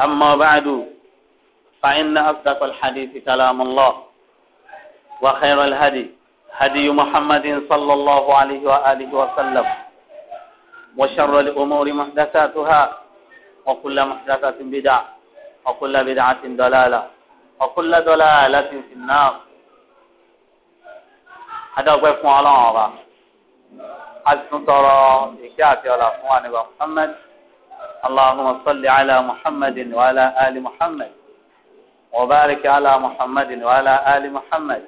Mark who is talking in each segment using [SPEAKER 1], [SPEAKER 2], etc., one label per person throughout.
[SPEAKER 1] أما بعد فإن أصدق الحديث كلام الله وخير الهدي هدي محمد صلى الله عليه وآله وسلم وشر الأمور محدثاتها وكل محدثة بدعة وكل بدعة ضلالة وكل ضلالة في النار
[SPEAKER 2] هذا وقف على
[SPEAKER 1] عرى أسنطر إكاتي على أخواني محمد اللهم صل على محمد وعلى آل محمد وبارك على محمد وعلى آل محمد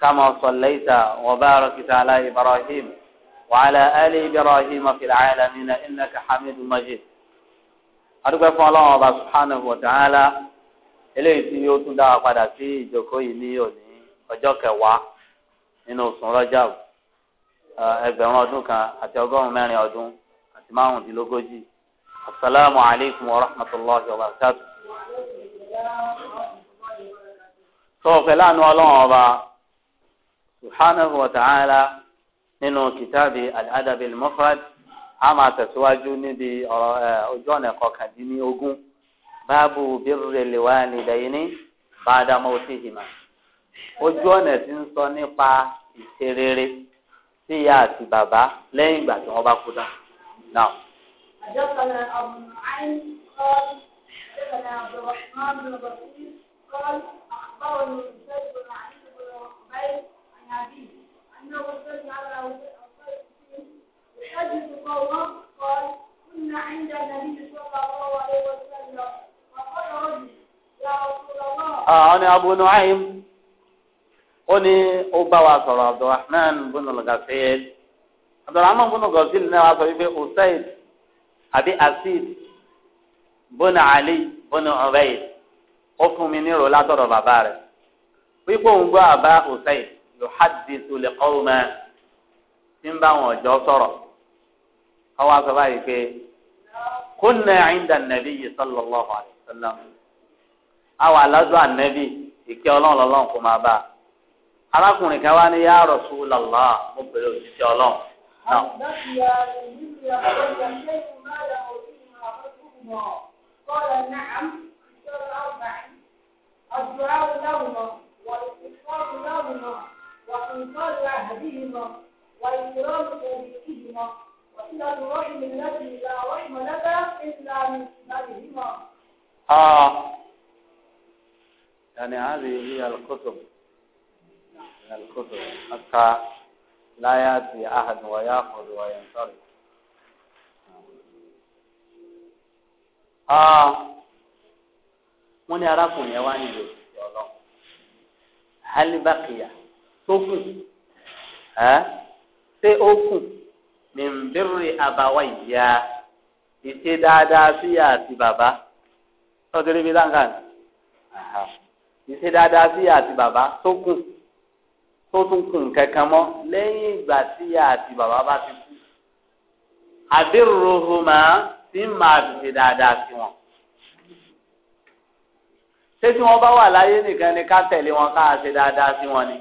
[SPEAKER 1] كما صليت وباركت على إبراهيم وعلى آل إبراهيم في العالمين إنك حميد مجيد adúgbò fún ọlọ́run ọba subhanahu wa ta'ala eléyìí tí yóò tún dára padà sí ìjókòó yìí ní òní ọjọ́ kẹwàá nínú oṣù rọ́jà ẹgbẹ̀rún ọdún kan àti ọgọ́rùn-ún mẹ́rin ọdún àti márùndínlógójì السلام عليكم ورحمة الله وبركاته سوف لأن الله سبحانه وتعالى nínú kìtàbí al-adab al-mufrad a máa tẹ̀síwájú níbi ọ̀rọ̀ ojú ọ̀nà kọkàndínlógún báàbù birril walidayni ba'da mawtihima ojú ọ̀nà tí ń sọ nípa ìṣerere sí ìyá àti bàbá lẹ́yìn ìgbà tí wọ́n bá kú dá náà.
[SPEAKER 3] حدثنا أبو نعيم قال حدثنا عبد الرحمن بن بصير قال أخبرني زيد بن علي بن عبيد عن أبيه أنه سمع على يحدث قومه قال كنا عند النبي صلى الله عليه وسلم فقال رجل يا رسول الله أنا أبو
[SPEAKER 1] نعيم ó ní ó bá wa sọ̀rọ̀ abdulrahman bùnú lọ́gàfẹ́ abdulrahman bùnú lọ́gàfẹ́ náà wá sọ wípé usaid àbí asid bọ́nà ali bọ́nà ọ̀rẹ́yì ó fún mi nírò látọ̀dọ̀ bàbá rẹ̀ wípé òun gbọ́ àbá hussein yuhaddithu liqawma tí ń bá wọn ọ̀jọ́ sọ̀rọ̀ ọwọ́ aṣọ báyìí pé kunna inda nabiyyi sallallahu alayhi wa sallam àwọn alájọ ànẹ́bí ìkẹ́ ọlọ́run lọ́lọ́run kò máa bá arákùnrin kan wá ní ya Rasulullah mo pèrè ọlọ́run. نعم
[SPEAKER 3] قال نعم الدعاء لهما والاستغفار لهما وإنكار عهدهما وإكرام قبيلهما وإلى الرحم التي لا رحم لك إلا من قبلهما
[SPEAKER 1] آه
[SPEAKER 2] يعني هذه هي الكتب من الكتب حتى لا يأتي أحد ويأخذ وينصرف
[SPEAKER 1] wọ́n ní arákùnrin yẹn wá nílò
[SPEAKER 2] ìṣẹ́ ọlọ́run
[SPEAKER 1] halibakiya tó kù ṣé ó kù mìmbírì àbáwá ìyá ìṣe dáadáa sí ìyá àti bàbá tọ́jú rí láǹkà ní ìṣe dáadáa sí àti bàbá tó kù tó tún kún kankan mọ́ lẹ́yìn ìgbà tí ìyá àti bàbá bá ti kú àdéhùrùhùmá ti máa ṣe dáadáa sí wọn. ṣé tí wọ́n bá wà láyé nìkan ni ká tẹ̀lé wọn ká ṣe dáadáa sí wọn ni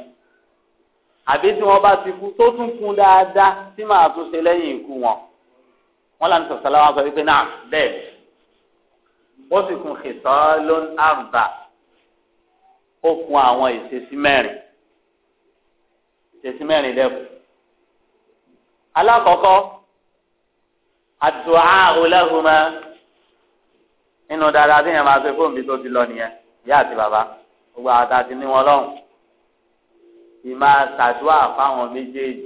[SPEAKER 1] àbí tí wọ́n bá ti kú tó tún kún dáadáa tí màá tún ṣe lẹ́yìn ikú wọn wọn là ń sọ sọ wípé náà bẹ́ẹ̀ ó sì kún kìtọ́ ló ń àrùbà ó kún àwọn ìṣesí mẹ́rin ṣèṣin mẹ́rin dẹ́kun. alákọ̀ọ́kọ́ àdùá òlẹ́hùnmá nínú dáadáa tí yẹn máa ṣe fóònù bí tó ti lọ nìyẹn ìyá àti bàbá gbogbo àwọn tá a ti ní wọn lọ́hùn ìmọ̀ àtàdúrà fáwọn méjèèjì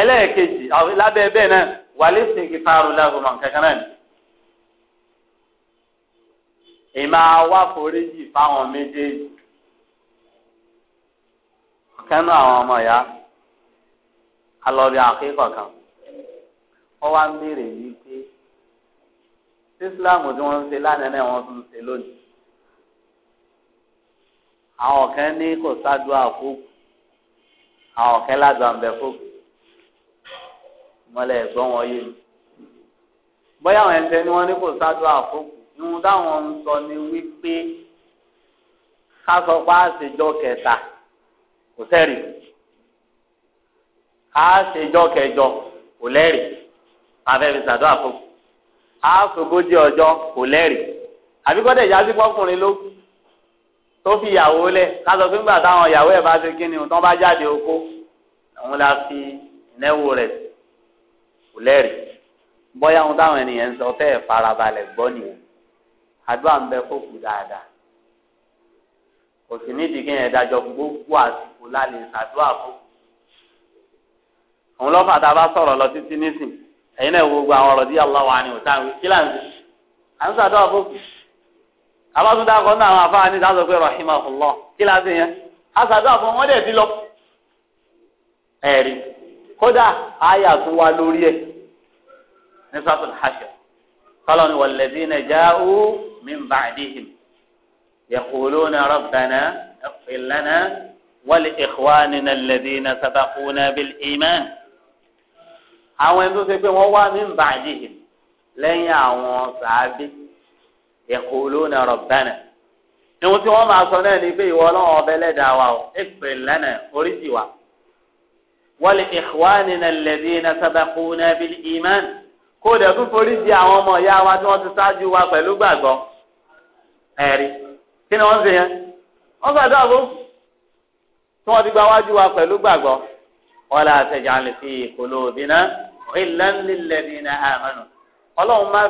[SPEAKER 1] ẹlẹ́ẹ̀kejì lábẹ́ bẹ́ẹ̀ náà wàlẹ́ sí kí fáwọn lágùnmọ̀ kankan náà ni ìmọ̀ àwáforíjì fáwọn méjèèjì kánú àwọn ọmọ ya alọ́bí akẹ́kọ̀ọ́ kan wọ́n wá ń béèrè yìí pé sísílámù tí wọ́n ń ṣe lánàá wọ́n tún ń ṣe lónìí àwọn kan ní kò sádùá fóòkù àwọn kan ládùá ń mọ́lẹ̀ ẹ̀gbọ́n wọn yé mi bóyá àwọn ẹ̀ńtẹ́ ni wọ́n ní kò sádùá fóòkù ìhun táwọn ń sọ ni wípé ká sọ pé àṣejọ kẹta kò sẹ́rì a ṣèjọ́ kẹjọ kò lẹ́rì abẹ́rẹ́ ṣàdó àfọ a sògójì ọjọ́ kò lẹ́rì àbíkọ́dẹ̀ ìyá sí pọ́kùnrin ló tó fi ìyàwó lẹ̀ kásọ fún gbà táwọn ìyàwó ẹ̀ bá ṣe kí ni tán bá jáde oko òun la fi ìnáwó rẹ̀ kò lẹ́rì bóyá ohun táwọn ènìyàn ń sọ fẹ́ẹ̀ farabalẹ̀ gbọ́ nìyẹn àdúrà ń bẹ fòkù dáadáa. kò sì nídìí kí yẹn dájọ́ gbogbo àsìkò lálẹ́ ṣàdúrà fún òun lọ́fà tá a bá sọ̀rọ̀ lọ títí nísìn ẹ̀yin náà gbogbo àwọn ọ̀rọ̀ díẹ̀ ọlọ́wọ́ àni ò táwọn kí là ń sè à ń ṣàdúrà fún abátúndà kan náà àwọn afáà ní pé kí là ń sè yẹn a ṣàdúrà fún wọn dẹ̀ ti lọ ẹ̀rí kódà àyà tún wá lórí ẹ̀ ní يقولون ربنا اغفر لنا ولإخواننا الذين سبقونا بالإيمان àwọn ẹni tó ṣe pé wọ́n wá min ba'dihim lẹ́yìn àwọn sàábí يقولون ربنا ìwọ̀n tí wọ́n máa sọ náà ni pé ìwọ ọlọ́run ọbẹ̀ lẹ́dàá wa o اغفر لنا oríṣi wa ولإخواننا الذين سبقونا بالإيمان kó o dẹ̀ tún foríṣi àwọn ọmọ ìyá wa tí wọ́n ti ṣáájú wa pẹ̀lú gbàgbọ́ ẹ̀rí. kí ni wọ́n ṣe yẹn wọ́n gbàdúrà fún tí wọ́n ti gba wájú wa pẹ̀lú gbàgbọ́ wala taj'al fi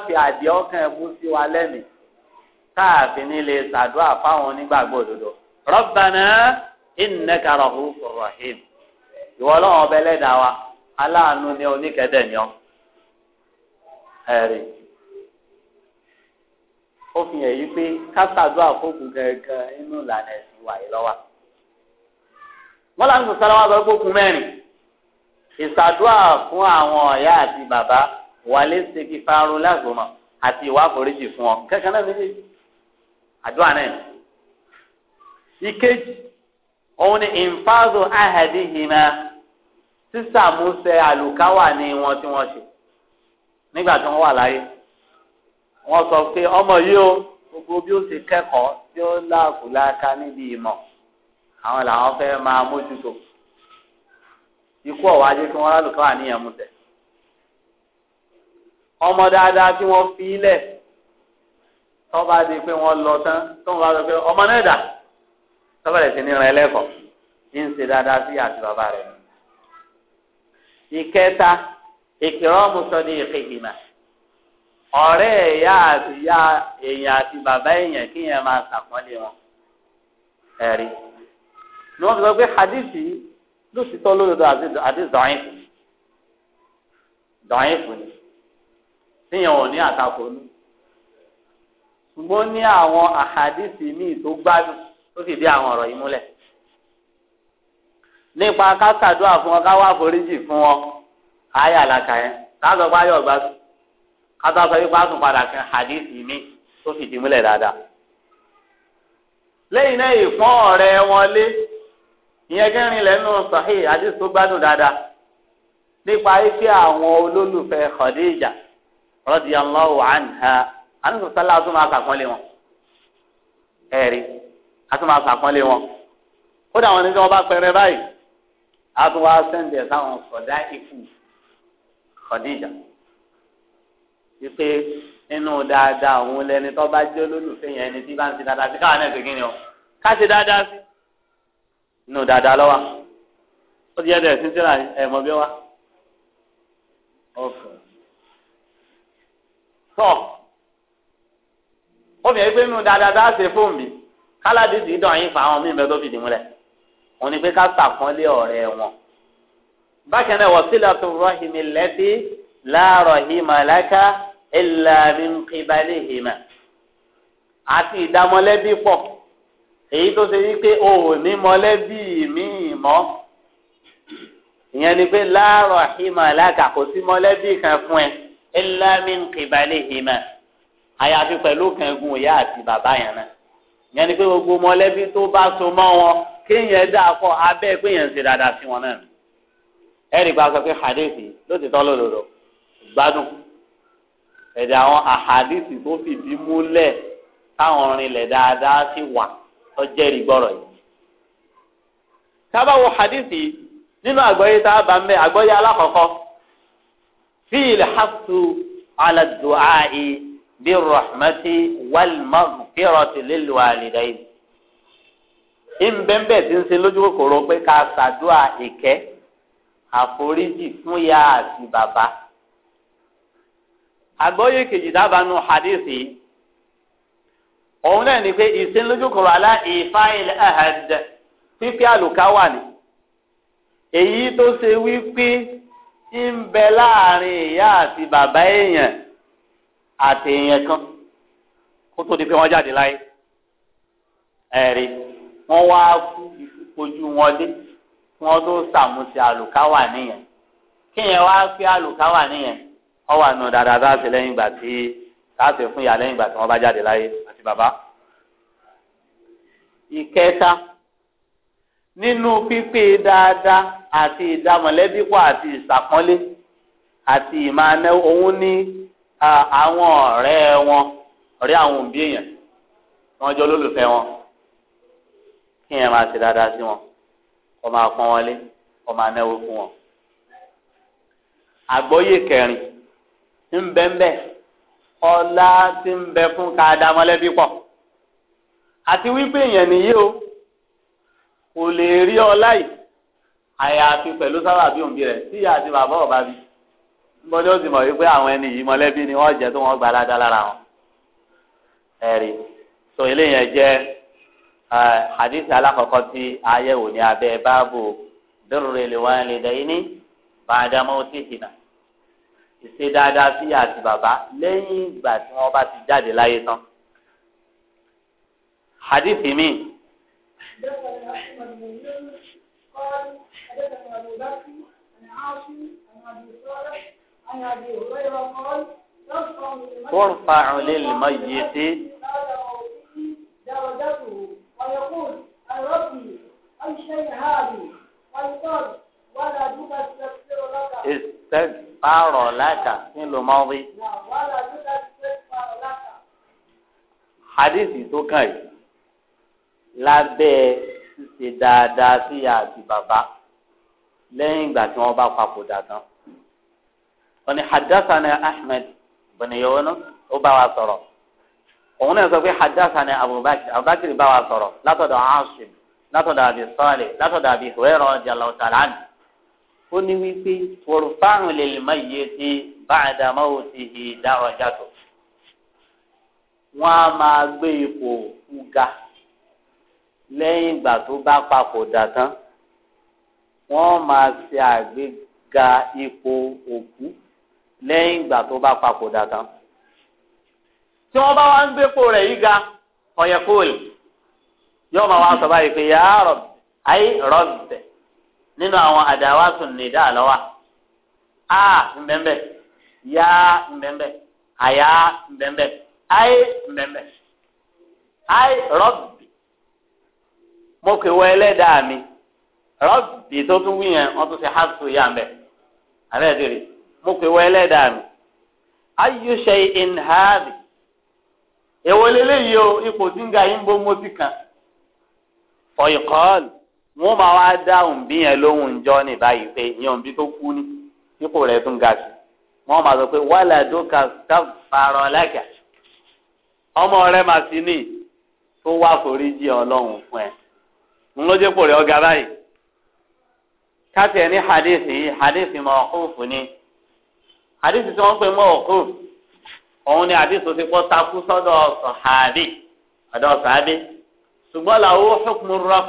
[SPEAKER 1] fi àdìẹ ọkàn ẹ̀mú sí wa lẹ́mìí káàfin lè ṣàdúrà fáwọn onígbàgbọ́ òdodo rahim ìwọ wa aláàánú ni ni ó fi hàn yìí pé kásádùn àfọkù gẹ́gẹ́ inú ìlànà ẹ̀sìn wà yìí lọ́wọ́ wọn làwọn sọsọ làwọn àgbẹ̀ gbókun mẹ́rin ìsàdúà fún àwọn ọ̀yá àti bàbá wàlé ṣèkì farun lágbòmọ̀ àti ìwà àforíjì fún ọ kẹ́kẹ́ náà méjèèjì àdúrà náà ìkejì òun ni ìfáàzù ahadihima sísàmúsẹ àlùkáwà ni wọn tí wọn ṣe nígbà tí wọn wà láyé
[SPEAKER 3] wọ́n sọ pé ọmọ yìí o
[SPEAKER 1] gbogbo bí ó ṣe kẹ́kọ̀ọ́ tí ó láàkú láàka níbi ìmọ̀ àwọn làwọn fẹ́ máa mójútó ikú ọ̀wá jẹ́ kí wọ́n lálùkọ́ àníyàn mú tẹ̀ ọmọ dáadáa kí wọ́n fi ilẹ̀ tó bá di pé wọ́n lọ tán tó ń bá sọ pé ọmọ náà dà tó bẹ̀rẹ̀ sí ní ran ẹlẹ́kọ̀ọ́ ní ń ṣe dáadáa sí àti bàbá rẹ̀ ìkẹta ìkìrọ̀ mùsọ̀ ní ìkẹgbìmọ̀ ọ̀rẹ́ ẹ̀yà àti ìyá èèyàn àti bàbá èèyàn kí yẹn máa ṣàpọ́nlé wọn ẹ̀rí ni wọ́n fi sọ pé hadithi ló ti tọ́ lódodo àti dọ̀yìn fún dọ̀yìn fún ni tíyẹn ò ní àtakò ní ṣùgbọ́n ní àwọn àhadithi míì tó gbádùn tó sì dé àwọn ọ̀rọ̀ yìí múlẹ̀ nípa ká fún wọn ká foríjì fún wọn káyà làkà yẹn ká sọ gbádùn kátó sọ wípé a tún padà kan hadith mi tó fìdí múlẹ̀ dáadáa. lẹ́yìn náà ìfọ́n ọ̀rẹ́ wọn lé ìyẹn kẹrin lẹ́nu sahih hadith tó gbádùn dáadáa nípa wípé àwọn olólùfẹ́ Khadija radiyallahu anha àníṣe sálá a tún máa sàkọ́lé wọn ẹ̀rí a tún máa sàkọ́lé wọn kódà wọn ní tí wọn bá pẹrẹ báyìí a tún wá sẹ́ńdẹ̀ sáwọn sọ̀dá ikú Khadija. wípé nínú dáadáa òun lẹni tó bá jẹ́ olólùfẹ́ yẹn ẹni tí bá ń ṣe dáadáa sí káwọn náà ṣe kíni o ká ṣe dáadáa sí nínú dáadáa lọ́wọ́ ó ti yẹ dẹ̀ sí síra ẹ̀ mọ́ bí wá. tọ́ ó fi ẹgbẹ́ dáadáa tá ṣe fóun mi fa àwọn míì mẹ́tọ́ fìdí múlẹ̀ òun ni pé ká ṣàpọ́nlé ọ̀rẹ́ wọn. bákan náà wọ́n sílẹ̀ tó rọ́ọ̀hìn mi lẹ́tí láàrọ̀ illa min qibalihima àti ìdámọ̀lẹ́bí pọ̀ èyí tó ṣe wípé o ò ní mọ̀lẹ́bí míì mọ́ ìyẹn ni pé la rahima laka kò sí mọ̀lẹ́bí kan fún ẹ illa min qibalihima àyàfi pẹ̀lú kẹ̀gùn ìyá àti bàbá yẹn náà ìyẹn ni pé gbogbo mọ̀lẹ́bí tó bá so mọ́ wọn kéèyàn dà kọ́ abẹ́ pé yẹn ń ṣe dáadáa sí wọn náà ẹ̀rí gba pé hadith ló ti gbádùn ẹ̀dẹ̀ àwọn àhàdìsì tó fìdí múlẹ̀ táwọn ọ̀rìnlẹ̀ dáadáa sì wà tó jẹ́rìí gbọ́rọ̀ yìí. sábàwọ̀ àhàdìsì nínú àgbọ́yé tá a bá ń bẹ àgbọ́yé alákọ̀ọ́kọ́ fi ìlhàtú aládùáì bí rọ̀hmẹ́tì wàlmọ́gìrọ̀tì lílùwàlìdáyìí. ìbẹ́ńbẹ́ ti ń ṣe lójú kòkòrò pé ká ṣàdúrà ìkẹ́ àforíjì fún ya àti bàbá. àgbọ́yé kejì dábàá nu hadith òun náà ni pé ìsinlójúkọ̀rọ̀ alá ìfá ilẹ̀ ahad fífi àlùká wà ní èyí tó ṣe wípé ń bẹ láàrin ìyá àti bàbá èèyàn àti èèyàn kan kó tó di pé wọ́n jáde láyé ẹ̀rí wọ́n wá ojú wọn dé wọ́n tó sàmùsí àlùká wà níyẹn kí wá pé àlùká ọ wà nù dáadáa tá a ṣe lẹ́yìn ìgbà tí tá a ṣe fún ìyá lẹ́yìn ìgbà tí wọ́n bá jáde láyé àti bàbá. ìkẹta nínú pípé dáadáa àti ìdámọ̀lẹ́bípọ̀ àti ìsàpọ́nlé àti ìmáná òun ní àwọn ọ̀rẹ́ wọn ọ̀rẹ́ àwọn òbí èèyàn wọn jọ lólùfẹ́ wọn kí èèyàn máa ṣe dáadáa sí wọn kó máa pọ́n wọn lé kó máa náwó fún wọn. àgbọ́yé kẹrin. ńbẹ́ńbẹ́ ọlá ti ń bẹ fún ká dá mọ́lẹ́bí àti wípé nìyí o kò lè rí ọlá yìí àyàfi pẹ̀lú sábàbí òǹbí rẹ̀ tíyà àti bàbá ọ̀bá bíi bọ́dọ̀ ó sì mọ̀ wípé àwọn ẹni yìí mọ̀lẹ́bí ni wọ́n jẹ tó gba aládá lára wọn. ìṣe dáadáa sí ìyá àti bàbá lẹ́yìn ìgbà tí wọ́n bá ti jáde láyé tán.
[SPEAKER 3] حديث مين؟ حدثنا أحمد بن يونس قال حدثنا أبو بكر عن عاصم عن أبي صالح عن أبي هريرة قال ترفع للميت درجته ويقول يا ربي أي شيء هذه؟ ويقال
[SPEAKER 1] استغفر لك nílò mọ́rí. hadithi tó kàn yìí lábẹ́ ṣíṣe dáadáa sí ìyá àti bàbá lẹ́yìn ìgbà tí wọ́n bá papòdà tán. wọ́n ní hadassana ahmed bìnìyàn ó bá wa sọ̀rọ̀ òun náà sọ pé hadassana abubakar abubakar bá wa sọ̀rọ̀ látọ̀dọ̀ aṣim látọ̀dọ̀ abi sọ́ọ̀lì látọ̀dọ̀ abi hùwẹ́rọ̀ ọjà lọ́tàlánì ó ní wípé wọ̀rùfáàrùn lè lè má yé ti báàdà má ò ti hì dáhùn jàdù. wọ́n á máa gbé ipò ga lẹ́yìn ìgbà tó bá papòdà tán wọ́n máa ṣe àgbéga ipò òkú lẹ́yìn ìgbà tó bá papòdà tán. tí wọ́n bá wá ń gbépo rẹ̀ yí ga ọ̀yẹ̀kọ́ọ̀lì yóò máa wá sọ báyìí pé yàrá rọ̀ ayé rọ̀ bẹ̀. nínú àwọn àdáwà tún ní dáa a mbẹ́mbẹ́ ya mbẹ́mbẹ́ àyà mbẹ́mbẹ́ ayé mbẹ́mbẹ́ ayé rọ́bì mo kì wọ ẹlẹ́dàá mi rọ́bì tó tún wí yẹn wọ́n tún ṣe hàtú yá mbẹ́ mi ayé ṣe ìnhàbì èwo lélẹ́yìí o ipò tí ń ga yín bó mo ti kàn wọ́n máa wá dáhùn bí yẹn lóhùn jọ ní báyìí pé bí tó kú ní ipò rẹ̀ tún ga sí wọ́n máa sọ pé wàhálà tó ka káfàrọ̀ lẹ́kà ọmọ rẹ̀ máa sí ní tó wá forí jí ọlọ́run fún ẹ ń lójú pò báyìí ní hadith yìí hadith ni hadith tí pè òun ni hadith ti takú làwọn ó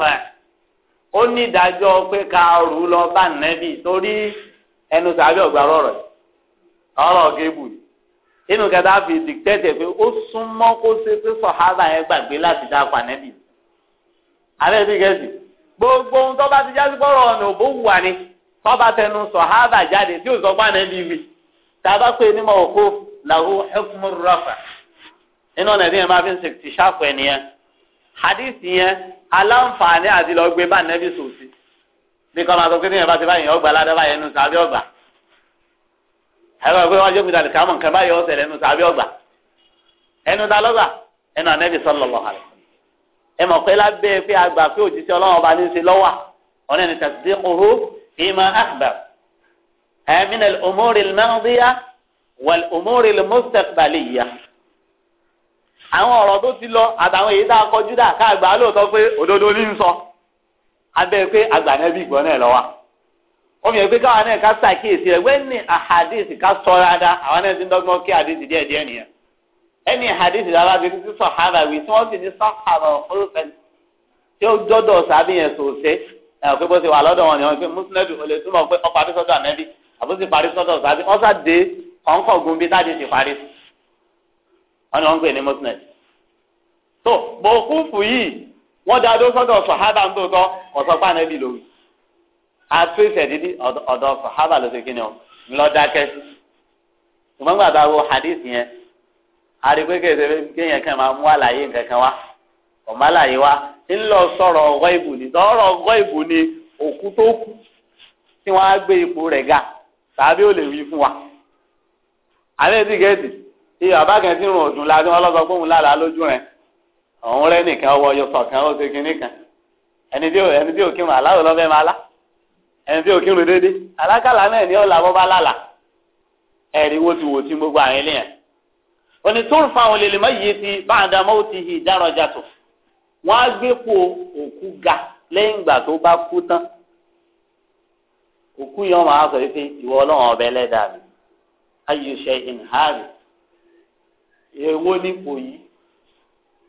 [SPEAKER 1] ó ní ìdájọ́ pé ká rù lọ bá nẹ́bí torí ẹnu sàbí ọ̀gbà rọ̀rọ̀ ọ̀rọ̀ gébù inú kẹta fi dìtẹ́tẹ̀ pé ó súnmọ́ kó ṣe pé sọ̀hábà yẹn gbàgbé láti dá pa nẹ́bí alẹ́ bí kẹ́sì gbogbo ohun tó ti jáde gbọ́rọ̀ ọ̀nà òbó wà ní tó tẹnu sọ̀hábà jáde tí ò sọ pa nẹ́bí wì tá òkú làwọn inú ọ̀nà máa fi ń hadith yẹn aláǹfààní àti lọ gbé bá nẹ́bí sòsì bí kọ́ máa sọ pé tíyẹn bá ti báyìí ọgbà ládàá báyìí nù sábẹ́ ọgbà ẹ̀rọ ìgbé wájú mi dàlí kámọ̀ nǹkan báyìí ọ̀sẹ̀ lẹ́nu sábẹ́ ọgbà ẹnu ta lọ́gbà ẹnu ànẹ́bí sallallahu alaihi wasallam ẹ mọ̀ pé lábẹ́ pé àgbà pé òjíṣẹ́ ọlọ́run ọba ní í ṣe lọ́wà ọ̀nà ẹni tasdiquhu fima akhbar min al-umuri al-madiyah wal-umuri al àwọn ọ̀rọ̀ tó ti lọ àtàwọn èyí tá a kọjú dà ká àgbà lóòótọ́ pé òdodo ní ń sọ abẹ́ pé àgbànẹ́bí ìgbọ́n náà lọ́wọ́ wọ́n fi hàn pé káwọn náà ká ṣàkíyèsí rẹ̀ wẹ́n ní àhàdíìsì ká sọ rárá àwọn náà ti ń dọ́gbọ́n kí àdíìsì díẹ̀ díẹ̀ nìyẹn ẹni àhàdíìsì rárá bí kí sọ̀hárà wí tí wọ́n sì ní sọ̀hárà ọ̀fọ́lùfẹ́ tí ó dọ́dọ̀ sábì yẹn sòṣe ẹ̀ pé bó ṣe wà lọ́dọ̀ wọn ni wọ́n fi mùsùlùmí olè túmọ̀ pé ọkọ̀ àbísọ́dọ̀ ànẹ́bí àbúṣe parí sọ́dọ̀ sábì wọ́n sá wọn ni wọn ń pè so mọ̀kúfù yìí wọ́n dá dó sọ́dọ̀ sọ̀hábà ń tòótọ́ ọ̀sọ́pá náà bì lórí àtúnṣe dídí ọ̀dọ̀ sọ̀hábà ló ṣe kíni o ńlọ́dákẹ́ ṣùgbọ́n gbà bá wo hadith yẹn arígbéke ṣe kéèyàn kan máa mú ni sọ̀rọ̀ ọ̀gọ́ ìbò ni òkú tó kù tí wọ́n á gbé ipò rẹ̀ ga tàbí wa àlẹ́ ti gẹ̀ẹ́sì iye bàbá kan ti rùn òdùn láti wọn lọ́sọ gbóhùn lálàá lójú rẹ̀ òun rẹ̀ nìkan ọwọ́ yọsọ̀ kan ó ṣe kinní kan ẹni tí ẹni tí òkírun aláwọ̀ lọ́fẹ́ máa lá ẹni tí òkírun déédéé alákàlà náà ni ọ̀là bọ́ bá lálà ẹ̀rí wo ti wò tí gbogbo àwọn ilé yẹn. òní tó ń fa àwọn olèlè mọ́ yìí ti bá àdámọ́ ó ti hì dárọjà tó wọ́n á gbé po òkú ga lẹ́yìn ìgbà tó bá kú tán òkú yẹn máa sọ wípé ìwọ ọlọ́run ọbẹ̀ lẹ́dàá mi ayé ṣe ìhàrí èwo ni yìí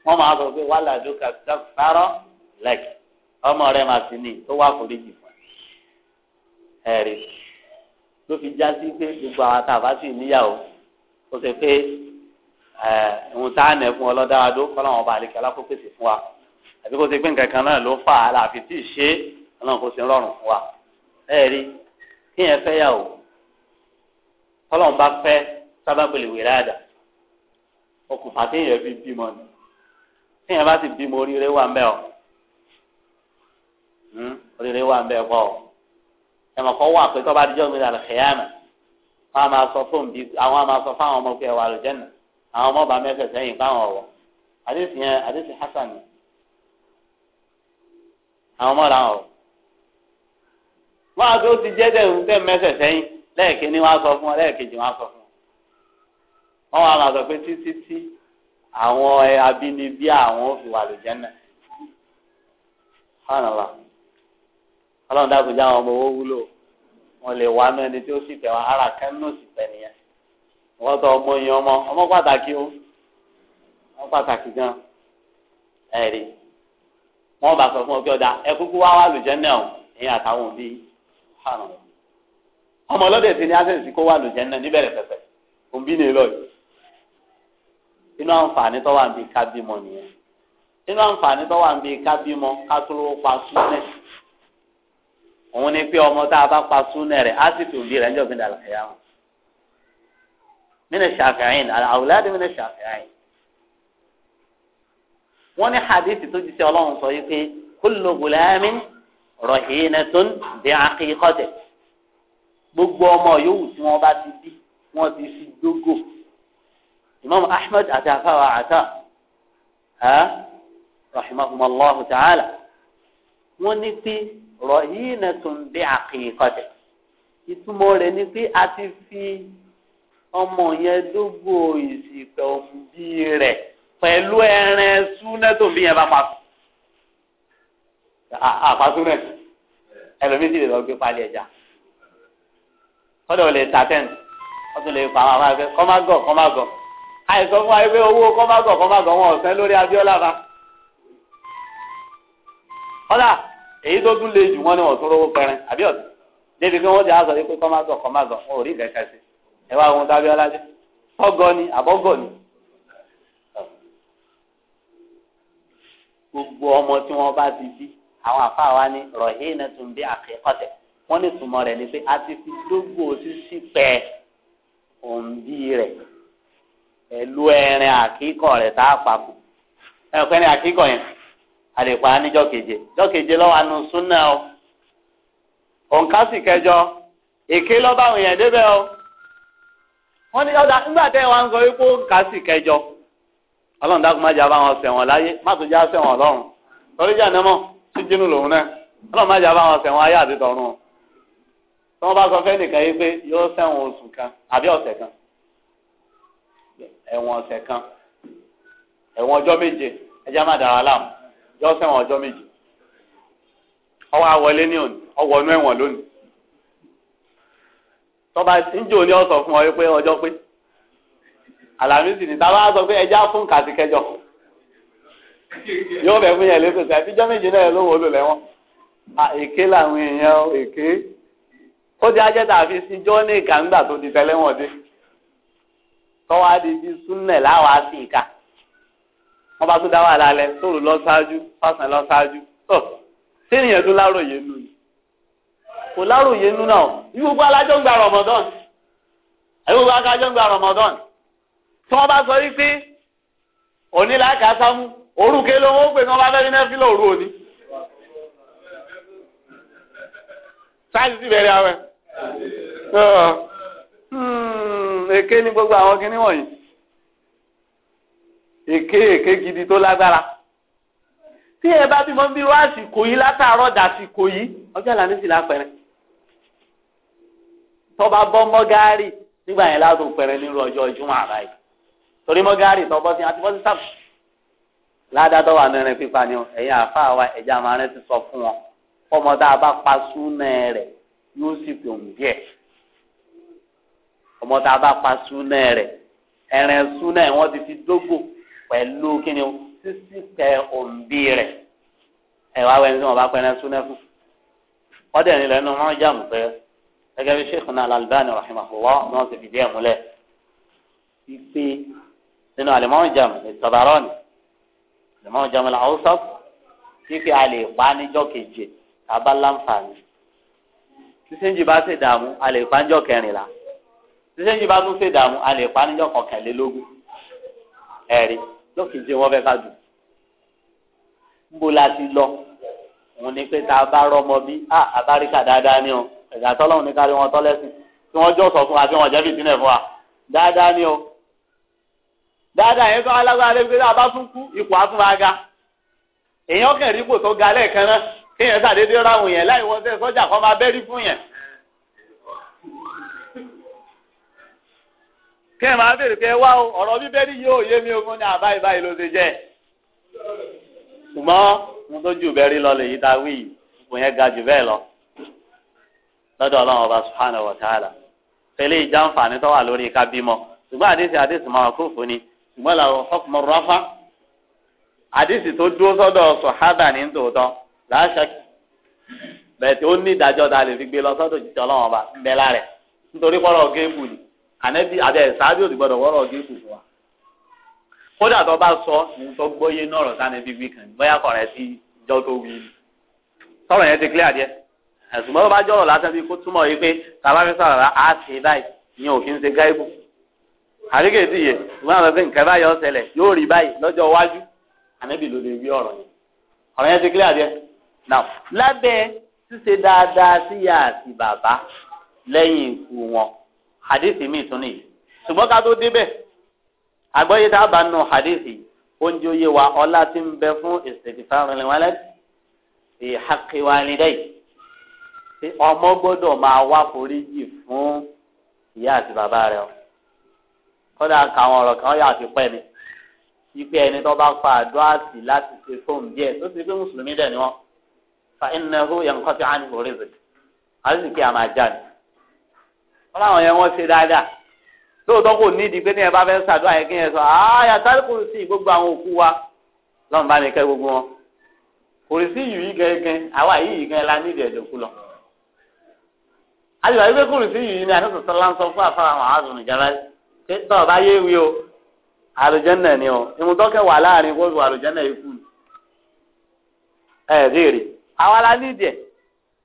[SPEAKER 1] wọ́n máa sọ pé wàhálà dókà sáfárọ́ lẹ́kì ọmọ rẹ̀ máa sì ní tó wà foríjì fún ẹ ẹ̀rí ló fi já sí pé gbogbo àwọn àtàbá sì níyàwó ó ṣe pé ohun tá a nẹ fún ọlọ́dáadó kọ́láwọn ọba àlekẹ́ alákópèsè fún wa àbí kó ṣe pé nǹkan kan náà ló fà á láàfin tí ì ṣe ọlọ́run kó ṣe rọrùn fún wa ẹ̀rí kí yẹn fẹ́ yàwó kọ́láwọn bá fẹ́ sábàbẹ̀lẹ̀ wẹ̀rẹ̀ àdá okùnfà téèyàn fi bímọ ni téèyàn bá ti bímọ oríire wà mbẹ o hmm? oríire wà mbẹ pọ o ẹmọ kọ wà pé tọba adijọ mi làlẹ xeyàmẹ wọn a máa sọ fún bí àwọn a máa sọ fún àwọn ọmọ fìyà wà àwọn ọmọ bá mẹfẹ sẹ́yìn fáwọn ọwọ àdéhùn yẹn àdéhùn hasan àwọn ọmọ làwọn ọwọ wọn àti ó ti jẹ dẹrù tẹ mẹfẹ sẹ́yìn lẹ́ẹ̀kíní wọn a sọ fún ọ lẹ́ẹ̀kejì wọn a sọ fún wọn wà máa sọ pé títí tí àwọn abínibí àwọn fi wà lójẹ náà fáànà wa Ọlọ́run dàgbèjà àwọn ọmọ owó wúlò wọn lè wà nù ẹni tí ó sì fẹ́ wọn ara kẹnu sì
[SPEAKER 2] fẹ́ nìyẹn wọn tọ ọmọ
[SPEAKER 1] yẹn ọmọ ọmọ pàtàkì o wọn pàtàkì gan ẹ̀rí wọn bá sọ fún ọ pé ọdà ẹ kúkú wá wà lójẹ náà ẹ̀yin àtàwọn òbí ọmọ ọlọ́dẹ̀ ti ní access kó wà lójẹ náà níbẹ̀rẹ̀ pẹ̀pẹ̀ òbí ni lọ́yìí inú àǹfààní tó wà ń bi ká bímọ nìyẹn inú àǹfààní tó wà ń bi ká bímọ ká tó lówó pa súnẹ òun ni pé ọmọ tá a bá pa súnẹ rẹ á sì fi òbí rẹ ń jọ gbẹdẹ àlàyé àwọn mínà ṣàfihàn àwùládì mínà ṣàfihàn wọn ní hadith tó jíṣẹ́ Ọlọ́run sọ yìí pé kullu gulamin rahinatun bi aqiqatihi gbogbo ọmọ yòówù tí wọn bá ti bí wọn ti fi dógò imam أحمد àti afáwa àtà rahimahumallahu الله تعالى. ní رهينة rọ̀hínà tó ń bí àkìkọ̀tẹ̀ ìtumọ̀ rẹ̀ ni pé a ti fi ọmọ yẹn dógbò ìsìnkà òbí rẹ̀ pẹ̀lú ẹran súnẹ́ tó bí yẹn bá pa àpasúnẹ́ ẹlòmíì sì lè lọ gbé palẹ̀ ẹja kọ́dọ̀ lè ta tẹ́ǹtì kọ́dọ̀ lè pa àwọn afẹ́ kọ́ má gọ̀ kọ́ má gọ̀ àìsàn fún ayé pé owó kọ́mágọ̀ kọ́mágọ̀ wọn ọ̀sẹ́ lórí Abíọ́lá ba kọ́dà èyí tó tún lè jù wọ́n ní wọ́n tún rówó pẹrin Abíọ́lá débi pé wọ́n ti àzọ̀ pé kọ́mágọ̀ kọ́mágọ̀ wọn ò rí kẹ̀kẹ́ sí ẹ wá ohun tó Abíọ́lá jẹ́ tọ́gọ́ ni àbọ́gọ́ ni. gbogbo ọmọ tí wọ́n bá ti bí àwọn àfáà wa ní rọ̀hínà tó ń bí àkẹ́kọ̀tẹ̀ wọ́n ní ìtumọ̀ rẹ̀ ni pé a ti fi dógbò sísí pẹ́ òǹbí rẹ̀. pẹ̀lú ẹrin àkíkọ̀ rẹ̀ tá a papọ̀ ẹ̀kọ́ ẹni àkíkọ̀ yẹn keje lọ keje lọ́wọ́ suna súnà o òǹkà sì kẹjọ èké lọ́ba àwọn èèyàn o wọ́n ní ọ̀dà nígbà tẹ́ wọn sọ wípé òǹkà sì kẹjọ ọlọ́run dákun má jẹ́ àbáwọn láyé má tó torí tí jínú lòun
[SPEAKER 3] náà
[SPEAKER 1] má àbáwọn ayé àti o ẹwọn ọsẹ kan ẹwọn ọjọ́ méje ẹjá má dàrá láàmú yọ sẹ́wọ̀n ọjọ́ méje ọwọ àwọlé ní òní ọwọ́ inú ẹ̀wọ̀n lónìí tọ́ba níjó ni ọ sọ fún ọ pé ọjọ́ pé àlàmísì ni táwa sọ pé ẹjá fún kàti kẹjọ yóò fún yẹn tọ́wọ́ adi bí súnlẹ̀ láwàá sí ìka wọ́n bá tún dá wàhálà lẹ sóòrò lọ ṣáájú fásán lọ ṣáájú tọ́ sẹ́niyàn tó láròyé nù ni kò láròyé nù náà ní gbogbo alájọ́ ń gba Ramadan àbí gbogbo alájọ́ ń gba Ramadan tí wọ́n bá sọ wípé òní làákà sámú orúkẹ ló ń pè ní wọ́n bá fẹ́ ní nẹ́fílà òru òní. sáyẹnsì bẹ̀rẹ̀ awẹ́. Eke ni gbogbo àwọn kinní wọ̀nyí Eke eke gidi tó lágbára tí ẹ bá bímọ bí wá àsìkò yìí látàárọ̀ dàsìkò yìí ọjọ́ ìlànà sì lápẹ̀rẹ̀ tọba bọ́ mọ́gárì nígbà yẹn látò pẹ̀rẹ̀ nírú ọjọ́ ìjùmọ̀ àbáyé torí mọ́gárì tọbọ́ sí àti bọ́sí sábà ládàtọ̀ wà nínú pípa ni ẹ̀yin àfa wa ẹ̀já máa rẹ́ ti sọ fún wọn fọmọ tá a bá pa súnà rẹ̀ yóò sì pè òun ọmọ tá a bá pa súnà rẹ̀ ẹ̀rìn súnà wọ́n ti fi dógò pẹ̀lú kíni sísí tẹ òǹbí rẹ̀ ẹ̀wá wẹ́n tí wọ́n bá pẹ̀rẹ̀ súnà fún. wọ́n dẹ̀ nílẹ̀ nínú wọn jàmù pé gẹ́gẹ́ bí sheikh náà Al-Albani rahimahullah ni wọ́n ti fi díẹ̀ múlẹ̀ ipe nínú àlẹ́mọ́ jàmù ìtọ́bárọ́ ni jàmù làwọn sọ fífi àlè pa níjọ́ keje tá a bá láǹfààní dààmú àlè pa níjọ́ kẹrìnlá ṣíṣe yìí bá tún ṣe dààmú a lè pa níjọ́ kọkànlélógún ẹ̀rí lókìjì wọn fẹ́ ká jù níbo la ti lọ òun ni pé tá a bá rọmọ bí a ah, àbáríkà dáadáa ni o ẹ̀dá tọ́lọ́run ní kárí wọn tọ́lẹ́sìn tí wọ́n jọ sọ fún wa tí wọ́n jẹ́ fìtínẹ̀ fún wa dáadáa ni o dáadáa yẹn kọ́ alágbára lé pé tá a bá tún kú ipò á tún wa ga èèyàn kẹ̀rí ipò tó ga lẹ́ẹ̀kan náà kéèyàn sàdédé ráhùn yẹn láì wọ́n kí ẹ máa béèrè pé wá o ọ̀rọ̀ mi ogun ní àbáyé báyìí ló ṣe jẹ́ ṣùgbọ́n mo tó jù bẹ́ẹ̀ rí lọ lèyí yẹn ga jù bẹ́ẹ̀ lọ lọ́dọ̀ ọlọ́run ọba subhanahu wa ta'ala fẹlẹ́ ìjà ń fàánì tó wà lórí ká bímọ ṣùgbọ́n àdìsí àdìsí máa kó fún ni ṣùgbọ́n làwọn rafa àdìsí tó dúró sọ́dọ̀ ní tòótọ́ láṣà bẹ̀ẹ̀ ní ìdájọ́ ta lè ànẹ́bí àbẹ ìsáájú òdì gbọdọ̀ wọ́rọ̀ gígùn fún wa kódà tó bá sọ ní tó gbóyè náà rọ̀ sánẹ́bí wí kan bóyá kọ̀rẹ́ sí jọ́ tó wí ni tọrọ yẹn ti clear díẹ̀ ẹ̀sùn mọ́ bá jọ̀rọ̀ lásán bí kó túmọ̀ yìí pé tàbá fi sọ̀rọ̀ á ti báyìí ìyẹn ò kí ń ṣe gáíbù àríkè tí yẹ ìwé àwọn ẹgbẹ́ nǹkan báyọ̀ ṣẹlẹ̀ yóò rí báyìí clear díẹ̀ now lábẹ́ ṣíṣe dáadáa sí ìyá àti bàbá lẹ́yìn ikú hadithi mi tún nìyí ṣùgbọ́n ká tó débẹ̀ àgbọ́yé tá a bá nù hadithi oúnjẹ oyè wa ọlá ti ń bẹ fún istighfarul walad fi haqqi walidayhi tí ọmọ gbọ́dọ̀ máa wá foríjì fún ìyá àti bàbá rẹ̀ o kódà káwọn ọ̀rọ̀ kan yà ti pẹ́ mi ipe ẹni tó bá fa àdó àti láti ṣe fóun díẹ̀ tó ti pé mùsùlùmí dẹ̀ ni wọ́n fa innahu yanqati anhu rizq àti sì kí a máa jáde wọn làwọn yẹn wọ́n ṣe dáadáa lóòótọ́ kò nídìí pé ní ẹ bá fẹ́ ṣàdúrà yẹn kí ẹ sọ àyà ah, tálíkù sí gbogbo àwọn òkú wa lọ́n bá ní kẹ́ gbogbo wọn kò sí yìí yìí gẹ́gẹ́ àwa yìí yìí gẹ́gẹ́ la nídìí ẹ̀dùn kú lọ. àyùbá yìí pé kò sí yìí ni àná sọ̀tọ̀ láǹsọ fún àfàrà àwọn àdùn ìjàmbá pé tọ́ ọba yé wí o àlùjẹ́nà ni o ìmùtọ́kẹ́ wà láàrin kó àlùjẹ́nà yìí kù ẹ̀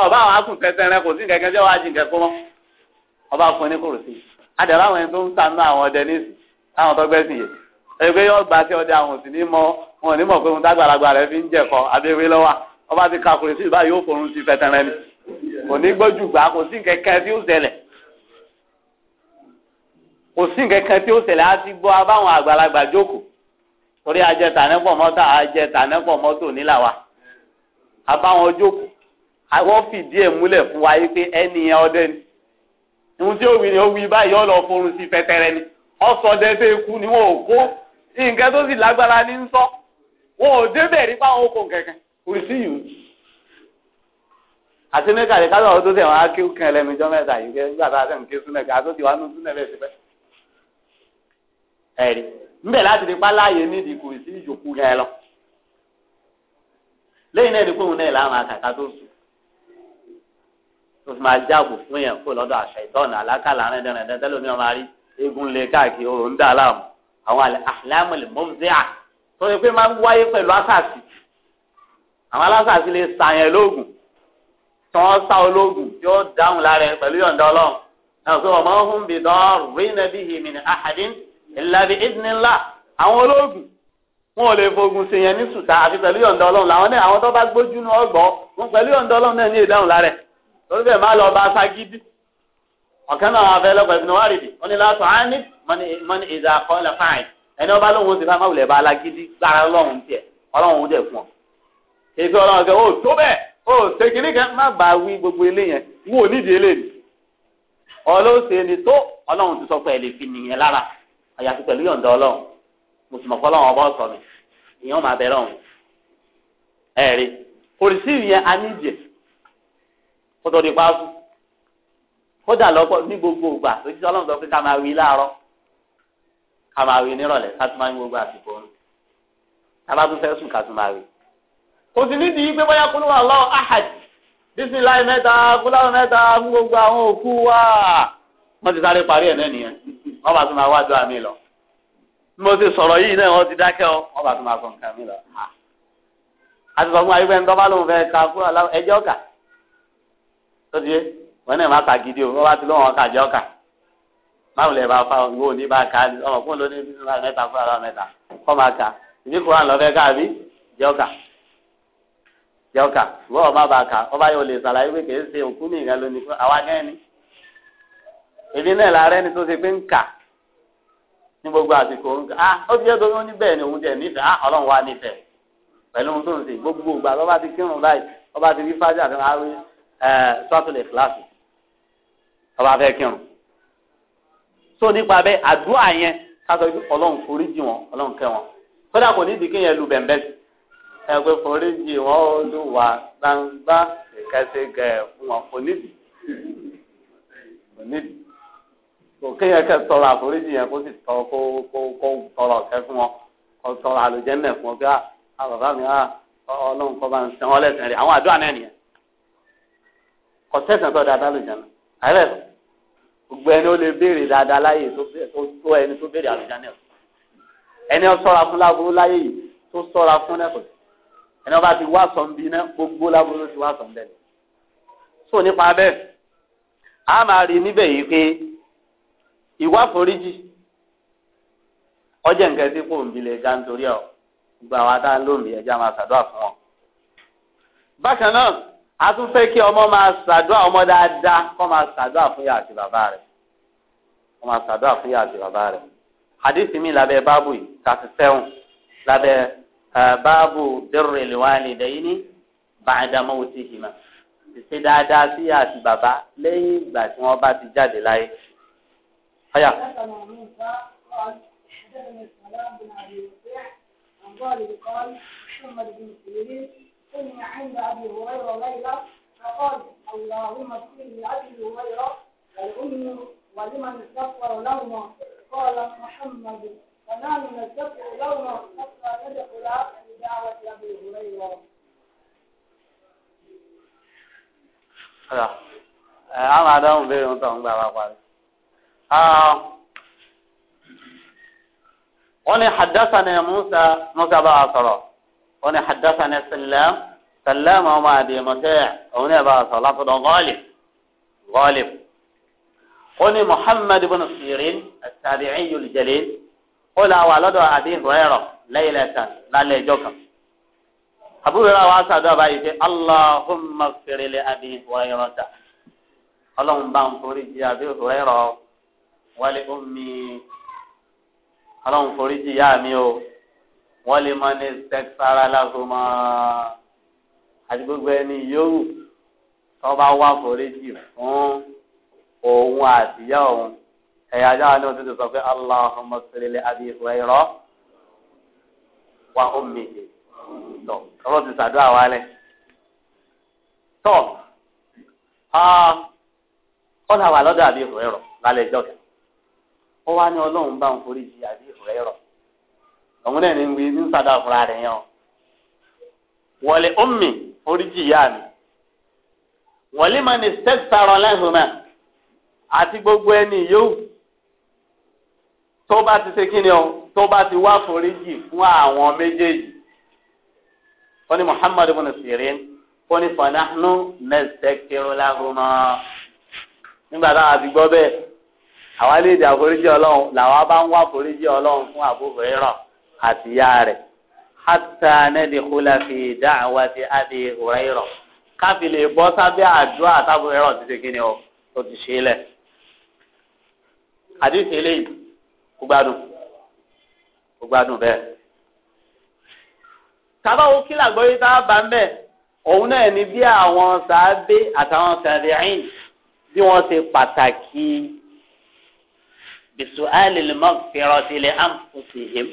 [SPEAKER 1] ọba àwọn akùn tẹsẹ̀ rẹ kò sí kẹ̀kẹ́ tí wàá jí kẹ̀kọ́ mọ́ ọba fún ní kòrò sí i adàlọ́ àwọn ẹni tó ń sànú àwọn ọdẹ níìsì àwọn tó gbẹ́sìn yìí ẹ pé yóò gbà sí ọdẹ àwọn òsì ní mọ wọn ò ní mọ̀ pé ohun tágbàlagbà rẹ fi ń jẹ̀kọ abẹ́wé lọ́wọ́ ọba ti ka kòrò sí ìbá yóò forun sí fẹsẹ̀ rẹ ni kò ní gbójú gbà kò sí kẹ̀kẹ́ tí tí ó ṣẹlẹ̀ á gbọ́ abáwọn àgbàlagbà jókòó torí ajẹ́tànẹ́pọ̀ mọ́tò ajẹ́tànẹ́pọ̀ mọ́tò nílà wa abáwọn jókòó wọ́n fìdí ẹ̀ múlẹ̀ fún wa yìí pé ẹni yẹn ọdẹ ni ohun tí òwì ó wí báyìí ọ̀nà ọ̀fọ̀run sí fẹ́tẹ́rẹ́ ni ọ̀sọ̀dẹ tó ikú ni wọn ò kó nǹkan tó sì lágbára ní sọ wọn ò débẹ̀ rí fáwọn okò kankan kò sí yìí àti mẹ́ka lè kájọ ọdún tẹ̀wọ̀n á kéwù kan ẹlẹ́mìjọ́ mẹ́ta yìí nígbà tá a fẹ́ nǹkan súnlẹ̀ tó fi máa jáàbò fún yẹn kó lọ́dọ̀ àṣà ìtọ́nà alákàlà rẹ̀ dẹ̀rẹ̀dẹ̀ tẹ́lẹ̀ mi máa rí eégún lé káàkiri oòrùn ń dà láàmú àwọn àlámọ̀lẹ̀ mọ́mùsíà tó yẹ pé máa ń wáyé pẹ̀lú àṣàṣì àwọn aláṣàṣì lè sàyẹn lóògùn tí wọ́n sá olóògùn tí ó dáhùn lára ẹ̀ pẹ̀lú yọ̀ǹda ọlọ́run náà pé ọmọ ọ̀hún bì dán rínà bí hìmì ní àhàdín ìlàbí ìdínlá àwọn olóògùn wọn ò lè fogun sí yẹn ní sùtà àti pẹ̀lú yọ̀ǹda ọlọ́run làwọn náà àwọn tó bá gbójú ní ọgbọ́ wọn pẹ̀lú yọ̀ǹda ọlọ́run náà ní ìdáhùn lára ẹ̀ lórí bẹ́ẹ̀ má lọ bá ságídí ọ̀kẹ́ náà wà fẹ́ lọ́pàá ìbínú wà rìdì ó ní látọ̀ á ní mọ́ni ìdá kan lè fáìn ẹni ọba lóhun ti fáwọn máwùlẹ̀ bá alágídí gbára lọ́hun tiẹ̀ ọlọ́hun ó dẹ̀ fún ọ. èso ọlọ́run sọ ó tó bẹ́ẹ̀ ó ṣèkìní kan má bàa wí gbogbo eléyẹn wò nídìí eléyìí ọlọ́sẹ̀ ni tó ọlọ́run ti sọ pé ẹ lè fi nìyẹn lára àyàfi pẹ̀lú yọ̀ǹda ọlọ́run mo sì kótó di pa kódà lọ́pọ̀ ní gbogbo ìgbà òjíṣẹ́ ọlọ́run sọ pé ká máa wí láàárọ̀ ká máa wí nírọ̀lẹ́ ká máa ń gbogbo àsìkò ọ̀run ká fẹ́ sùn ká máa wí. kò sì ní pé bóyá kúlúwà ahad mẹ́ta kúláwọ̀ mẹ́ta gbogbo àwọn òkú wọ́n ti sáré parí ẹ̀ náà nìyẹn lọ. bí mo ti sọ̀rọ̀ yìí náà ọ wọ́n bá tún máa sọ́dí yé wọn náà má kà gidi o wọ́n bá ti lọ́wọ́ ọkà jẹ́ ọkà máa wùlẹ̀ bá fa ìwọ òní bá ka ọmọ fún lóní bí wọ́n mẹ́ta fún ara mẹ́ta kọ́ máa ka ìdí kò hàn lọ́fẹ́ káàbí jẹ́ ọkà jẹ́ ọkà wọ́n ọba bá ka ọba yóò lè sàlàyé pé kìí ṣe òkú mi ìgbà lónìí fún àwa gẹ́ni èmi náà lára ẹni tó ṣe pé ń kà ní gbogbo àsìkò ń á ah, ó ti yẹ tó ní bẹ́ẹ̀ ni òun jẹ nífẹ̀ẹ́ á ah, ọlọ́run wá nífẹ̀ẹ́ pẹ̀lú ohun tó ń ṣe gbogbo ìgbà lọ́ba ti kírun báyìí ọba ti rí fájà tó ń sọ́tún ìkíláàsì ọba afẹ́ kírun so nípa bẹ́ẹ̀ àdúrà yẹn kátó ọlọ́run foríjì wọn ọlọ́run kẹ́ wọn kódà kò ní ìdíkẹ́ yẹn lu bẹ̀m̀bẹ́ ẹ pé foríjì wọn ó lù wá gbangba ìkẹsẹ̀ gẹ̀ fún wọn kò nídìí kò nídìí
[SPEAKER 2] kò kéèyàn kẹ́ tọrọ
[SPEAKER 1] àforíjì yẹn kó sì tọ kó kó kó tọrọ ọ̀kẹ́ fún wọn kó tọrọ àlùjẹ́ náà fún wọn bí wọn àbàbà mi ah, ọlọ́run kọ́ bá ń sẹ́wọ́n lẹ́sẹ̀ rẹ̀ àwọn àdúrà náà nìyẹn ọ̀sẹ̀sẹ̀ tó dáadáa lùjáná àárẹ̀ lọ gbogbo ẹni ó lè béèrè dáadáa láyè tó ẹni tó béèrè àlùjáná ẹ̀kọ́ ẹni ó sọ́ra fún láburú láyè yìí tó sọ́ra fún ẹ̀kọ́ ẹni ọba ti wá sọ̀n bí iná gbogbo láburú ti wá sọ̀n bẹ́ẹ̀ so nípa bẹ́ẹ̀ a máa rí níbẹ̀ yìí pé ìwà foríjì ọjọ́ nǹkan tí kò ń bilẹ̀ já nítorí ọ̀ gbogbo àwọn adá lómi ẹja máa ṣàdúrà fún wọn. bákan náà a tún fẹ́ kí ọmọ máa ṣàdúrà ọmọ dáadáa kọ́ máa ṣàdúrà fún yàrá àti bàbá rẹ̀ kọ́ máa ṣàdúrà fún yàrá àti bàbá rẹ̀ hadith mi lábẹ́ báàbù yìí thirty seven lábẹ́ báàbù birril walidayni ba'da mawtihima ṣe dáadáa sí yàrá bàbá lẹ́yìn ìgbà tí wọ́n bá ti jáde láyé.
[SPEAKER 3] Aya. قال سمع عند أبي هريرة ليلة فقال اللهم اغفر لأبي هريرة والأم ولمن استغفر لهما قال محمد من استغفر لهما حتى ندخل بدعوة أبي هريرة.
[SPEAKER 1] آه، انا هذا အဲအားလာတော့ဘေးတော့တောင်းပါပါကွာအာ قال حدثنا موسى موسى بن عاصر wọ́n ní hadathana salam salam ọmọ àdèmọ̀tẹ́ òun náà bá a sọ látọ̀dọ̀ ghalib ghalib ó ní muhammad ibn sirin as-sabi'i al-jalil ó là wà lọ́dọ̀ àbí hurairah laylatan lálẹ́ ìjọ kan àbúrò rẹ̀ wá sàdúrà báyìí pé allahumma fèrè lé àbí hurairah ta ọlọ́run bá ń forí jì àbí hurairah wálé ó mi o wọ́n lè mọ ní sẹ́kítárà lásùnmọ́ àti gbogbo ẹni yòówù tó bá wá foríjì fún òun àtìyá òun ẹ̀yà ajáwa ní òtútù sọ pé Allahumma salli li Abi Hurayra wa ummihi tọ̀ ọ̀rọ̀ ti sàdúrà wálẹ̀ tọ̀ ọ̀là wà lọ́dọ̀ Abi Hurayra lálẹ́ ìjọ kan ó wá ní ọlọ́run bá ń foríjì Abi Hurayra òun náà ní wí ní sàdá fúnra rẹ̀ yẹn o wọlé ọmọ oríjì ìyá mi wọlé máa ní sẹ́tàrọ̀ lẹ́hùn náà àti gbogbo ẹni yóò tó bá ti ṣe kíni o tó bá ti wá foríjì fún àwọn méjèèjì wọ́n ní Muhammad ibn Sirin wọ́n ní fanahnu nẹ́sẹ̀kẹ́rọ lẹ́hùn náà nígbà táwọn àti gbọ́ bẹ́ẹ̀ àwa lè dà foríjì ọlọ́run làwa bá ń wá foríjì ọlọ́run fún àbúrò rẹ̀ rọ̀ àti ìyá rẹ̀ hàtà nẹ́ẹ̀dì kúlẹ̀ fi dáhùn wá sí àbí Hurairah káfí lè bọ́ sábẹ́ àdúrà àtàbọ̀ ẹ̀rọ ti ṣe kíni o tó ti ṣe lẹ̀. àdìsí eléyìí kò gbádùn kò gbádùn bẹ́ẹ̀. tábàwọ̀ kílà gbọ́yé tá a bá ń bẹ̀ òun náà ni bí àwọn sàábé àtàwọn sàbẹ̀rìn bí wọ́n ṣe pàtàkì bisu'alil maghfirati li anfusihim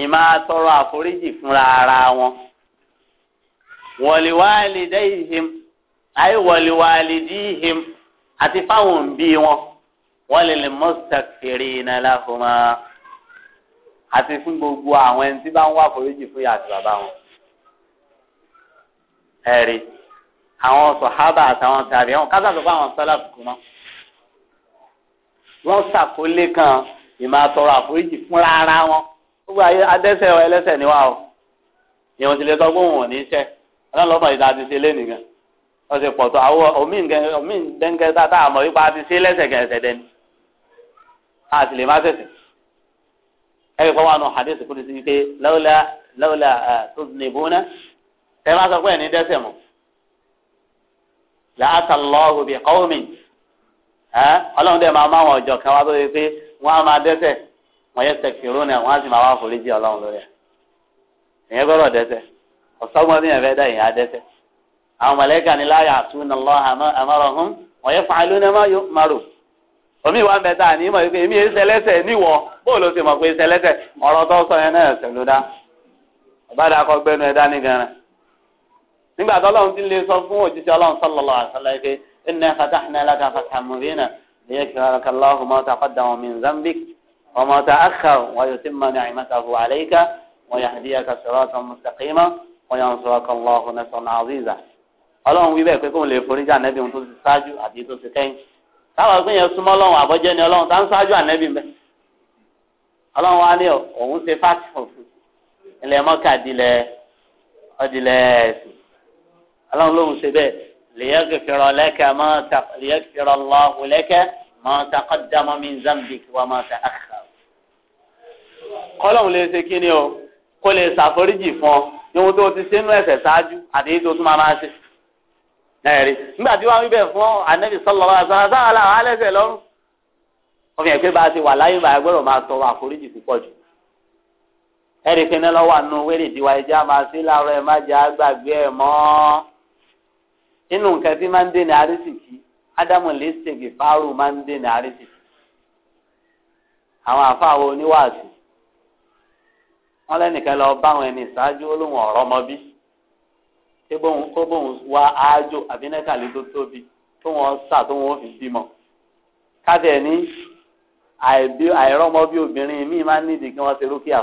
[SPEAKER 1] ìmáa tọrọ àforíjì fúnra ara wọn wọ̀lìwálìdẹ́yìhìm àyè wọ̀lìwálìdíhìm àti fáwọn òbí wọn wọ́lẹ̀lẹ̀ mọ́sítàkìrì ìnàláhùnmá àti fún gbogbo àwọn ẹni tí bá ń wá àforíjì fún ìyá àti bàbá wọn. ẹ̀rí àwọn sọ̀hábà àtàwọn tàbí àwọn kásà tó àwọn sọ́lá kù mọ́. wọ́n ṣàkólé kan ìmáa tọrọ àforíjì fúnra ara wọn. gbogbo ayé adẹ́sẹ̀ ẹlẹ́sẹ̀ ni wa o ìyẹn ti lè sọ pé òun ní iṣẹ́ ọlọ́run lọ́mọ ìta ti ṣe lẹ́nu gan wọ́n ti pọ̀ tó àwọn omi ti ṣe lẹ́sẹ̀ a sì lè má sẹ̀sẹ̀ nù hadith lọ́wọ́lá lọ́wọ́lá tó ní ẹ má sọ pé dẹ́sẹ̀ làásà bí ọlọ́run máa wọn kan wá tó pé wọ́n á wọ́n yẹ sẹ́kìrún náà wọ́n á ọlọ́run lórí ẹ̀ ìyẹn gbọ́dọ̀ dẹ́sẹ̀ ọ̀sọ́gbọ́n bí yẹn fẹ́ dá ìyẹn á dẹ́sẹ̀ àwọn mọ̀lẹ́kà ni láyà lọ́ wọ́n yẹ fàálù náà má omi ìwà ń bẹ tá a ní mọ̀ wípé èmi yẹn sẹlẹ́sẹ̀ níwọ̀ bó ló ti mọ̀ pé sẹlẹ́sẹ̀ ọ̀rọ̀ tó sọ yẹn náà وما تأخر ويتم نعمته عليك
[SPEAKER 3] ويهديك
[SPEAKER 1] صراطا مستقيما وينصرك الله نصرا عزيزا ọlọ́run wí bẹ́ẹ̀ pé kóun lè forí jẹ́ ànẹ́bí ohun tó ti ṣáájú àti èyí tó ti kẹ́yìn táwọn ọgbìn yẹn súnmọ́ ọlọ́run àbọ́jẹ́ ni ọlọ́run tá ń ṣáájú ànẹ́bí mẹ́ ọlọ́run wa ní òun ṣe fáàtì òfin ilẹ̀ mọ́kà dilẹ̀ ọdilẹ̀ ẹ̀sìn ọlọ́run lòun ṣe bẹ́ẹ̀ lèyẹ́kìfìrọ̀ lẹ́kẹ̀ mọ́ lèyẹ́kìfìrọ̀ lọ́hùn lẹ́kẹ̀ mọ́ takọ́dámọ́ mi zambik wà mọ́ ta àkà. kọ́lọ́hún lè ṣe kí o kó lè ṣàforíjì fún ọ níwọ̀n tó ti ṣe nínú ẹ̀ṣẹ̀ ṣáájú àti èyí tó tún máa máa ṣe. ẹ̀rí nígbà tí wọ́n wí bẹ́ẹ̀ fún anabi sallallahu alaihi wasallam sáà làwọn alẹ́sẹ̀ lọ́rùn. wọ́n fi bá ti wà láyé gbọ́dọ̀ máa púpọ̀ jù. ẹ̀rí wẹ́rẹ̀ ẹja máa láàárọ̀ ẹ̀ má jẹ́ àgbàgbé ẹ̀ mọ́. inú wọn lẹ́nìkan lọ bá àwọn ẹni ṣáájú olóhùn ọ̀rọ̀ ọmọ bí kébóhùn kóbóhùn wá áájò àbí nẹ́kàlí tó tóbi tó wọn sà tó wọn fi bímọ kájẹ ní àìrọ́mọ bí obìnrin míì máa ń nídìí kí wọ́n ṣe rúkìá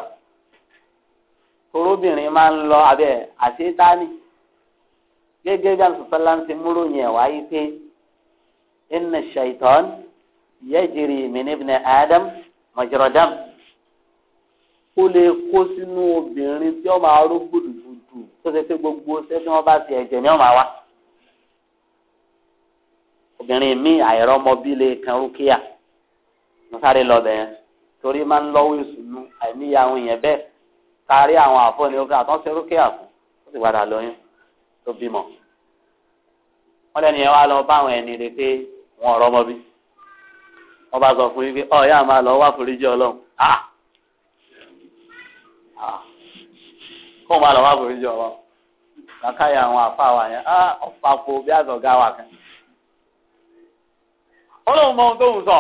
[SPEAKER 1] torobìnrin máa ń lọ abẹ́ àṣetáni gẹ́gẹ́ bí àtúntàlá ń ti múrò yẹn wáyé pé inna shaitan yajri min ibn adam majradam kó lè kó sínú obìnrin tí wọ́n máa rógbò dùdù tó ṣe pé gbogbo ṣé tí wọ́n bá ti ẹ̀jẹ̀ ni wọ́n máa wá. obìnrin mi àìrọ́mọbí lè kan rúkìá mo sáré lọ bẹ̀yẹn torí máa ń lọ́wọ́ ìsúnú àìníyà àwọn èèyàn bẹ́ẹ̀ kárí àwọn àfọ́ni ó fẹ́ rúkìá fún ó sì padà lóyún tó bímọ wọ́n lẹ́nu yẹn wá lọ bá àwọn ẹni rè pé wọ́n rọ́mọbí wọ́n bá sọ fún yín pé ọ̀ yá máa lọ wá foríjì ọlọ́run ah kó o lọ wá bòrí ọ kàkáyà àwọn àfa wa yẹn á ọ̀pá po bí àzọ̀gá wa kan. ọlọ́run mọ ohun tó ń sọ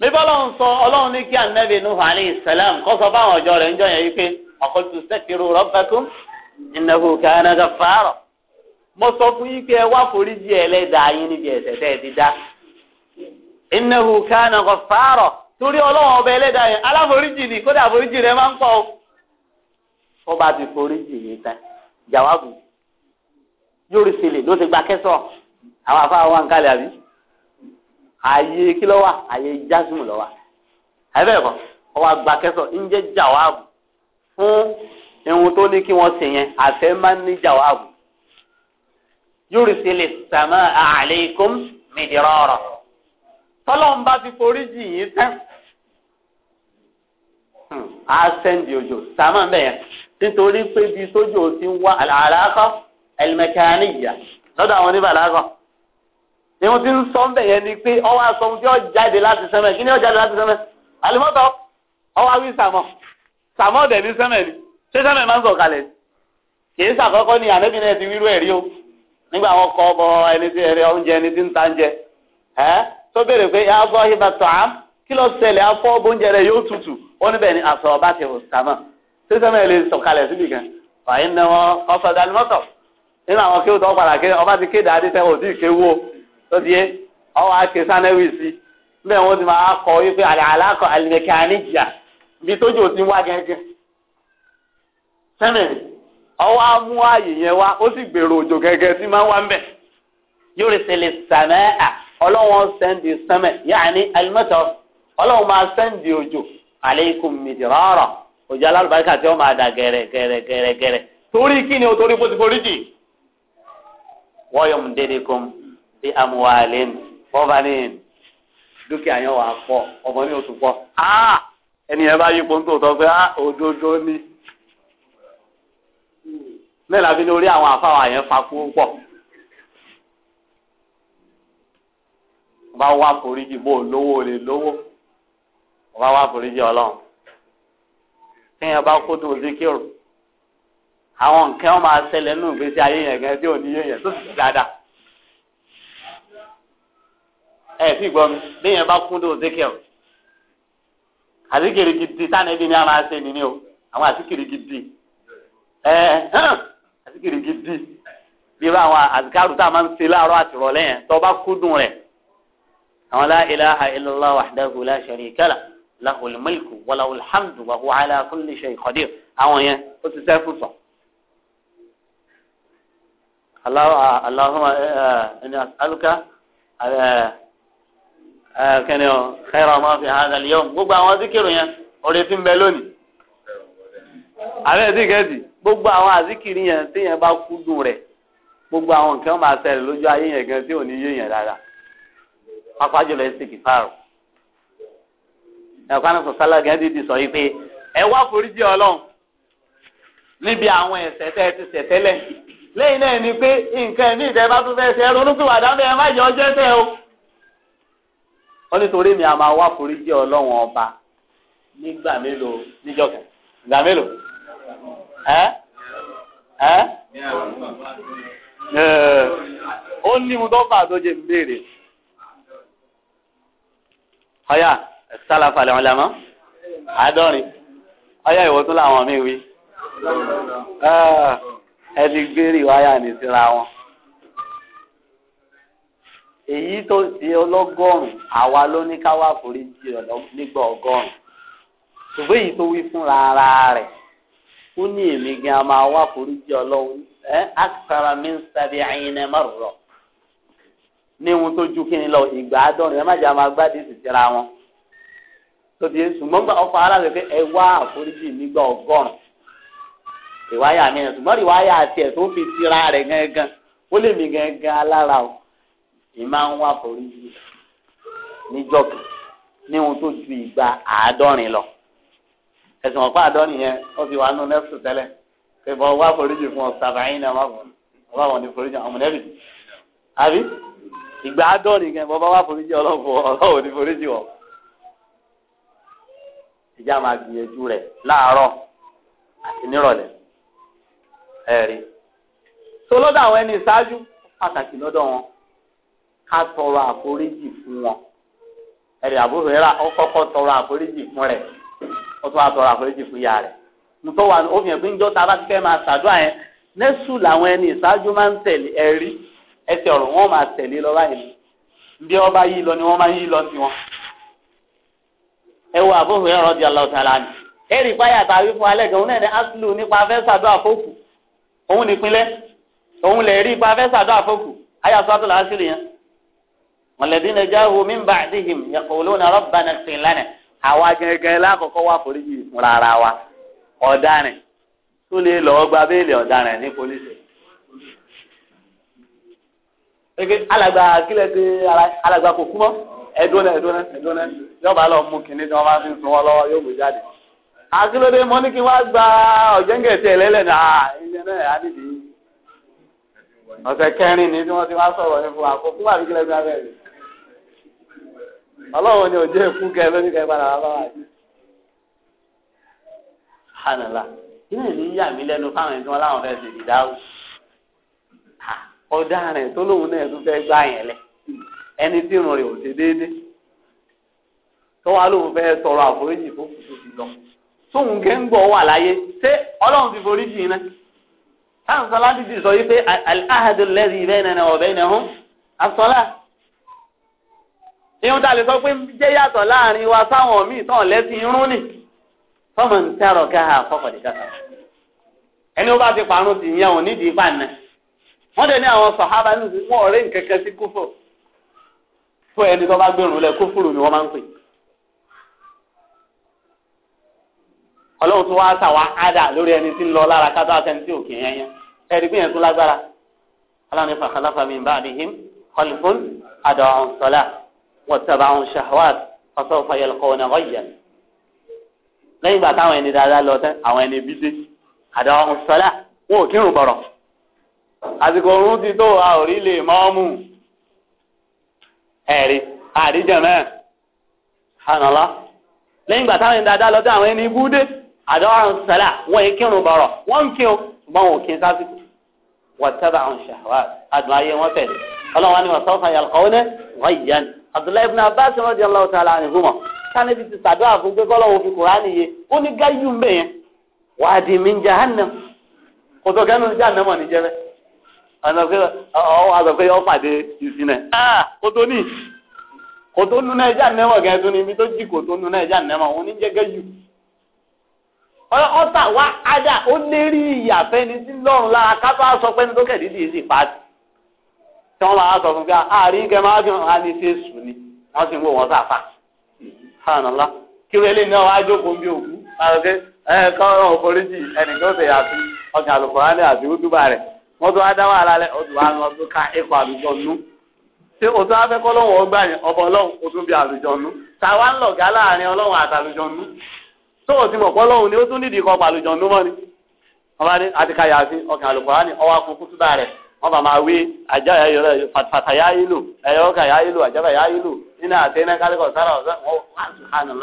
[SPEAKER 1] bíbá ọlọ́run sọ ọlọ́run ní kí anabi nuhu alayhi salam kó sọ fáwọn ọjọ́ rẹ̀ ń jọ yẹn pé ọkọ̀tù rọ́bẹ́kú ìnáwó kàánà fàárọ̀. mo sọ fún yín pé ẹ wá níbi tẹ́ ni kódà tó bá ti forí jì mí tán jàwábù yóò rí sílẹ̀ ló ti gba kẹsọ̀ àwọn afáwọn wa ń kálẹ̀ àbí ààyè kí ló wà ààyè jásùmù ló wà àbẹ́ ẹ̀kọ́ ọwọ́ àgbà kẹsọ̀ ń jẹ́ jàwábù fún irun tó ní kí wọ́n sè yẹn àfẹ́ máa ń ní jàwábù yóò rí sílẹ̀ sàmà àlẹ́kùm mìdírọ̀rọ̀ tọ́lọ́n bá ti forí jì yín tán hmm. á sẹ́ndì òjò sàmà bẹ́ẹ̀ yẹn nítorí pé ibi sójú ò ti ń wá àlàákọ́ ẹ̀lmẹ̀kánìyà lọ́dọ̀ àwọn oníbàlágọ̀ ni wọ́n ti ń sọ ńbẹ̀ yẹn ni pé ọwọ́ aṣọ ohun tí ó jáde láti sẹ́mẹ̀ kí ni ó jáde láti sẹ́mẹ̀ àlùmọ́tò ọwọ́ awí sàmọ̀ sàmọ̀ dẹ̀ ní sẹ́mẹ̀ ni ṣé sẹ́mẹ̀ máa ń sọ̀ kalẹ̀ kìí sàkọ́kọ́ ni ànábì náà ti wíru ẹ̀rí o nígbà wọn kọ ọbọ ẹni tí ẹrẹ oúnjẹ ẹni tí ń ta oúnjẹ ẹ tó béèrè pé abọ́ ibà kí ló ṣẹlẹ̀ afọ́ oúnjẹ rẹ yóò tutù ó níbẹ̀ ni àṣọ ọba sísẹ́mẹ̀ lè sọ̀kalẹ̀ síbi kan wàyí ní wọn ọ̀sọ̀ ìdánimọ́tọ̀ nínú àwọn kéwù tó padà kéwù ọba ti kéde adé tẹ́wọ̀ sí ìkéwò tó di yé ọwọ́ àké sanẹ́wì sí bẹ́ẹ̀ wọ́n ti máa kọ wípé àlẹ́ alákọ̀ àlìmẹ̀kẹ́ àníjìyà bí tójú ò ti wá gẹ́gẹ́ sẹ́mẹ̀ ọwọ́ á mú ààyè yẹn wá ó sì gbèrò òjò gẹ́gẹ́ tí máa wá ń bẹ̀ yóò rí sẹ́lẹ̀ sàmẹ́ à ọlọ́wọ́n sẹ́ndì sẹ́mẹ̀ yáà ní àlìmọ́tọ̀ ọlọ́wọ́n máa sẹ́ndì òjò àlẹ́ ikùn òjò alálùbáríkà tí wọn máa dà gẹrẹ gẹrẹ gẹrẹ gẹrẹ torí kí ni o torí bó ti forí jì. wọ́n yọ̀ mú dédé kọ́m bí amúhalẹ́n fọ́fàlẹ́n dúkìá yẹn wà pọ̀ ọmọ ní oṣù pọ̀ ẹni yẹn bá yí pọ́ńtò tó pé òdodo ni. mẹ́la bí ní orí àwọn àfáwà yẹn fakú pọ̀. ọba wa forí jì bó lówó lè lówó ọba wa forí jì ọlọ́run téèyàn bá kó dùn zikiru àwọn nǹkan wọn máa ṣẹlẹ̀ nínú ìgbésí ayé yẹn gan tí ò ní yẹn tó sì dáadáa. ẹ sì gbọ́ mi téèyàn bá kó dùn zikiru àzikiri gidi táwọn ẹbí ni a máa ṣe nìyí o àwọn àzikiri gidi ẹ àzikiri gidi bí irú àwọn àzikáru tá a máa ń ṣe láàárọ̀ àti ìrọ̀lẹ́ yẹn tó bá kó dùn rẹ̀ àwọn la ilaha illallah wahdahu la sharika lah lahul mulku wa lahul hamdu wa huwa ala kulli shay'in qadir àwọn yẹn ó ti sẹ́kù sọ. Allahumma eh, eh, inni as'aluka eh, kẹ́ni ọ̀ khayra ma fi hadha al-yawm gbogbo àwọn zikiru yẹn orí ti ń bẹ lónìí.
[SPEAKER 2] Àbẹ́ ti kẹ́sì
[SPEAKER 1] gbogbo àwọn àzikiri yẹn tí yẹn bá kú dùn rẹ̀ gbogbo àwọn nǹkan máa ṣẹlẹ̀ lójú ayé yẹn gan tí ò ní yé yẹn dáadáa. Pápá jùlọ ẹ̀ sì ẹ̀kọ́nà sọ̀sálà gẹ́gẹ́ dídì sọ yìí pé ẹ wá foríjì ọlọ́run níbi àwọn ẹ̀ṣẹ̀ tẹ́ ẹ ti ṣẹ̀ tẹ́lẹ̀ lẹ́yìn náà ni pé nǹkan ẹ̀mí ìtẹ́ bá tún fẹ́ ṣe bẹ́ẹ̀ má jẹ́ ọjọ́ o. wọ́n ní mi a máa wá foríjì ọlọ́run ọba nígbà mélòó níjọ́ kan mélòó ẹ
[SPEAKER 2] ẹ ó ní mo
[SPEAKER 1] mi béèrè. sálàfà lẹ́wọ̀n lẹ́mọ́ àádọ́rin ọyá ìwọ tún làwọn míì wí ah, ẹ ti gbérí wáyà ní síra wọn èyí tó di ọlọ́gọ́rùn-ún àwa ló ní ká wá foríjì nígbà ọgọ́rùn-ún ṣùgbọ́n èyí tó wí fúnra ara rẹ̀ ó ní èmi gan a máa wá foríjì ọlọ́run ẹ akitara mi ń sábẹ́ ayin ẹ má rọ̀ ní ohun tó ju kí ni lọ ìgbà àádọ́rin ẹ má jẹ́ àwọn agbádìí sì jẹ́ra wọn tó ti ṣùgbọ́n gba ọkọ̀ aláàbẹ̀ pé ẹ wá àforíjì nígbà ọgọ́rùn ìwáyà mìíràn ṣùgbọ́n ìwáyà àti ẹ̀ tó fi tira rẹ̀ gangan ó lè mí gangan alára o ìmá ń wá àforíjì níjọ́kì ní ohun tó ju ìgbà àádọ́rin lọ ẹ̀sùn ọ̀pá àádọ́rin yẹn ó fi wà nù nẹ́fṣù tẹ́lẹ̀ pé bọ́ wá àforíjì fún ọ̀sàbàyìn náà wá wọn ní àforíjì ọ̀mùnẹ́bì àbí ìgbà àádọ́rin yẹn bọ́ bá wá àforíjì ọlọ́wọ́ ọlọ́wọ́ ní àforíjì wọn ìjà máa gbìyànjú rẹ̀ láàárọ̀ àti nírọ̀lẹ́ ẹ̀rí. tó lọ́dọ̀ àwọn ẹni ìṣáájú pàtàkì lọ́dọ̀ wọn ká tọrọ àforíjì fún wọn ẹ̀rí àbúrò rẹ̀ ó kọ́kọ́ tọrọ àforíjì fún rẹ̀ ó tún wá tọrọ àforíjì fún ìyá rẹ̀ nítorí wà ó fi hàn pé tá a bá ti fẹ́ máa ṣàdúrà yẹn nẹ́sù làwọn ẹni ìṣáájú máa ń tẹ̀lé ẹ̀rí ẹsẹ̀ ọ̀rọ̀ wọn máa tẹ̀lé lọ báyìí bí wọ́n bá yí lọ ni wọ́n máa yí lọ sí wọn. ẹ wo Abu Hurairah radiyallahu eri ni ẹ̀rí ìpáyà tá a wí fún alẹ́ gan òun náà ní aslu nípa fẹ́ sàdúrà òun òun lè rí ipa fẹ́ sàdúrà fókù ayé asọ́tò làásìrì yẹn walladhina ja'u min ba'dihim yaquluna rabbana ighfir àwa lákòókò wà foríjì wa tó lè gba béèlì ní polisi alàgbà kílẹ̀ ti alàgbà kò kú mọ́. ẹdúnẹ ẹdúnẹ ẹdúnẹ yọba lọ mú kinní tí wọn bá fi ń sun wọn lọ́wọ́ yóò gbé jáde akílódé mo ní kí wọn gba ọjẹǹgẹ tí ẹlẹlẹ náà ilé á dìde ọ̀sẹ̀ kẹrin ni tí wọ́n ti wá sọ̀rọ̀ ní fún wa kó Ọlọ́run ni òjò èkú kẹ kẹ wà ní yà mí lẹ́nu fáwọn tí ẹni tí irun rẹ̀ ò ṣe déédéé tó wá fẹ́ sọ̀rọ̀ àforíjì tó kù tó ti lọ tóun wà láyé ṣé ọlọ́run ti forí jì iná táwọn ti ti pé lè sọ pé jẹ́ yàtọ̀ láàrin wa sáwọn míì tán lẹ́sìn irun nì ń káà ẹni ó bá ti parun ti nídìí ní àwọn ọ̀rẹ́ fún ẹni tó bá gbèrú lẹ kófòrò ni wọ́n máa ń pè. ọlọ́run tún wá sàwá ádà lórí ẹni tí ń lọ lára kátó àtẹni tí òkè yẹn yẹn ẹni pé yẹn lágbára aláwọn nípa kàláfà mi bá àdéhìm kọlifún àdàwọn sọlá wọtaba àwọn shahwat ọsọ fayẹlẹkọ ọ̀nà ọ̀yẹn lẹ́yìn ìgbà táwọn ẹni dáadáa lọ tẹ́ àwọn ẹni bídé àdàwọn sọlá wọn ò kírun bọ̀rọ̀ àsìkò orun ti tó a lè mọ́ ọ́ ẹ̀rí àríjẹ̀mẹ́ hànàlá lẹ́yìn ìgbà táwọn dáadáa lọ́dọ̀ àwọn ẹni ibú dé àdọ́rùn sẹ́là wọ́n yìí kírun bọ̀rọ̀ wọ́n ń kí o ṣùgbọ́n wọn ò kí n sásìkò wọ́n tẹ́lẹ̀ àwọn ṣàwá àdùn ayé wọn tẹ̀lé ọlọ́wọ́n ni wọ́n sọ fún yàrá kọ́wé wọ́n yíyan Abdullahi ibn Abbas rọ́jì ọlọ́wọ́ tààlà àníhùmọ̀ sani ti ti sàdúrà ó ní gáyù ọ̀sọ̀ pé ọ pàdé ìsinẹ̀ kò tó ní kò tó nu náà ẹja gẹ́gẹ́ tó ní ibi tó jí kò tó nu náà ẹja nẹ́mọ̀ ní jẹ́gẹ́ jù ọ̀tà wa ada ó lérí ìyàfẹ́ ní sí lọ́rùn lára kábàá sọ tó kẹ̀ tí wọ́n máa sọ fún àárín kẹ́ máa fi hàn ní ni wọ́n sì ń wò wọ́n sàfà hànàlá kí wọ́n eléyìí náà wá jókòó bí òkú ẹ̀ kọ́ wọ́n tún wá dá wàhálà lẹ̀ ká ikọ̀ àlùjọ nú o tún afẹ́ kọ́lọ́hún ọgbà yẹn ọba ọlọ́hún o tún bí àlùjọ nú tàwa ń lọ̀gá láàrin ọlọ́run àtàlùjọ nú tó o ti mọ̀ kọ́lọ́hún ni ó tún nídìí kọ́ pàlùjọ nú ní ọkàn ni ọwọ́ akun bá rẹ̀ wọ́n bá máa ajá fàtà yá ọkà yá àjábà yá nínú kálíkọ̀ sára ọ̀sán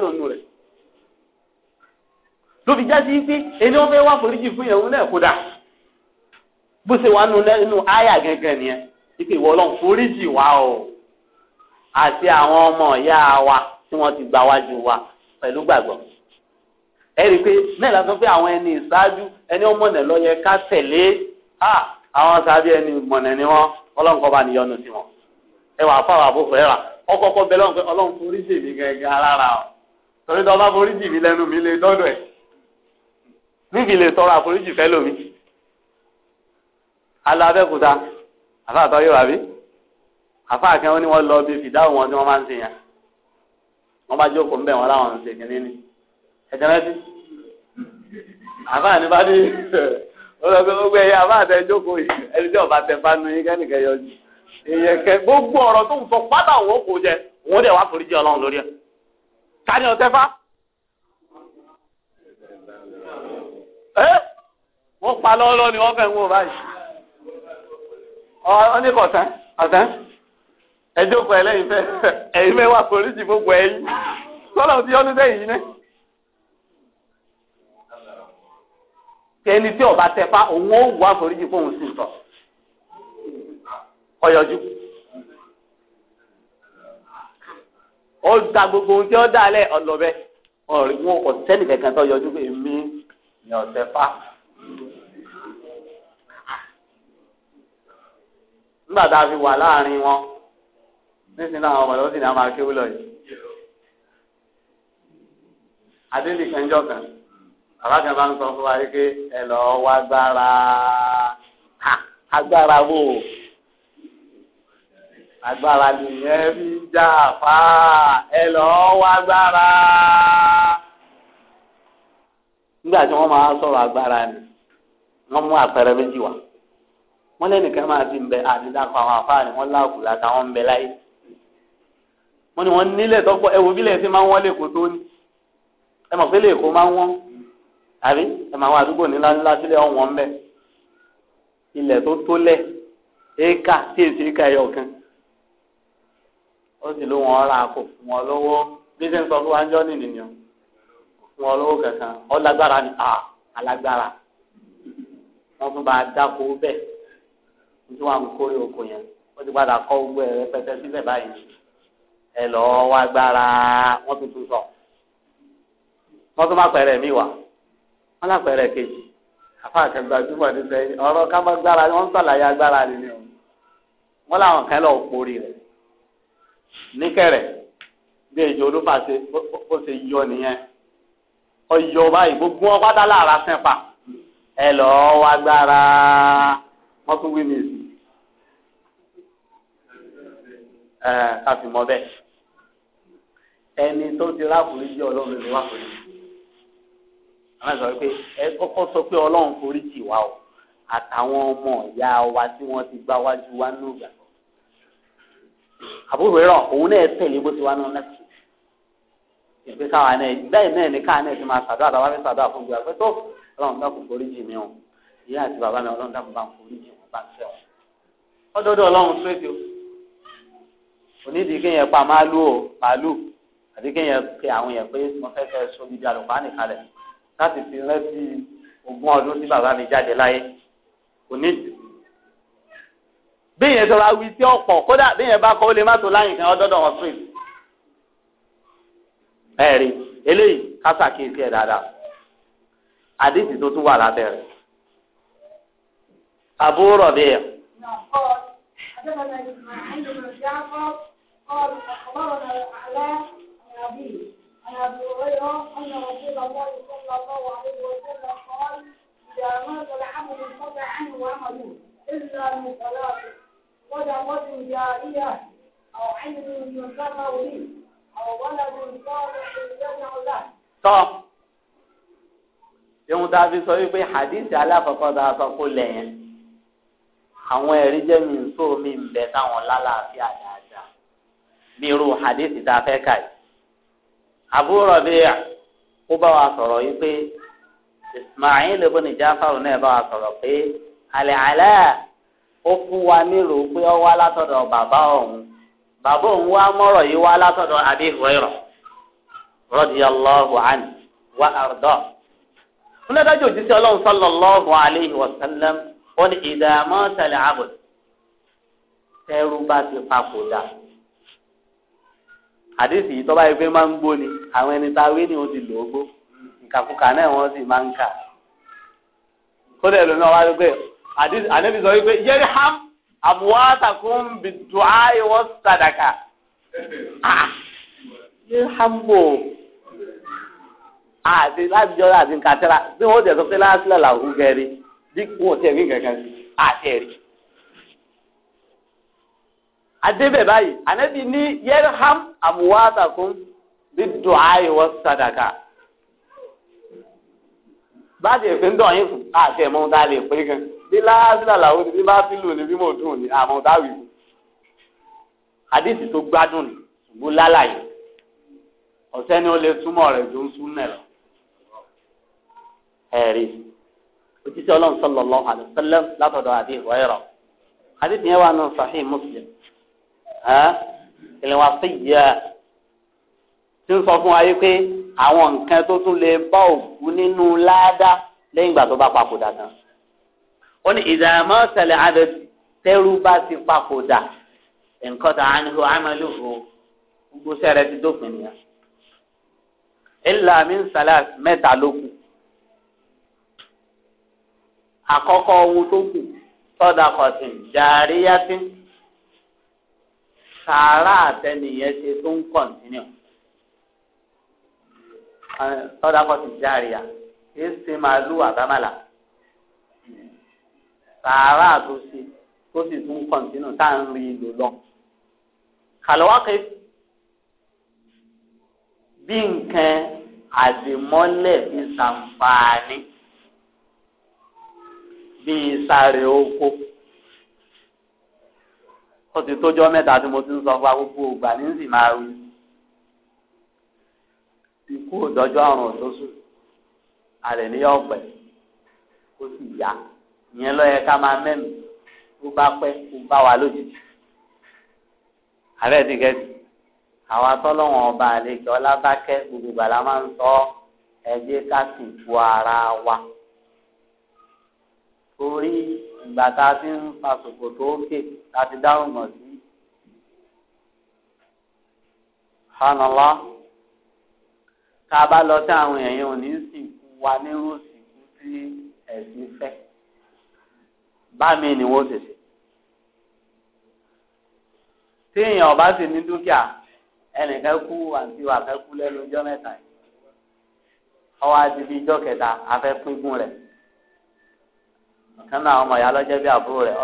[SPEAKER 1] wọ́n wá ló fi jásí pé ẹni wọn fẹ́ wá foríjì fún ìyẹn òun náà kódà bó ṣe wà nù lẹ́nu àyà gẹ́gẹ́ nìyẹn ipe ìwọ ọlọ́run foríjì wá o àti àwọn ọmọ ìyá wa tí wọ́n ti gbà wájú wa pẹ̀lú gbàgbọ́ ẹ̀rí pé náà la sọ pé àwọn ẹni ìṣáájú ẹni ọmọnà ló yẹ ká tẹ̀lé àwọn sábẹ́ ẹni ìmọ̀nà ni wọ́n ọlọ́run kọ́ bá níyọnu sí wọn ẹwà fáwọn àbúkù ẹ̀rà ọkọ̀ ọkọ̀ bẹ́ẹ̀ lọ́run pé ọlọ́run foríjì mi gẹ́gẹ́ alára o torí tó bá foríjì mi lẹ́nu mi lè dọ́dọ̀ ẹ̀ níbi lè tọrọ àforíjì fẹ́ lómi alábẹ́kúta àfáàtọ́ yóò wá bí àfáàkẹ́ wọn ni wọ́n lọ bí fìdáhùn wọn tí wọ́n máa ń ṣe yẹn wọ́n bá jókòó ń bẹ̀ wọ́n láwọn ń ṣe kínní ni ẹ̀jẹ̀ rántí àfáàní bá ní ọlọ́gbẹ́ gbogbo ẹ̀yà àfáàtẹ jókòó yìí ẹni tí ọba tẹ fanu yín kẹ́nìkan yọjú èèyàn kẹ gbogbo ọ̀rọ̀ tó ń sọ pátá òun kò jẹ òun dẹ̀ wá foríjì ọlọ́run lórí ẹ̀ ká ní ọtẹ fá wọ́n pa ni wọ́n fẹ́ báyìí ọ ní kọ̀tán ọ̀tán ẹjọ́ fẹ́ ẹ̀yìn mẹ́wàá kò ríjì gbogbo ẹ̀yìn sọ́nà tí ọdún sẹ́yìn yìí ná. tí ọba tẹfa òun ó wù àforíjì fóun sí sọ ọyọjú ó da gbogbo ohun tí ó dá ọlọbẹ wọn tó yọjú pé ní ọ̀sẹ̀ fá. nígbà tá a fi wà láàrin wọn nísìnyí àwọn ọmọdé ó sì ní a máa kéwú lọ yìí. adéǹdì kẹjọ kan bàbá kan bá ń sọ fún wa yìí pé ẹ lọ wá gbára agbára wò agbára nìyẹn fi ń jà fáà ẹ lọ wá gbára nígbà tí wọ́n máa sọ̀rọ̀ agbára ni wọ́n mú àpẹẹrẹ méjì wá wọ́n lẹ́nìkan máa ti ń bẹ àdídàkọ àwọn afáàní wọ́n láàbù látàwọn ń bẹ láyé wọ́n ní wọ́n nílẹ̀ tọ́pọ̀ ẹ̀wò bílẹ̀ sí máa ń wọ́n lẹ́kọ̀ọ́ tó ní ẹ mọ̀ pé lẹ́kọ̀ọ́ máa ń wọ́n àbí ẹ máa wọ àdúgbò nílá ńlá sílẹ̀ ọ̀wọ́n ń bẹ ilẹ̀ tó tó lẹ̀ éka tí èsì éka ẹyọ kan ó sì ló wọn ra kò fún wọn lọ́wọ́ bí sẹ́ńsọ fún wa ń jọ́ nìyẹn fún ọlọ́wọ́ kankan ọlágbára ni a ah, alágbára wọ́n tún bá dáko bẹ́ẹ̀ ojú wa ń kórè oko yẹn wọ́n ti padà kọ́ gbogbo ẹ̀ rẹpẹtẹ sílẹ̀ báyìí ẹ lọ́ọ́ wá gbára wọ́n tuntun sọ wọ́n tún má pẹ̀rẹ̀ mi wá wọ́n lápẹ̀rẹ̀ kejì afáàkẹ́ gbajúmọ̀ ní sẹ́yìn ọ̀rọ̀ ká má gbára wọ́n ń sàlàyé agbára nínú wọn làwọn kan lọ́ọ́ porí rẹ̀ níkẹ̀rẹ̀ bí èjò olúfàṣe ó ṣe yọ nìyẹn ọyọ báyìí gbogbo wọn pátá lára sẹ́pa ẹ lọ́ọ́ wá gbára wọ́n tún wí mi sí ẹ káfí mọ́ bẹ́ẹ̀ ẹni tó ti rákùnrin jẹ́ ọlọ́run ló wà pẹ̀lú àwọn sọ pé ẹ kọ́kọ́ sọ pé ọlọ́run forí jì wá o àtàwọn ọmọ ìyá wa tí wọ́n ti gbá wájú wa nù gbà àbúrò rẹ̀ òun náà tẹ̀lé bó ti wá nù náà sí ìpè káwa náà bẹ́ẹ̀ náà ní káwa náà ti máa ṣàdúrà tàbá fi ṣàdúrà fún gbogbo àpẹtọ ọlọ́run dákun forí jì mí o ìyá àti bàbá mi ọlọ́run dákun bá ń forí jì wọn bá ń fẹ́ wọn. ọdọọdọ ọlọ́run sóèdì o onídìí kéèyàn pa màálù o màálù àti kéèyàn pe àwọn yẹn pé mo fẹ́ fẹ́ so ibi àlùkò ànìkalẹ̀ láti fi rántí ogún ọdún tí bàbá mi jáde láyé onídìí. bí yẹn sọ wá wí sí ọ̀pọ̀ kódà bí yẹn bá kọ́ ó lè má tó láyìn kan ọdọọdọ wọn sóèdì ẹ̀rí eléyìí kásàkíyèsí ẹ̀ dáadáa àdìsí tó tún wà lábẹ́ rẹ̀ Abu Rabi'a.
[SPEAKER 3] عن ابي هريره ان رسول الله صلى الله عليه وسلم قال اذا مات العبد انقطع عنه عمله الا من ثلاثه صدقه جاريه او عين ينتفع به
[SPEAKER 1] tọ́ ìhun tá a fi sọ wípé hadithi aláfọ̀kọ́ tá a sọ kó lẹ̀ yẹn àwọn ẹ̀rí jẹ́ mi ń sọ mi ń bẹ táwọn lálàáfíà dáadáa bí irú hadithi tá a fẹ́ kà yìí Abu Rabi'a ó bá wa sọ̀rọ̀ yìí pé Ismail ibn Ja'far náà bá wa sọ̀rọ̀ pé àlẹ́ àlẹ́ ó fún wa nírò pé ó wá látọ̀dọ̀ bàbá òun bàbá òun wá mọ́rọ̀ yìí wá látọ̀dọ̀ Abi Hurairah
[SPEAKER 3] radiyallahu
[SPEAKER 1] anhu wa arda. Fúnẹ́dájọ́ òjíṣẹ́ ọlọ́run sallallahu alayhi wa sallam ó ní ìdààmú tẹ̀lé àbùd. Tẹ́rù bá ti papòdà. Àdéhùn yìí tọ́ba ìfẹ́ máa ń gbó ni àwọn ẹni tá a wé ni wọ́n ti lò ó gbó. Ìkàkùkà náà wọ́n sì máa ń kà. Kódà ẹlòmíràn wá rí pé àdébìsọ wípé yẹ́rì hàm abuwaatakun bidu'aayi wa sadaka ah hambo ah, àti láti jọ àti nkàtẹ́ra bí wọ́n tẹ̀sán pé láàsìlẹ̀ làwọn gẹ̀rí bí wọ́n tẹ̀ ní kankan àti ẹ̀rí. Ah, adébẹ̀ báyìí ànábì ní yẹ́rham abuwaatakun bidu'aayi wa sadaka bá a ti pè ń dọ̀ yín fún àti ẹ̀mọ́ tá a lè pè é gan bí láàzìlà làwọn ti bá fi lù ní bí mò ń dùn ní àmọ́ táwì wù àdìsí tó gbádùn ní ṣùgbọ́n lálàyé ọ̀sẹ́ ni ó lè túmọ̀ rẹ̀ tó ń sún nẹ̀ lọ. ẹ̀rí òtítí ọlọ́run sallallahu alaihi wasallam látọ̀dọ̀ àdé ìwọ́ẹ̀rọ àdìsí yẹn wà nù Sahih Muslim ìlànà àfẹ́yẹ tí ń sọ fún wa yìí pé àwọn nǹkan tó tún lè bá òkú nínú ládàá lẹ́yìn ìgbà tó bá papòdà tán ó ní ìdààmú ọ̀sẹ̀lẹ̀ abẹ́tù tẹ́rù bá ti papòdà nǹkan tó á ní kó amẹ́lú fò gbogbo sẹ́rẹ̀ ti dópin nìyẹn. ìlà mi ń sàlẹ̀ mẹ́ta ló kù àkọ́kọ́ ohun tó kù sọ́dà kọ̀sìn jàríyàtì sàárà àtẹnìyẹn ṣe tó ń kọ̀ntínú sọ́dà kọ̀sìn jàríyà kì í ṣe màálù àbámàlà sàárà tó ṣe tó sì tún kọ̀ǹtínù tá à ń rí lò lọ. kàlọ́wákè bí nǹkan àdìmọ́lẹ̀ fi ṣàǹfààní bíi sáré oko ó ti tójọ́ mẹ́ta tí mo ti ń sọ fún agbógbó ògbà ní sì máa wí ikú òdọ́jọ́ àrùn òtósù alẹ́ ní ọ̀pẹ ó sì yá ìyẹn lọ yẹ ká máa mẹ́nu tó bá pẹ́ tó bá wà lójijì ààrẹ ti gẹ̀ẹ́sì àwọn atọ́lọ́wọ̀n ọba àlejò ọlábákẹ́ gbogbo gbàlá máa ń sọ ẹgbẹ́ ká sì bu ara wa torí ìgbà tá a ti ń fa sòkòtò òkè tá a ti dáhùn mọ̀ sí fanọlá tá a bá lọ sí àwọn èèyàn ò ní sìnkú wa nírú sìnkú sí ẹ̀sìn fẹ́. bá mi ni wọ́n ṣe ṣe. téèyàn ọba sì ní dúkìá ẹnìkan kú àti wàfẹ́ kú lẹ́nu ọjọ́ mẹ́ta yìí ọwọ́ àti bíi ijọ́ kẹta afẹ́ pínpín rẹ̀ ọ̀kan ọmọ ìyá lọ́jọ́ bí àbúrò rẹ̀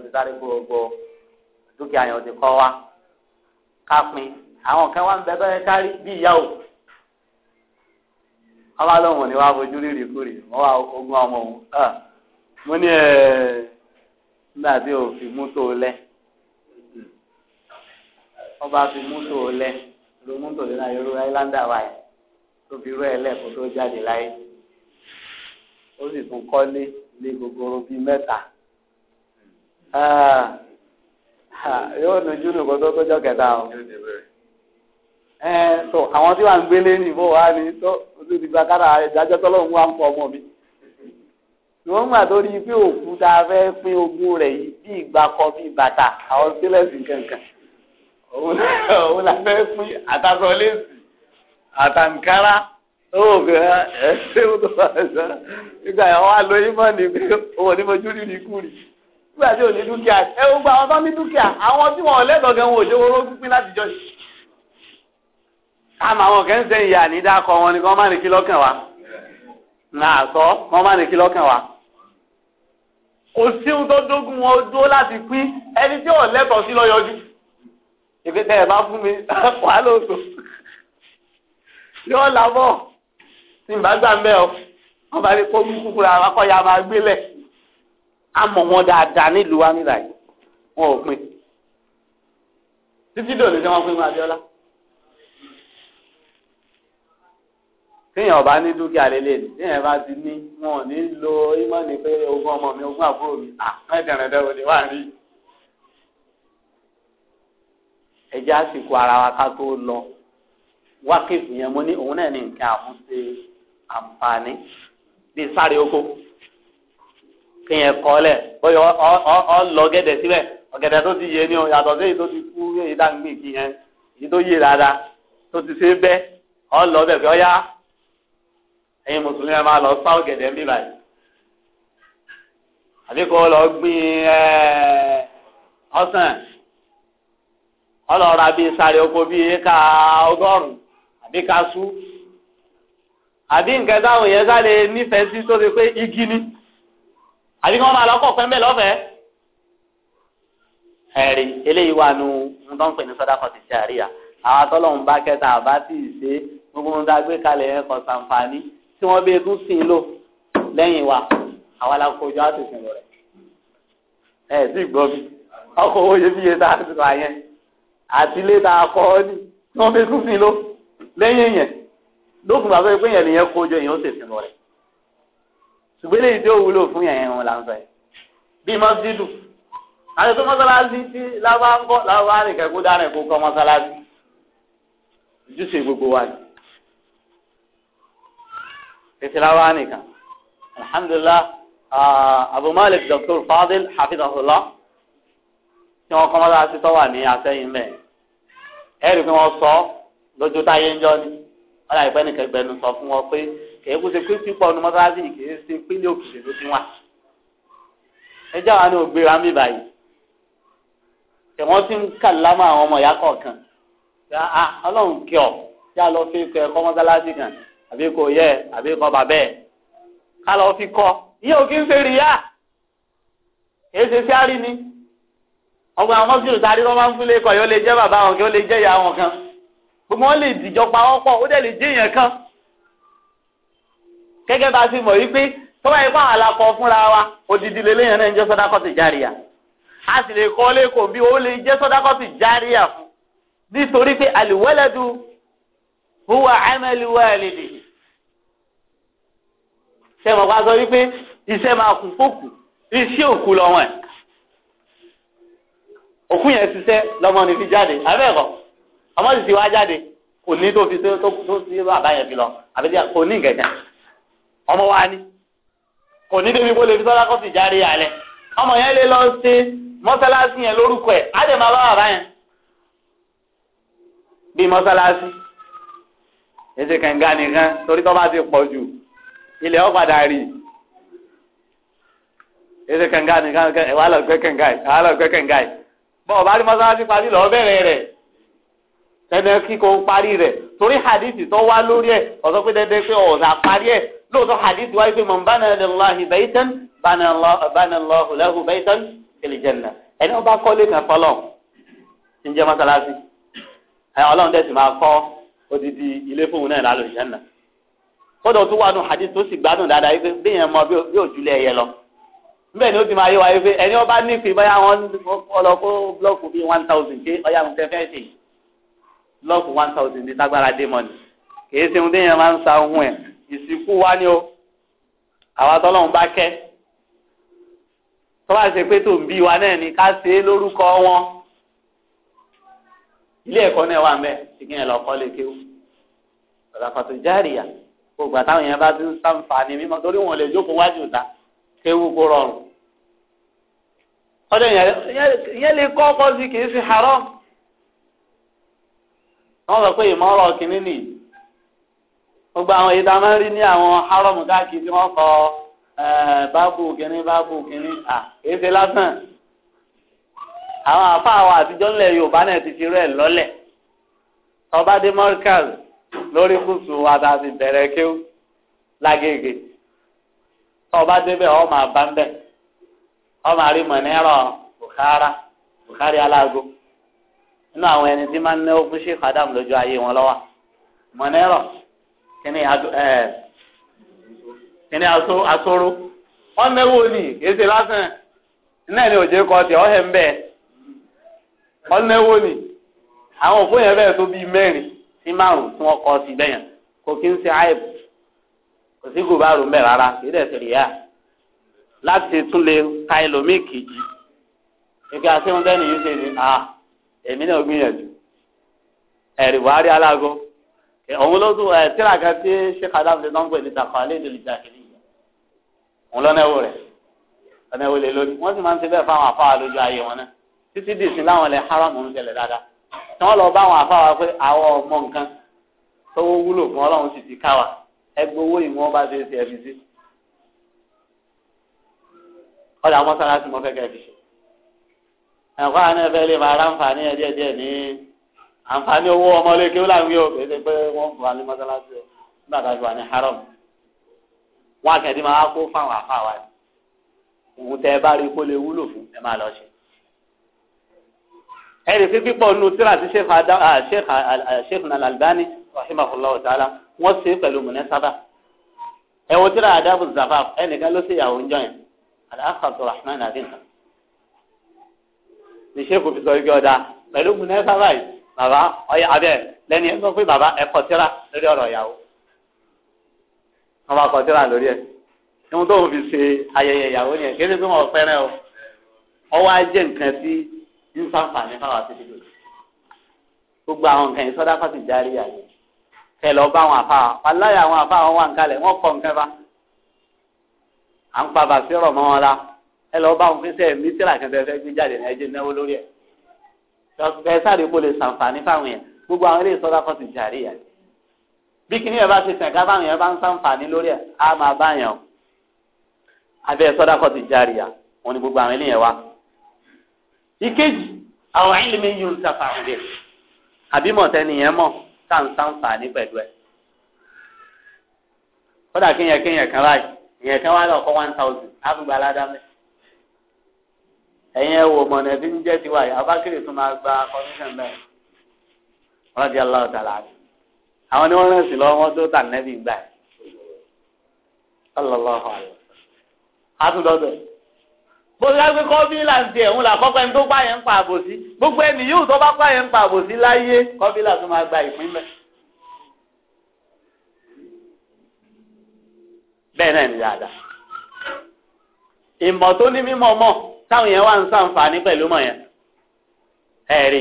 [SPEAKER 1] ti sáré gbogbo dúkìá yẹn ti kọ́ wa àwọn kan wá ń bẹ bẹ́ẹ̀ kárí bí ìyá o ọba mo ní ẹ nígbà tí o fi mútò lẹ ọba fi mútò lẹ ló mọ́tò lẹ náà yorùbá islander wa yìí tó fi rú ẹ lẹ́kọ̀ọ́ tó jáde láyé ó sì tún kọ́lé lé gogoro bíi mẹ́ta yóò nujú nìkan tó kẹta o ẹ àwọn tí wàá ń gbélé nìbò wa ni tó ojú ti gba kára ìdájọ́ tọ́lọ́hún wa ń ọmọ mi. wọ́n gbà tó rí i pé òkú tá a fẹ́ pín ogún rẹ̀ yìí bí ìgbà kọ bí bàtà àwọn sílẹ̀sì kankan òun la fẹ́ pín àtàkọ́lẹ́sì àtàǹkárá òògùn ah, ẹ ṣé ó tó bàtà nígbà yẹn wọ́n á lo ìmọ̀ ní pé òun ní mojú rí ikú rí nígbà tí ò ní dúkìá ẹ ń gba àwọn tó ní dúkìá àwọn tí wọn ò lẹ́tọ̀ọ́ gan wọn ò jẹ́ owó pín láti jọ yìí. àmọ́ àwọn kẹ́ńsẹ̀ ìyá ní dákọ̀ wọn ni kọ́ má ní kí lọ́kàn wa. nà sọ kọ́ má ní kí lọ́kàn wa kò sí ohun tó dógún wọn dúró láti pín ẹni tí ò lẹ́tọ̀ọ́ sí lọ́yọjú ìfi tẹ́ ẹ̀ bá fún mi wà lóso yóò làbọ̀ tí n bá gbà ń bẹ́ ọ wọn bá rí kó mú kúkúrú àwọn akọ́yà máa gbélẹ̀ àmọ́ wọn dáadáa nílùú wa nílà wọn ò pin títí dòní tí wọ́n pín wọn Abíọ́lá. téèyàn ọba ní dúkìá lélẹ̀ ni téèyàn bá ti ní wọn ò ní lo ìmọ̀ni pé ogún ọmọ mi ogún àbúrò mi àmẹ́tẹ̀rẹ̀dẹ́ òde wà rí. ẹjẹ́ àsìkò ara wa ká tó lọ wákìtì yẹn mo ní òun náà ní nǹkan àmúṣe àǹfààní bíi sáré oko kéèyàn kọ́lẹ̀ bóyá ọ lọ gẹ́dẹ̀ síbẹ̀ ọ̀gẹ̀dẹ̀ tó ti yé ni o yàtọ̀ sí èyí tó ti kú èyí tá ń yẹn èyí tó yé dáadáa tó ti ṣe bẹ́ ọ lọ bẹ̀ fẹ́ ọ yá ẹ̀yin mùsùlùmí ẹ máa lọ sá ọ̀gẹ̀dẹ̀ ń bí báyìí àbí kò lọ gbìn ẹ ọsàn ọlọ́ọ̀rọ̀ àbí sáré oko bíi éka ọgọ́rùn-ún àbí kaṣú àbí nǹkan táwọn yẹn sáré nífẹ̀ẹ́ sí tó pé igi ni àbí kí wọ́n máa lọ́kọ̀ pẹ́ńbẹ́ lọ́fẹ̀ẹ́ ẹ̀rí eléyìí wà nù ń tó ń pè ní sọ́dá kọ́tì sí àríyá àwọn atọ́lọ́hún bá kẹta àbá tì í ṣe gbogbo ń dágbé kalẹ̀ yẹn sàǹfààní tí wọ́n bẹ tún sìn lò lẹ́yìn wa àwa la kojú àtòsìn lọ rẹ̀ ẹ̀ sì gbọ́ mi ọkọ̀ owó yẹ fi yẹ tá a ti rà yẹn àti ilé tá a kọ́ ọ ní tí wọ́n bẹ tún sìn lò lẹ́yìn yẹn lókun bàbá pé yẹn lèyẹn kojú èyàn ó sì sìn lọ ṣùgbọ́n eléyìí tí ó wúlò fún yẹn wọn là ń sọ yẹn bí mọ́sídù àti tó mọ́sálásí tí lábá ń bọ̀ lábá nìkan kó dára kó kọ́ mọ́sálásí ojúṣe gbogbo wa ni ìtìláwá nìkan alhamdulilah abu malik dr fadil hafidhahullah tí wọn kọ́ mọ́tà sí tọ́wà ní asẹ́yìn mẹ́ẹ̀ ẹ̀rí pé wọ́n sọ lójú táyé ń jọ ni wọ́n láì pẹ́ nìkan gbẹnu sọ fún wọn pé kèé kó ṣe pé pípọ̀ ní mọ́tàlásì yìí kèé ṣe pé ní òkèèrè tí wà. ẹjọ́ àwọn ògbé wa ń báyìí kẹ̀ wọ́n ti ń kà lámọ́ àwọn ọmọ ìyá kọ̀ọ̀kan ah, ọlọ́run kí ọ yá lọ fi kọ́ mọ́tàlásì kan àbí kò yẹ àbí kọ́ bàbẹ́ ẹ̀ ká lọ fi kọ́ iye òkè ń fèrè yá èyí ṣe sí àárín ni ọgbà àwọn mọ́sílù tá a rí wọn máa ń fúnlé kọ̀ yóò lè jẹ́ bàbá wọn kí ó lè jẹ́ ìyá wọn kan gbogbo wọn lè dìjọba wọn pọ̀ ó dẹ̀ lè jẹ́ èèyàn kan gẹ́gẹ́ bá a ti mọ̀ wípé tọ́wọ́ ipá wà la kọ fúnra wa odidi lè léyìn náà ń jẹ́ sọ́dákọ́tì járíà a sì lè kọ́ lẹ́kọ̀ọ́ bí ó lè jẹ́ sọ́dákọ́tì járíà fún nítorí pé àlùwẹ́lẹ́dù huwa amalu sẹ́mi ọ̀pá sọ wípé iṣẹ́ máa kú fókù iṣẹ́ òkú lọ́wọ́ ẹ̀ òkú yẹn ṣiṣẹ́ lọ́mọ ní fi jáde abẹ́ẹ̀kọ́ ọmọ sì ti wá jáde kò ní tó fi tó sí bàbá yẹn fi lọ àbí kò ní nǹkan ọmọ wa ni kò ní débi kó lè fi sọ́dá kó sì járe alẹ́ ọmọ yẹn lè lọ sí mọ́sálásí yẹn lórúkọ ẹ̀ á lè máa bá bàbá yẹn bí mọ́sálásí ètò kànga nìkan torí tó bá ti pọ̀ jù ilẹ̀ ọ̀ padà rí ètò kànga ni wà á lọ gbẹ́ kànga yìí wà á lọ gbẹ́ kànga yìí bọ́ ọ̀bá rí mọ́sálásí parí lọ́ọ́ bẹ̀rẹ̀ rẹ̀ tẹ́lẹ̀ kíkọ́ parí rẹ̀ torí hadith tó wá lórí ẹ̀ ọ̀sọ́ pé dẹ́dẹ́ pé ọ̀sà parí ẹ̀ lóòótọ́ hadith wáyé pé man bana lillahi baytan bana Allahu lahu baytan fil janna ẹni ọba kọ́lé kan fọlọ́ ń mọ́sálásí ọlọ́run tẹ̀sí máa kọ́ odidi ilé fóun náà lálùjánnà kódà tó wà nù hadith tó sì gbádùn dáadáa yìí pé bíyẹn mọ bí òjúlé ẹyẹ lọ bẹ́ẹ̀ ni ó ti máa yé wa yìí pé ẹni ọba nífi bóyá wọn ọlọ kó blọọkù bíi one thousand ké ọyá mi fẹ́ fẹ́ sè blọọkù one thousand ní tágbára dé mọ́ni kì í ṣe ohun téèyàn máa ń sa ohun ẹ̀ ìsìnkú wa ni o àwa tọ́lọ́run bá kẹ́ tọ́wá ṣe pé tó ń bí wa náà ni ká ṣe é lórúkọ wọn ilé ẹ̀kọ́ náà wà ń bẹ̀ gbogbo àtàwọn yẹn bá ti ń sàǹfààní mímọ́ torí wọn lè jókòó wájú ìta kéwu kó rọrùn ọdẹ yẹn lè kọ́ ọkọ sí kì í fi haram wọn sọ pé ìmọ̀ràn kìíní nìyí gbogbo àwọn èyí máa ń rí ní àwọn haram káàkiri tí wọ́n kọ eh, báàbù kìíní báàbù kìíní à kìí lásán àwọn àfa àwọn àtijọ́ ńlẹ̀ Yorùbá náà ti fi rẹ̀ lọ́lẹ̀ tọ́ba dé mọ́ríkàlì lórí kùsù àtàtì bẹ̀rẹ̀ kéwù lágége ọba débẹ̀ ọ máa bá ń bẹ̀ ọ máa rí mọ̀nẹ́rọ̀ Bukhara Bukhari alágo nínú àwọn ẹni tí máa ń náwó fún Sheikh Adam lójú ayé wọn lọ́wọ́ mọ̀nẹ́rọ̀ kíní ẹ̀ kíní asóró wọ́n náwó ni èsì lásán náà ni òjò kọ́ tiẹ̀ ọ̀hẹ́ ń bẹ̀ wọ́n náwó ni àwọn òfin yẹn bẹ́ẹ̀ tó bíi mẹ́rin sí márùn tí wọ́n kọ́ sí bẹ́yẹn kò kí ń ṣe àìbù kò sí gùbárù ń bẹ̀ rárá kì í dẹ̀ sẹ̀rì yá láti tún lè ka ẹlòmíì kejì ìgbà tí wọ́n dẹ́nu yìí ṣe ni à èmi náà gbìyànjú ẹ̀rì buhari alágo òun ló tún ẹ̀ tíra kan tí sheikh adam ṣe nọ́ńgbẹ̀ ní tàkọ́
[SPEAKER 2] alẹ́ ìdílé ìdàkìlì
[SPEAKER 1] òun lọ́nà rẹ̀ lọ́nà lè lórí wọ́n sì máa ń ṣe bẹ́ẹ̀ fáwọn afáwà lójú ayé wọn náà títí dìsín láwọn ilẹ̀ haram ń ṣẹlẹ̀ dáadáa tí lọ bá àwọn àfa pé àwọn ọmọ nǹkan tó wúlò fún ọlọ́run sì ti ká wa ẹgbẹ́ owó ìwọ̀n bá ṣe ti ẹbí sí. ọ̀dà mọ́sálásí mo fẹ́ kẹ́ fi ṣe. ẹ̀kọ́ àná ẹ̀fẹ́ lè máa ráǹfààní ẹ̀ díẹ̀ díẹ̀ ní àǹfààní owó ọmọlé kí ó láwùí o kì í ṣe pé wọ́n fún wa ní mọ́sálásí o nígbà tá a fi wà ní haram. wọ́n akẹ́dí máa kó fáwọn àfa wa ẹ̀rí pé pípọ̀ nu tíra ti sheikh al-Albani rahimahullah ta'ala wọ́n ṣe pẹ̀lú munasaba ẹ wo tíra adabu zafaf ẹnìkan ló ṣe ìyàwó ń jọ yẹn al-akh abdulrahman abinta ní sheikh fi sọ ibi ọ̀dà pẹ̀lú munasaba yìí bàbá ọyẹ abẹ lẹ́ni ẹ sọ pé bàbá ẹ kọ tíra lórí ọ̀rọ̀ ìyàwó wọ́n bá kọ tíra lórí ẹ ohun tó fi ṣe ayẹyẹ ìyàwó yẹn kí ẹ ní pé o ọwọ́ ajé nǹkan sí yóò sáǹfààní fáwọn àti dídò gbogbo àwọn nǹkan yìí sọdá fásitì járí àyè kẹ lọ bá àwọn àfa aláya àwọn àfa wà ń kalẹ̀ wọ́n kọ́ bá à ń fa bàtí ọ̀rọ̀ mọ́ wọn la ẹ lọ bá wọn fẹsẹ̀ mí tíra kan gbé jáde ní ẹjẹ́ náwó lórí ẹ̀ ẹ sáré kó lè sàǹfààní fáwọn yẹn gbogbo àwọn ilé ìsọdá fásitì járí àyè bí kìnìyàn bá ti tẹ̀ ká yẹn bá ń sàǹfààní lórí ẹ̀ á máa bá yẹn o abẹ́ sọdá fásitì járí à wọn ni gbogbo àwọn ilé yẹn wá ìkejì àwọn ìlímí yóò sáfà òde àbí mọ̀tẹ́niyẹn mọ̀ sáǹsáǹfà ní pẹ̀lú ẹ̀
[SPEAKER 3] kódà kéèyàn kéèyàn kan báyìí
[SPEAKER 1] èèyàn kan wá lọ kọ́ one thousand àgbègbè aládàmẹ́ ẹ̀yin ẹ̀ wò mọ̀nà bí ń jẹ́ tiwa yìí abákèrè tó máa gba commission bẹ́ẹ̀ wọ́n di aláwọ̀ tààlà rẹ̀ àwọn ni wọ́n rẹ̀ sí lọ́wọ́ wọn tó tà nẹ́bí gbà ẹ̀ ọlọ́lọ́ àtúndọ́dọ̀ bó ṣe pé kọ́bílà ń tiẹ̀ ń là kọ́kọ́ ẹni tó pa yẹn ń pa àbòsí gbogbo ẹni yóò tó bá pa yẹn ń pa àbòsí láyé kọ́bílà tó máa gba ìpín bẹ́ẹ̀. bẹ́ẹ̀ náà ni dáadáa ìmọ̀ tó ní mímọ̀ mọ̀ táwọn yẹn wá ń sàǹfààní pẹ̀lú mọ̀ yẹn ẹ̀rí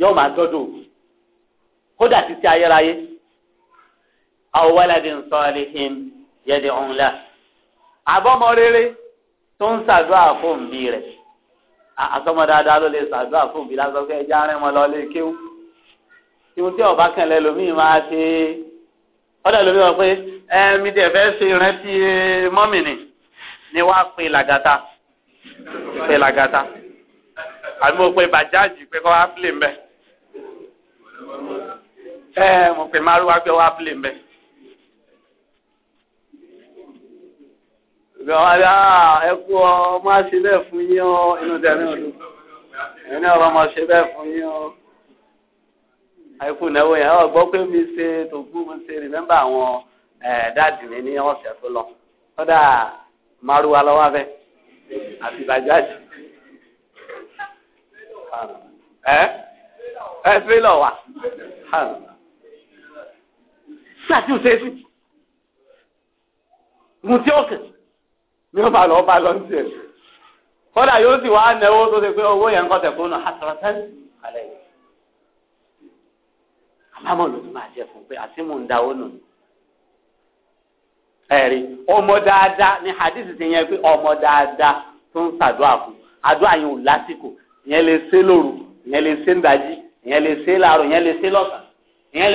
[SPEAKER 1] yóò máa tọ́jú kódà títí ayérayé àwọn wàlàdì ń sọ àlehin yẹ́dì ọ̀hún lá àbọ̀mọ̀ rere tó ń ṣàdúrà fún òbí rẹ̀ àtọmọ dáadáa ló lè ṣàdúrà fún òbí lásán pé ẹja rìn wọn lọ lé kéwú ìwọ tí ọba kan lẹ lómi máa ṣe ọdọ lómi wọn pé ẹmi tẹ fẹ́ ṣe ìrántí mọmì ni ni wàá pe làgàtà pe làgàtà àbí mo pe bàjáàjì pé kọ́ wá pìlẹ̀ mbẹ́ ẹ mo pe márùwá pé wá pìlẹ̀ mbẹ́. Ìgbọ̀nwá rẹ̀ ẹ kú ọ máa ṣe
[SPEAKER 2] bẹ́ẹ̀ fún yín ọ inú tẹ̀mí ọdún.
[SPEAKER 1] Ẹni ọ̀rọ̀ máa ṣe bẹ́ẹ̀ fún yín ọ. Àìkú ìnáwó yẹn ọ gbọ́ pé mi ṣe tògbú mi ṣe rìmẹ́mbà àwọn dáàdì mi ní ọ̀sẹ̀ tó lọ. Kọ́dà márùwá lọ́wọ́ abẹ́ àti bàjáàjì. Ẹ
[SPEAKER 2] ẹ tírélọ̀ wà. Ṣé àti òṣèṣì?
[SPEAKER 1] Mo ti ọ̀kẹ́. ní ọba lọ ọba lọ sí ẹ kódà yóò sì wá náwó tó ṣe pé owó yẹn kọ́ tẹ̀ fún un hasratan alẹ́ yìí àmọ́ ló ti máa pé àtìmù ń nù ọmọ dáadáa ni hadith ti yẹn pé ọmọ dáadáa tó ń fún àdúrà ò lásìkò ìyẹn lè ṣe lóru ìyẹn lè ṣe ń ìyẹn lè ṣe ìyẹn lè ṣe lọ́sàn ìyẹn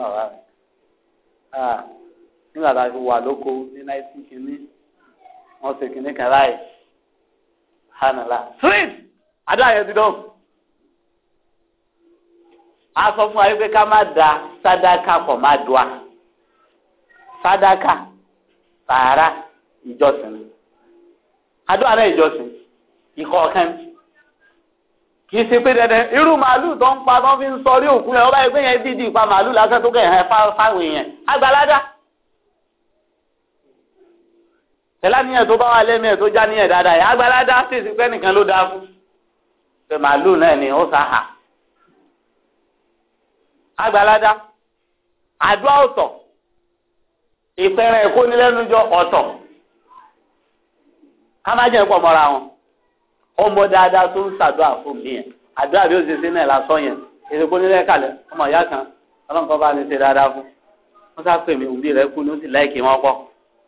[SPEAKER 1] lè nígbà tá a fi wà lóko ní náìtì kìíní wọn sì kìíní kan láì hànàlá street adáyẹ ti dán a sọ fún wa pé ká má da sádàkà pọ̀ má dùà sádàkà sàárà ìjọsìn àdúrà náà ìjọsìn ìkọ̀ọ̀kan kìí ṣe pé dandan irú màálù tó ń pa tó fi ń sọ orí òkú rẹ̀ ọba ẹgbẹ́ yẹn dídì pa màálù lásán tó kẹ̀ ẹ̀ fáwọn èèyàn àgbàládá. tẹlániyàn tó bá wà lẹ́mí ẹ̀ tó já níyàn dáadáa yà agbára dá sí ìsìnkú ẹnìkan ló dáa fún pé màálù náà ni ó sáà agbára dá àdúrà ọ̀tọ̀ ìfẹ́rẹ̀ ìkónilẹ́nujọ ọ̀tọ̀ kámájẹ́ pọ̀ mọ́ra wọn dáadáa tó ń fún mi yẹn àdúrà bí ó ṣe sí náà lásán yẹn ọmọ ìyá kan ọlọ́nkọ́ bá ṣe dáadáa fún wọ́n sá pè mí òbí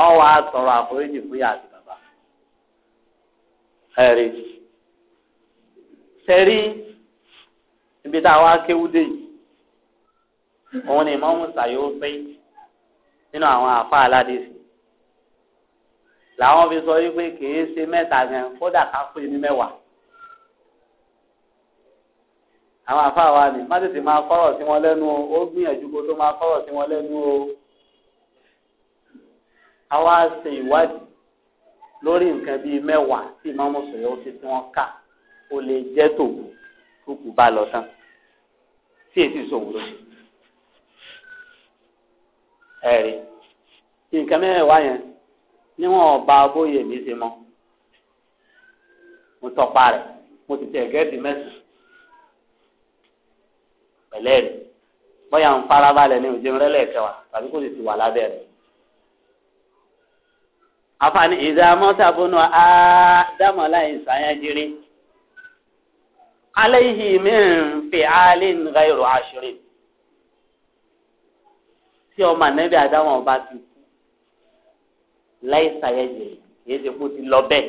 [SPEAKER 1] wọ́n wá sọ̀rọ̀ àforíjì fún yàrá àti bàbá. ẹ̀rí sẹ́rí ibi tá a wá kéwúdé yìí òun ni ìmọ̀ọ́mù sàyó pé nínú àwọn àfa aládìsí làwọn fi sọ wípé kìí ṣe mẹ́ta gan kódà ká pé ní mẹ́wàá àwọn àfa wa ni má tètè máa kọ́rọ̀ sí wọn lẹ́nu o ó gbìyànjú kó tó máa kọ́rọ̀ sí wọn lẹ́nu o àwa ṣe ìwádìí lórí nǹkan bíi mẹ́wàá tí ìmáàmù sọ̀rọ̀ ó ṣe tí wọ́n kà ó lè jẹ́ tòun tó kù bá lọ tán tí èsì sòwò ló ṣe. ẹ̀rí nǹkan mẹ́wàá yẹn níwọ̀n ọba bóyè mi ṣe mọ́ mo tọpa rẹ̀ mo ti tẹ̀ gẹ́ẹ̀dì mẹ́sàn-án pẹ̀lẹ́ rí bóyá ń farabalẹ̀ ní òjò rẹ́lẹ̀ kẹwàá tàbí kò sì ti wà lábẹ́ rẹ̀ afaani ìdààmú sàbónú àádámọ̀ láì sàyájírí aláìhì mìíràn fi àálí nǹka ìrò àṣírí tí ọmọ ànábì àdámọ̀ bá ti kú láì sàyájírí kìí ṣe kó ti lọ bẹ́ẹ̀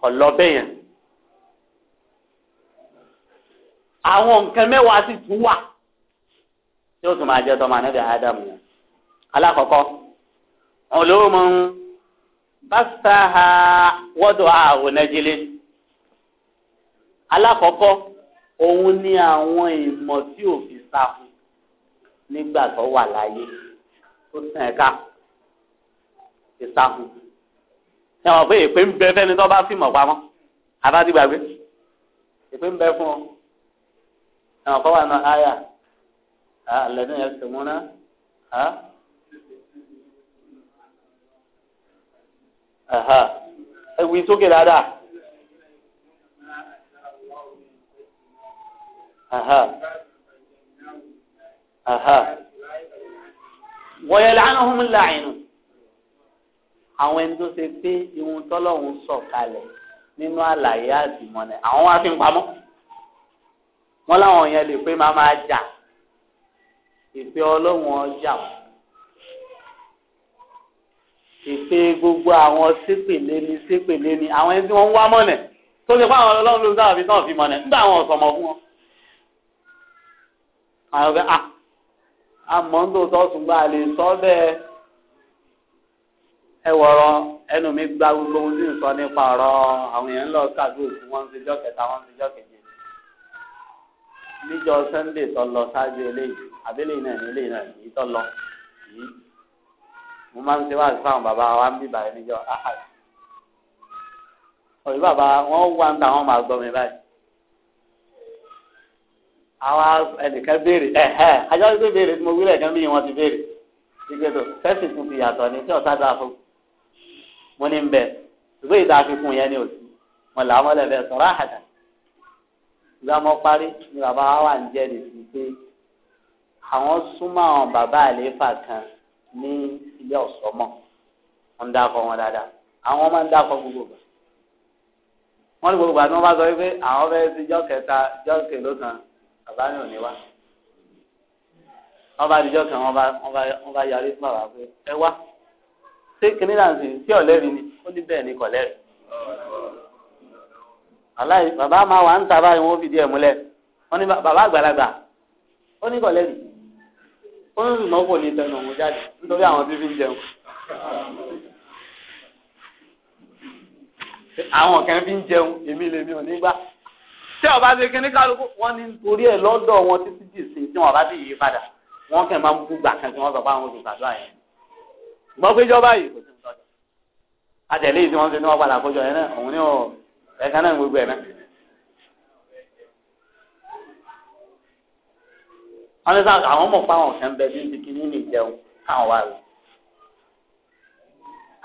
[SPEAKER 1] kọ̀ lọ bẹ́ẹ̀ yẹn àwọn nǹkan mẹ́wàá sì tún wà tí ó tún máa jẹ́ tọmọ ànábì àdámọ̀ yẹn alákọ̀ọ́kọ́ ọlọ́mọ bàtàhà wọ́dọ̀ àwònẹ́jìlẹ̀ alákọ̀ọ́kọ́ òun ni àwọn ìmọ̀ tí òfin sá fún nígbà tó wà láyé tó sàn ẹ̀ka ìsáfù ẹ wọ́n pé èpè ń bẹ fẹ́ni tó bá fìmọ̀ pamọ́ abádìgbàgbé èpè ń bẹ fún ọ ẹ wọ́n kọ́ wà náà áyà alẹ́ ní ẹsẹ̀ múná. ẹ̀wì sókè dáadáa.
[SPEAKER 2] wọ́n yẹ lánàá hún láàyè
[SPEAKER 1] nù àwọn ẹni tó ṣe pé ihun tọ́lọ́hún sọ̀ kalẹ̀ nínú àlàyé àtìmọ́lẹ̀ àwọn wá fi ń pamọ́ wọn láwọn yẹn lè pé máa máa jà ìpè ọlọ́run ọjà wọn ìpè gbogbo àwọn sípèlé ni sípèlé ni àwọn ẹni tí wọ́n ń wá mọ̀nẹ̀ tó lè fún àwọn ọlọ́run ló sáà fi náà fi mọ̀nẹ̀ nígbà àwọn ọ̀sọ̀mọ̀ fún wọn. àwọn ọ̀gá à ah, àmọ́ ń tò sọ́ọ̀sùn gbà lè sọ bẹ́ẹ̀ ẹ wọ̀rọ̀ ẹnu mi gba gbogbo ohun tí ń sọ nípa ọ̀rọ̀ àwọn èèyàn lọ kàdúrò tí wọ́n ń ṣe jọ́ kẹta wọ́n ń ṣe jọ́ keje. níjọ́ Sunday tó lọ ṣáájú eléyìí àbẹ́lẹ̀ náà ní eléyìí náà yìí tó lọ yìí mo máa ń ṣe wáàsí fáwọn bàbá wa ń bíbà ẹni jọ ahad òbí bàbá wọn wá ń ta àwọn máa gbọ́ mi báyìí àwa ẹnìkan béèrè ẹ̀hẹ́ ajá wípé béèrè tí mo wí lẹ́ẹ̀kan bíi wọn ti béèrè ìgbẹ́tò fẹ́sì tún fi yàtọ̀ ní tí ọ̀tá dáa fún mo ní bẹ́ẹ̀ ìwé ìta fi kún yẹn ní òsì wọn làwọn ọlẹ́fẹ́ sọ̀rọ̀ àhàdà ìgbà mọ́ parí ni bàbá wa wà ń jẹ́ nìsí pé àwọn súnmọ́ àwọn bàbá àlééfà kan ní ilé ọ̀sọ́ mọ̀ wọ́n ń dákọ̀ wọn dáadáa àwọn máa ń dákọ̀ gbogbo gbà wọ́n ní gbogbo gbà tí wọ́n bá sọ wípé àwọn fẹ́ẹ́ ti jọ́ kẹta jọ́ kẹlókan bàbá mi ò ní wá wọ́n bá dijọ́ kan wọ́n bá yarí fún bàbá pé ẹ wá ṣé kìnìún náà sì sí ọ̀lẹ́rì ni ó ní bẹ́ẹ̀ ni kọ̀lẹ́rì aláì bàbá máa wà ń ta báyìí wọ́n fìdí ẹ̀ múlẹ̀ wọ́n ní bàbá àgbàlagbà ó ní kọ̀lẹ́rì ó ń nà kò ní tẹnu òun jáde nítorí àwọn tí fi ń jẹun. àwọn kan fi ń jẹun èmi lèmi ò ní gbà tí ọba ti kíní kálukú
[SPEAKER 2] wọn ní torí ẹ lọ́dọ̀
[SPEAKER 1] wọn títí dì sí tí wọn bá ti yí padà wọn kàn máa ń bú gbà kan tí wọn sọ pé àwọn olùgbàdúrà yẹn gbọ́ pé ìjọba yìí kò sí ń sọdọ àtẹlẹ́yìn tí wọ́n ṣe ní wọ́n padà kójọ yẹn náà òun ní ọ̀ ẹ̀ka náà gbogbo ẹ̀ náà. wọn ní sáà àwọn mọ̀ pé àwọn kan bẹ bíi bikini ní ìjẹun káwọn wà lọ.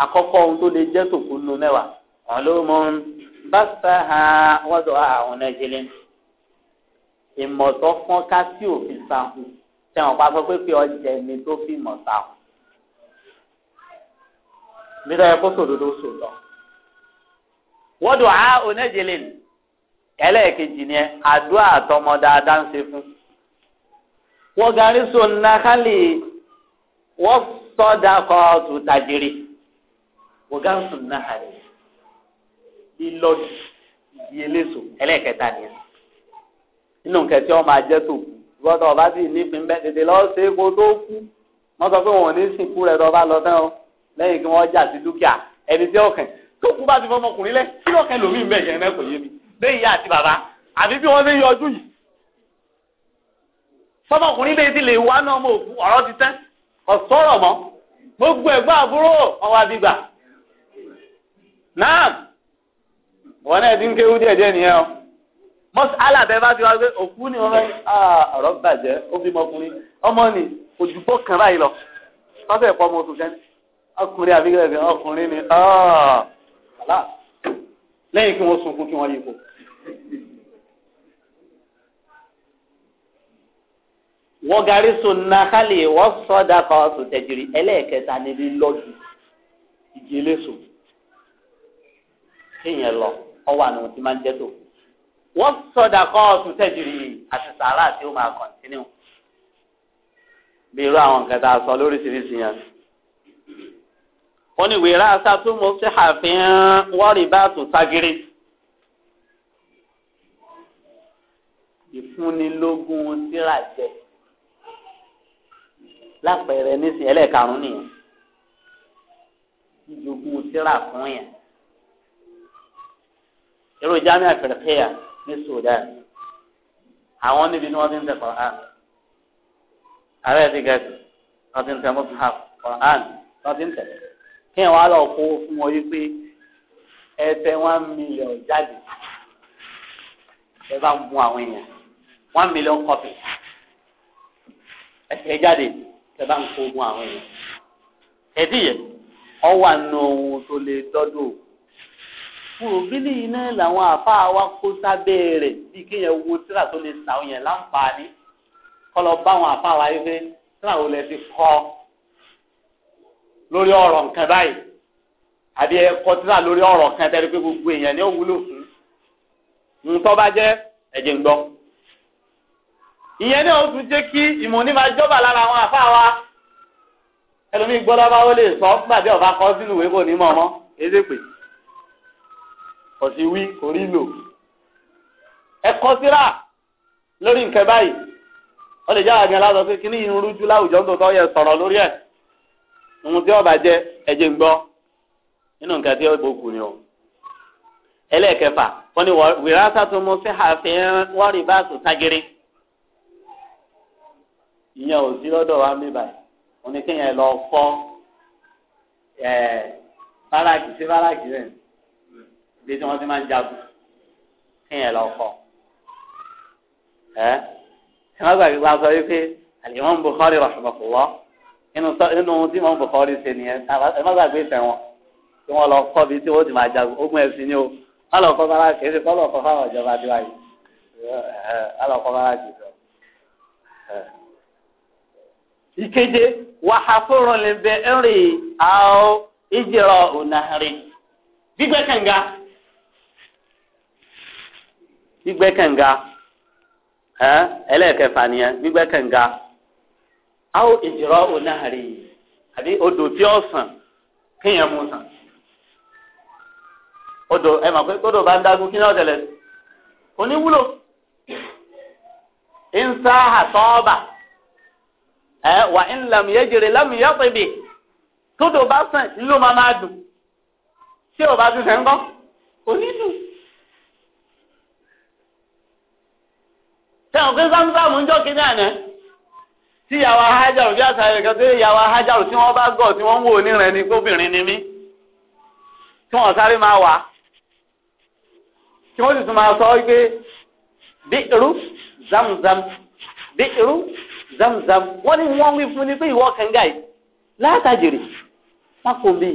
[SPEAKER 1] àkọ́kọ́ ohun tó lè jẹ́ tòkú nínú mẹ́wàá wọn ló mọ bá sáà wọ́n sọ ah, àwọn nàìjíríà ìmọ̀tọ́ fọ́n ká sí òfin sáhùn tẹ̀wọ̀n pàṣẹ pé pé ọjà ẹni tó fi mọ̀ sáhùn. bí dáa kó sòdodo sòdọ̀. wọ́n dùn á ah, onẹ́jẹ̀lẹ̀ ẹlẹ́ẹ̀kejì ni ẹ àdúrà àtọmọ dáadáa fún wọ́n garí so nàkàlì wọ́n sọ́dà kọ́ọ̀tù tàjírí wọ́n garí so nàkàlì ìlọ́dì ìdí eléso ẹlẹ́ẹ̀kẹta nìyẹn nínú kẹtí ọmọ ajẹ́ gbọ́dọ̀ ọba sì nífin bẹ́ẹ̀ tètè lọ́ọ́ ṣe é kó tó kú wọ́n sọ pé wọn ní sìnkú rẹ̀ lọ́ba lọ tán lẹ́yìn kí wọ́n jà sí dúkìá ẹni tí ọkàn tó kú bá ti fọmọkùnrin lẹ kí lọ́kàn lòmíì bẹ́ẹ̀ yẹn náà yé mi bẹ́ẹ̀ ìyá àti bàbá àbí bí wọ́n ṣe yọjú yìí sọ́mọkùnrin bẹ́ẹ̀ ti lè wá náà mo ọ̀rọ̀ ti tẹ́ ọ̀sọ́rọ̀ mọ́ gbogbo ẹ̀gbọ́n àbúrò ọwọ́ àdìgbà náà wọn náà ti ń kéwú díẹ̀ díẹ̀ nìyẹn o mọ́sí alábẹ́ bá ti wá pé òkú ni wọ́n fẹ́ ọ̀rọ̀ bàjẹ́ ó bímọ ọkùnrin ọmọ ni òjùbọ́ kan báyìí lọ wọ́n fẹ́ pọ́ ọmọ oṣù kẹ́ni ọkùnrin àbíkẹ́ ọkùnrin ni lẹ́yìn kí wọ́n sunkún kí wọ́n yípo. wọ́n garí sunna kálí wọ́n sọ́dà kan sùn tẹ̀jìrì ẹlẹ́ẹ̀kẹta ni lílọ́jù ìdí eléso kéèyàn lọ ọwọ́ àná ti máa ń jẹ́ tó wọ́n sọ̀dà kọ́ ọ̀sùn tẹ̀jìrì àti sàárà tí ó máa kọ̀ntínú bí irú àwọn nǹkan tá a sọ lóríṣiríṣi yẹn. ó ní ìwé ráṣá tó mo ṣe àfihàn wọ́ọ̀rì bá tún ságiri. ìfúnnilógún tíra jẹ lápẹẹrẹ nísìnyí ẹlẹ́ẹ̀karùn nìyẹn ìjogún tíra fún yẹn irú jamiu àfẹrẹfẹyà ní Sudan àwọn níbi ni wọn ti ń tẹ Quran ààrẹ ti gẹẹsì wọn ti ń tẹ mushaf Quran wọn ti ń tẹ kí wọn á lọ kó fún wọn yìí pé ẹsẹ one million jáde ẹ bá mú àwọn èèyàn one million copy ẹsẹ jáde tẹ bá ń kó ogun àwọn èèyàn ẹdí yẹ ọ wà nù ohun tó lè dọdọ fúrò bílí iná làwọn àfáà wa kó sábẹ́ rẹ̀ bí kéèyàn wo tíra tó lè sàn yẹn láǹfààní kọlọ bá àwọn àfáà wa yìí fẹ́ tíra ò lè fi kọ́ lórí ọ̀rọ̀ nǹkan báyìí àbí ẹ̀kọ́ tíra lórí ọ̀rọ̀ kan tẹ́lẹ̀ gbogbo èèyàn ni ó fún un ń bá jẹ́ ẹ̀jẹ̀ ń gbọ́. ìyẹn ni otu tún jẹ́ kí ìmọ̀ ní máa jọba lára àwọn àfa wa gbọ́dọ̀ bá wọlé sọ fúngbà ọba sínú ìwé kò ní mọ̀ mọ́ èdè pè
[SPEAKER 2] sí wí kò rí lò
[SPEAKER 1] ẹ síra lórí nǹkan báyìí wọ́n lè jáwé àgbẹ̀ pé kí ní irun rújú láwùjọ tó tọ́ ohun tí ọba jẹ ń gbọ́ nínú nǹkan tí ó o ẹlẹ́ẹ̀kẹfà wọ́n wọ́n rí ìyẹn ò sí lọ́dọ̀ wa mi báyìí wọ́n ní kéèyàn lọ fọ́ báràkì sí báràkì rẹ̀ bí tí wọ́n ti máa ń jagun kéèyàn lọ fọ́ ẹ́ tí wọ́n gbàgbé wa sọ wípé àlìmọ́ Bukhari rahimahullah inú ohun tí mọ́ Bukhari ṣe nìyẹn ẹ má gbàgbé ìfẹ́ wọn wọ́n lọ kọ́ bí tí wọ́n ti máa jagun ogun ẹ̀sìn ni o wọ́n kọ́ báràkì èsì kọ́ lọ kọ́ fáwọn ìjọba adéwáyé wọ́n lọ kọ́ báràkì sọ. ikeje wahafuru lebe nri au ijiro unahari bigbe kanga bigbe kanga ha eleke fania bigbe kanga au ijiro unahari abi odo ti osan kiyan musan odo e ma pe odo ba ndagu kini o tele oni wulo insa ha toba ẹ wà ń lam yẹ jèrè lam yẹ pèbè tódò bá sàn ló máa máa dùn tí ò bá dùn sẹ́ ń gbọ́ onídùn. sẹ́wọ̀n pé sámsámù ń jọ́ kí náà nẹ́ tí yàwá hajaru bí àtàlẹ́ kan tó yẹ yàwá hajaru tí wọ́n bá gọ̀ tí wọ́n ń wò onírin ni kóbìnrin ni mí tí wọ́n sáré máa wà tí wọ́n sì tún máa sọ wípé bí'ru zamzam bí'ru zamzam wọ́n ní wọ́n wí fún ni pé ìwọ kànga yìí látàjèrè fákòmí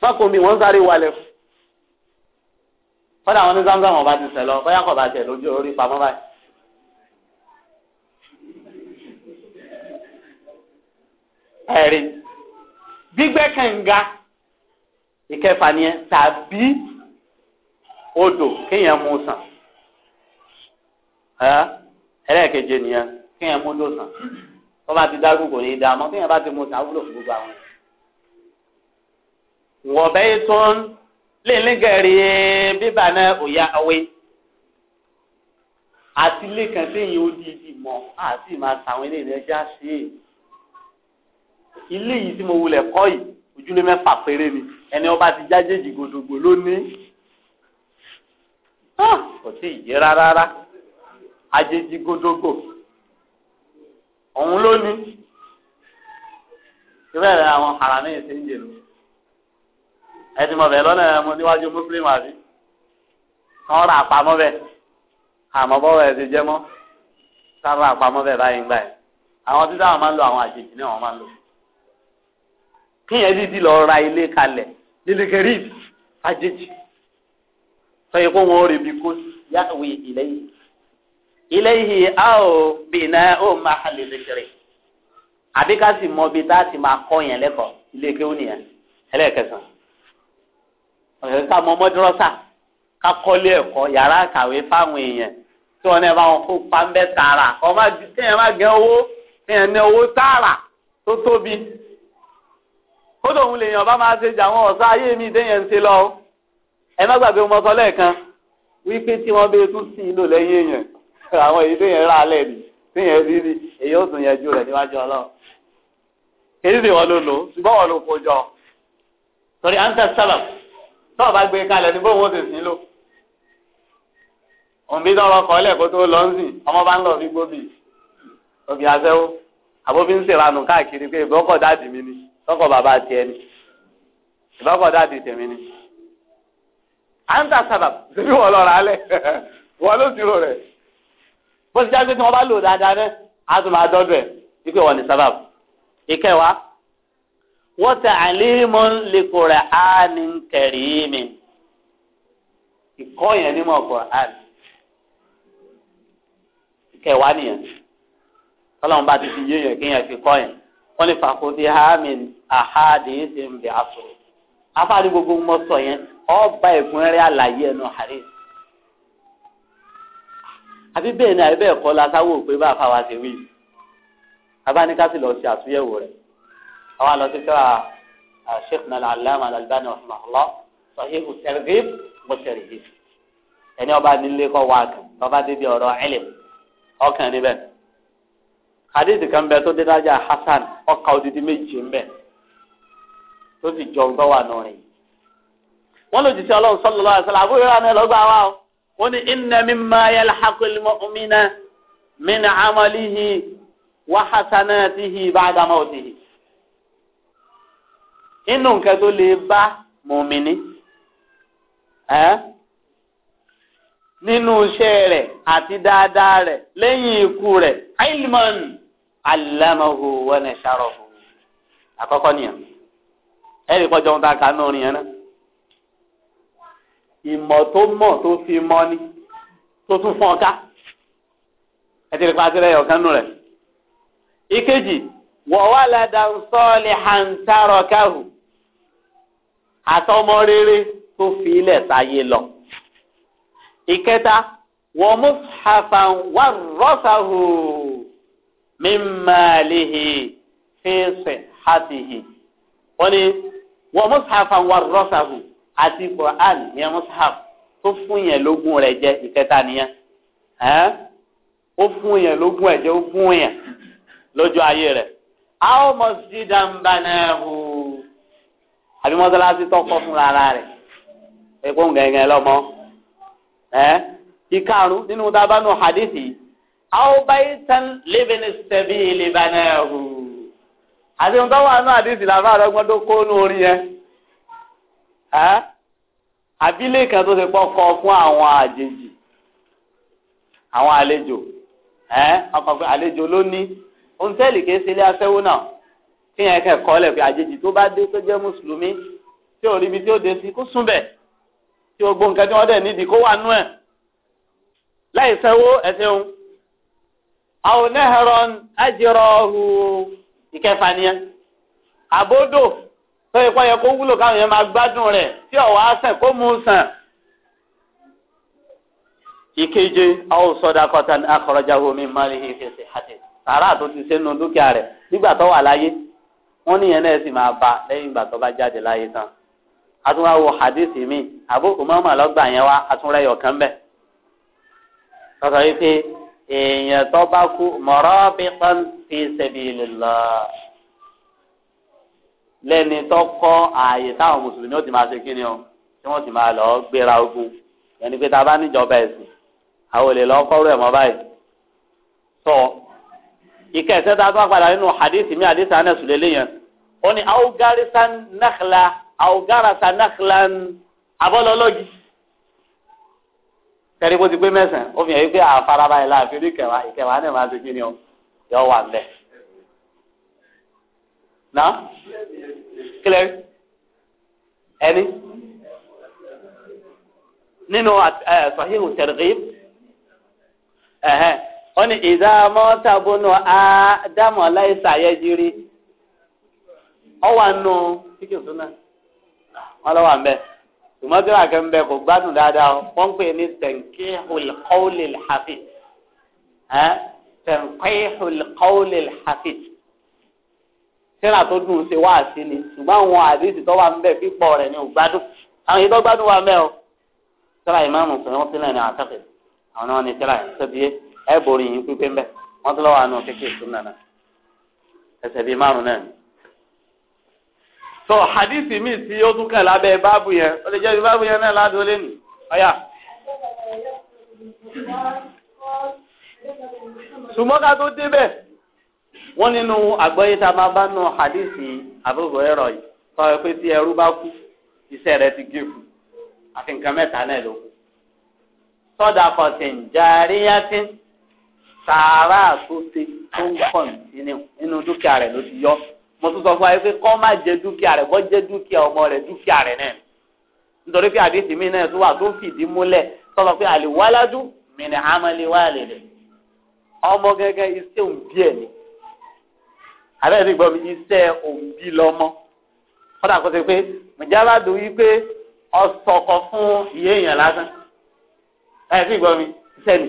[SPEAKER 1] fákòmí wọ́n sáré wálẹ̀ fún kọ́dà àwọn ní zamzam ọba ti sẹ̀ lọ bóyá kọ̀ bá tẹ̀ lójú orí pamọ́ báyìí. ẹ̀rí gbígbẹ́ kànga ìkẹfà nìyẹn tàbí odò kéèyàn mú sàn ẹlẹ́ẹ̀keje nìyẹn kéèyàn mú dòsàn tó bá ti dágùn kò ní í dá mọ́ kéèyàn bá ti mú sàn wúlò fún gbogbo àwọn. wọ̀bẹ́ ìtún lẹ́lẹ́gẹ̀rì bíbà náà òyà ọ̀wé àti lẹ́kàn téèyàn ó di ibi mọ́ àti máa tàwọn eléyìí ẹja ṣe é ilé yìí tí mo wulẹ̀ kọ́ yìí ojúlé mẹ́fà péré ni ẹni ọba ti jájèjì gbòdògbò lónìí ah, kò tí ì yé rárá àjèjì gbòdògbò òun ló ní ìfẹ́ rẹ̀ àwọn haramí ṣe ń jèrò ẹtì mọ̀ bẹ́ẹ̀ lọ́nà mo níwájú muslim àbí wọ́n rà pamọ́ bẹ́ẹ̀ àmọ́ bọ́wọ́ ẹ̀ ti jẹ́ mọ́ ká rà pamọ́ bẹ́ẹ̀ báyìí ń gbà yẹn àwọn títí àwọn máa ń lo àwọn àjèjì náà wọ́n máa ń lo kíyẹn dídí lọ ra ilé kalẹ̀ nílé kẹrí àjèjì sọ yẹ kó wọn rèébi kó yáwé ilẹ̀ yìí iléyìí a ò bìnà ó máa halè lékeré àbí ká sì mọ ibi tá a ti máa kọ́ yẹn lẹ́kọ̀ọ́ ilé kéwù nìyẹn ẹlẹ́ẹ̀kẹsàn ọ̀sẹ̀ ká mọ mọ́dúrọ́sà ká kọ́lé ẹ̀kọ́ yàrá kàwé fáwọn èèyàn tí wọ́n náà bá wọn kó pàmbẹ́ tààrà kọ́ má tẹ̀yẹ̀ má gẹ owó tẹ̀yẹ̀ ní owó tààrà tó tóbi kódò òun lèèyàn bá máa ṣe jàwọn ọ̀sá ayé mi tẹ̀yẹ̀ ń ṣe lọ ẹ má gbàgbé mọ́tọ́ lẹ́ẹ̀kan wípé tí wọ́n bẹ tún sí ìlò lẹ́yìn èèyàn àwọn èyí téèyàn rà lẹ̀ ni téèyàn rí ni èyí ó tún yẹjú rẹ̀ níwájú ọlọ́run èyí sì wọ́n ló lò ṣùgbọ́n wọ́n ló kojọ torí answer sábà tó o bá gbé kalẹ̀ ní bóun ó sì sín lò òǹbí tọrọ kọlẹ̀ kó tó lọ ń sìn ọmọ bá ń lọ bí gbóbi òbí aṣẹ́wó àbófin ń ṣèlànà káàkiri pé ìbọ́kọ̀ dáàdì mi ni tọkọ̀ bàbá tiẹ̀ ni ìbáwọ̀ dáàdi tèmi ni à ń ta sábà ṣèbí lọ rà á lẹ̀ wọ́n ló ti rò rẹ̀ bó ti jáde tí wọ́n bá lò dáadáa rẹ̀ á tún máa dọ́dọ̀ ẹ̀ wípé wọ́n ní sábàbù. ìkẹwàá wọ́n ti àlímọ́ lẹ́kọ̀ọ́rẹ́ á ní kẹrì mi ìkọ́ yẹn nímọ̀ ọ̀kọ̀ á ní. ìkẹwàá nìyẹn tọ́lọ́mù bá ti fi yéèyàn kéèyàn fi kọ́ yẹn wọ́n aha fàkóso hamin ahadìsí ń bẹ àṣọ afáàdì gbogbo mọ́sọ̀ yẹn ọba ìpínlẹ̀ àlàyé ẹnu àríyìn. àbí bẹ́ẹ̀ ni àbí bẹ́ẹ̀ kọ́ la sáwọ́ pé bá a fa wa ṣe wí abánikásí lọ ṣe àtúnyẹ̀wò rẹ̀ àwọn àlọ́sí tẹ́ra Sheikhna al-Allama al-Albani rahimahullah sahihu targhib wa tarhib ẹni ọba nílé kọ́ wá kan lọ́ba débi ọ̀rọ̀ ẹlẹ̀ ọkàn níbẹ̀ hadith kan bẹ tó dédájà Hasan ọkà odidi méjì ń tó sì jọ gbọ́ wà nù rìn lòdì sí ọlọ́run sallallahu ó ní inna mimma yalhaqul mu'mina min amalihi wa hasanatihi ba'da mawtihi inú nǹkan tó lè bá mùmíní nínú iṣẹ́ rẹ̀ àti dáadáa rẹ̀ lẹ́yìn ikú rẹ̀ ilman allamahu wa nasharahu àkọ́kọ́ nìyẹn ẹ̀rí pọ́jọ́ ń ta kánú orin ìmọ̀ tó mọ̀ tó fi mọ́ ni tó tún fọ́n ká ẹtì rẹ̀ pàṣẹ rẹ̀ ọ̀kan nù rẹ̀. ìkejì wọ́n wà ládàá sọ́ọ̀lì hàǹtàrọ̀ káhù àtọmọ rere tó fi ilẹ̀ sáyé lọ. ìkẹta wọ́n mú hafan wà rọ́sàhù mímàlìhì fèsì hàtìhì. wọ́n ní wọ́n mú hafan wà rọ́sàhù àti Qur'an yẹn mushaf tó fún yẹn lógún rẹ̀ jẹ ìkẹta nìyẹn ẹ ó fún yẹn lógún ẹ̀ jẹ ó fún yẹn lójú ayé rẹ̀ àwọn masjidan banahu àbí mọ́sálásí tọkọ fúnra ara rẹ̀ ẹ̀kọ́ gẹ́gẹ́ lọ́mọ ẹ ìkarùn nínú dábànú hadithi àwọn baytan libni sabili banahu àti nǹkan wà nù hadithi làbá àdọ́gbọ́n tó kó nù yẹn. ẹ́ kan tó ṣe pọ́ kọ fún àwọn àjèjì àwọn àlejò ẹ́ ọkọ̀ pé àlejò ló ní òǹtẹ́ẹ̀lì kìí ṣe ilé aṣẹ́wó náà kí yẹn kẹ́ kọ́ lẹ̀ pé àjèjì tó bá dé tó jẹ́ mùsùlùmí tí ò ríbi tí ó dé sí kó sún bẹ̀ tí o gbó nǹkan tí wọ́n dẹ̀ nídìí kó wà nú ẹ̀ láì sẹ́wó ẹ̀sẹ̀ òun àwọn onẹ́hẹ̀rọ̀ ajẹ́rọ̀ ọ̀hún ìkẹfà nìyẹn àbódò. tó ipá yẹ kó wúlò káwọn yẹn máa gbádùn rẹ̀ tí ọ̀wá sàn kó mú sàn. ìkeje àwọn sọdá kọta ní akọrọjáwó mi máa lè fèsì àti sàrà tó ti sẹ́nu dúkìá rẹ̀ nígbà tó wà láyé wọ́n níyẹn náà sì máa bá lẹ́yìn ìgbà tó bá jáde láyé tán atúnwáwo hadithi mi àbó umama lọgbà yẹn wá atúnrẹyọ kan bẹ tọtọ yìí pé èèyàn tó bá kú mọ̀rọ́ bí pọ́n fi sabilillah lẹ́ni tó kọ́ ààyè táwọn mùsùlùmí ó ti máa ṣe kíni o tí wọ́n ti máa lọ gbéra ogun ẹni pé ta bá níjọba ẹ̀sìn àwọn olè lọ kọ́rọ̀ ẹ̀ mọ́ báyìí. sọ ìkẹsẹ́ ta tó padà nínú hadith mi hadith anas lélẹ́ yẹn ó ní awugarisa nakhla awugarasa nakhla abọ́lọ́lọ́jì. kẹ́rì bó ti gbé mẹ́sàn-án ó fi hàn yí pé àfarabalẹ̀ láàfin ìkẹwàá ìkẹwàá náà máa ṣe kíni o yọ wà bẹ́ẹ̀ náà kílẹ̀ ẹni nínú eh, sahihu targhib ó ní idha mata bunu ádámọ̀ laysa yajri ọ wà nù kíkìn tó náà wọn lọ wà ń bẹ tùmọ́tìrà kẹ́ ń bẹ kò gbádùn dáadáa wọ́n ń pè ní tankihul qawlil hafiz tankihul tíra tó dùn ṣe wá sí ni ṣùgbọ́n àwọn àdìsí tó wà ń bẹ̀ fífọ́ rẹ̀ ni ò gbádùn àwọn yìí tó gbádùn wà mẹ́ o tíra ìmáàmù sọ̀rọ̀ wọn sílẹ̀ ní àtàkì àwọn náà ni tíra yìí tóbi yé ẹ borí yìí pípé ń bẹ̀ wọ́n tó lọ́wọ́ àánú kékeré tó nana, ẹsẹ̀ bíi márùn náà ni. sọ àdìsí mi tí ó tún kàn lábẹ́ báàbù yẹn ó lè jẹ́ báàbù yẹn náà ládùn lé nì ọ̀yà. ṣùgbọ́n ká tó wọ́n nínú àgbọ́yé tá a máa bá nù hadisi àbúrò ẹ̀rọ yìí sọ pé tí ẹrú bá kú iṣẹ́ rẹ ti gé fún àfi nǹkan mẹ́ta náà ló kù. sọ́dà kọ̀tìn jàríyàtìn sàárà tó ṣe tó ń kọ̀ nínú dúkìá rẹ̀ ló ti yọ. mo tún sọ fún wa pé kọ́ má jẹ dúkìá rẹ̀ bọ́ jẹ dúkìá ọmọ rẹ̀ dúkìá rẹ̀ náà. nítorí pé hadisi mi náà tún wà tó fìdí múlẹ̀ sọ́dọ̀ pé àlè wáládù mìíràn àmọ́lé wà lè lè ọmọ gẹ́gẹ́ iṣẹ́ òun bí ẹ̀ ni abẹ́rẹ́ ti gbọ́ mi iṣẹ́ òǹbí lọ́mọ kọ́dà kó ṣe pé mùjábà dùn yí pé ọ̀sọ̀kọ̀ fún iye èèyàn lásán ẹ̀ ti gbọ́ mi iṣẹ́ mi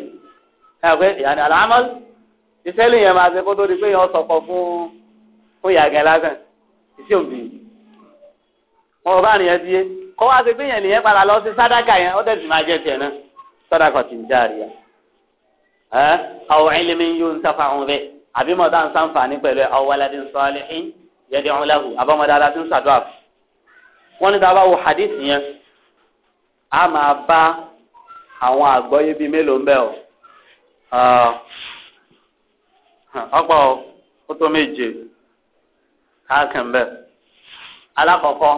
[SPEAKER 1] ẹ̀ pé ìyàní àlámọ́ iṣẹ́ lè yẹn máa ṣe kó tó di pé ọ̀sọ̀kọ̀ fún fún ìyàgẹ̀ lásán iṣẹ́ òǹbí wọn ò bá nìyẹn ti yé kọ́ wá ṣe pé yẹn nìyẹn padà lọ sí sádàkà yẹn ó tẹ̀sí máa jẹ tiẹ̀ náà sádàkà ti ń járe yẹn àwọn ẹlẹ́mi yóò ń sáfà wọn bẹ́ẹ̀ àbí mọ̀ tá à ń sàǹfààní pẹ̀lú ẹ̀ ọ̀wọ́lẹ́dín sọ́ọ́lẹ́hìn yẹ́dí ọ̀húnlẹ́hù àbọ̀mọdé aláàtún sàdúrà wọ́n ní dábàá wo hadith yẹn a máa bá àwọn àgbọ́yé bíi mélòó ń bẹ̀ ọ́ ọ̀pọ̀ ó tó méje káàkiri ń bẹ̀ alákọ̀ọ́kọ́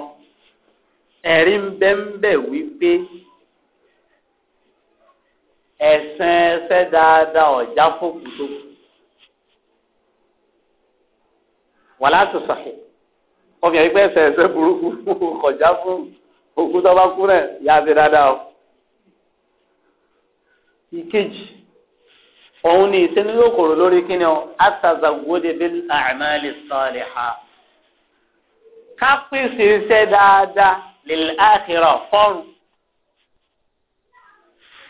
[SPEAKER 1] ẹ̀rí ń bẹ́ ń bẹ̀ wípé ẹ̀sìn ẹsẹ̀ dáadáa ọ̀já fòkùtò. wàlá tó sọ̀hìn obìnrin pẹ́ ẹsẹ̀ ẹsẹ̀ burúkú kọjá fún òkú tó bá kú náà yá fi dáadáa o. ìkejì òun ni ìsinmi yóò kòrò lórí kíni o àtàzàgbòde bí àmàlì sọ̀lẹ̀ ha ká pèsè dáadáa lè àkìrọ̀ fọ́rùn.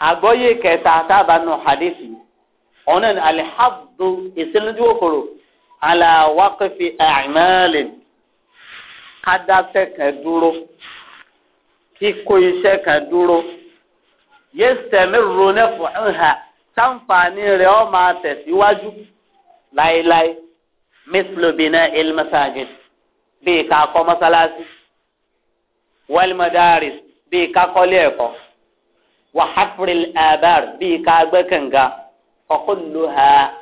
[SPEAKER 1] àgbọ́yé kẹta tábà nù hadithi òun náà alihamdu ìsinmi yóò kòrò ala waqfi a'malin kádásẹ́ kan dúró kíkó iṣẹ́ kan dúró yastamiru naf'uha táǹfààní rẹ̀ ó máa tẹ̀síwájú láéláé mislu bina'il masajid bíi ká kọ́ mọ́sálásí wal madaris bíi ká wa hafril abar bíi ká gbẹ́ kànga fa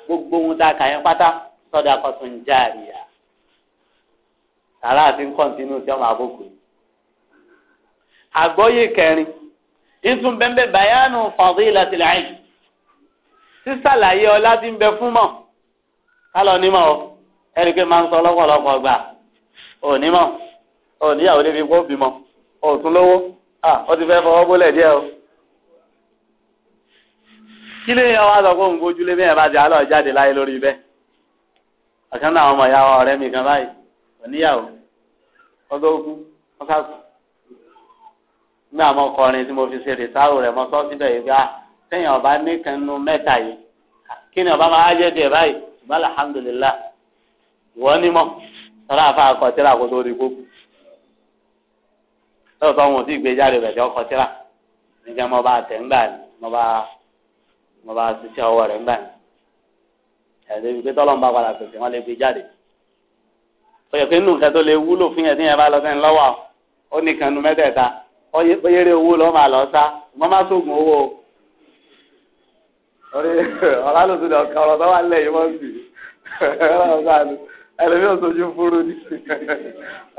[SPEAKER 1] gbogbo ohun tá a sọ́dà kọ́tún jáàríyà tààrà àti kọ́ńtínú tí wọ́n máa bókù yìí. àgbọ́yé kẹrin ìtún bẹ́ẹ̀ bàyánù fadilatil ilm sísàlàyé ọlá ti ń bẹ fún mọ̀ kálọ̀ onímọ̀ ọ ẹni pé máa ń sọ lọ́pọ̀lọpọ̀ gbà onímọ̀ oníyàwó débi kó bímọ òtún lówó ó ti fẹ́ fọwọ́ bólẹ̀ díẹ̀ o kí lè yàn wá sọ pé òun bẹ́ẹ̀ bá ti àlọ́ jáde láyé lórí bẹ́ẹ̀ ọ̀kan náà ọmọ ìyá ọ̀rẹ́ mi kan báyìí oníyàwó ọdọ́ ogun wọ́n sá kù nígbà mọ kọrin tí mo fi ṣe rìtáwò rẹ̀ mọ sọ síbẹ̀ yìí gbà ah, sẹ́yìn ọba nìkan nu yìí kí ni ọba máa jẹ́ díẹ̀ báyìí ṣùgbọ́n alhamdulillah ìwọ nímọ̀ tọ́lá àfa akọ̀tíra kó tó rí kó lọ́sọ̀ wọn ò sì gbé jáde rẹ̀ tí ọkọ̀tíra níjẹ́ mo bá tẹ̀ ńgbà ni mo bá mo bá ṣiṣẹ́ ọwọ́ rẹ̀ ńgbà ni ẹ̀rẹ́ ibi tọ́lọ́ padà pèsè wọn lè gbé jáde. ó yẹ pé nínú nǹkan tó lè wúlò fún yẹn tí yẹn bá lọ sẹ́ni lọ́wọ́ ó ní nu mẹ́tẹ̀ẹ̀ta ó yẹrẹ owó lọ́ máa lọ sá mo má sóògùn owó orí
[SPEAKER 2] ọ̀rá ló tún ọ̀rọ̀ tó lẹ̀ yìí wọ́n sì ẹlẹ́mi ò sojú fúru ní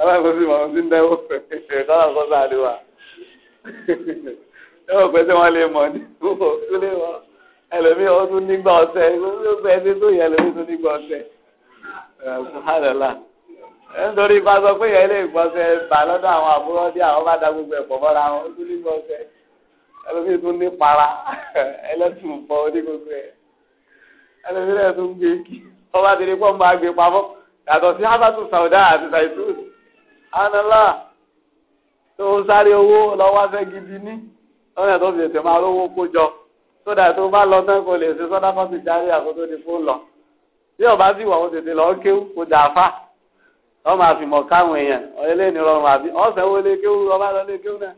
[SPEAKER 2] ọlọ́run sì máa ń ti ń ọlọ́run kọ́ sáà ni wà.
[SPEAKER 1] ẹ ò pẹ́ tí lè mọ̀ ní gbogbo wọn ẹlòmí ó tún nígbà ọ̀sẹ̀ gbogbo ẹni tó yẹ ẹlòmí tún nígbà ọ̀sẹ̀ ṣùgbọ́n nítorí bá sọ pé yẹn lè gbọ́sẹ̀ bà lọ́dọ̀ àwọn àbúrò dí àwọn bá da gbogbo ẹ̀pọ̀ mọ́ra wọn tún nígbà ọ̀sẹ̀ ẹlòmí tún ní para ẹlẹ́tùn fọ onígbogbo ẹ̀ ẹlòmí rẹ̀ tún gbé kí ọba tẹ̀lé pọ̀ máa gbé pamọ́ yàtọ̀ sí hábàtù sàwùdá àti sàìtúù ánálà tó ń sáré owó lọ́wọ́ fẹ́ gidi ní lọ́nà tó fi ètè máa rówó sódà tó bá lọ tán kò lè ṣe sọdá kan ti jáde àkótó ni fún lọ tí ọba sì wà ó tètè lọ kéwú kó dà fá ọ máa fìmọ̀ káwọn èèyàn ọ̀yẹ́lẹ́ ní rọrùn àbí ọ̀sẹ̀ wo lè kéwú ọba lọ lè kéwú náà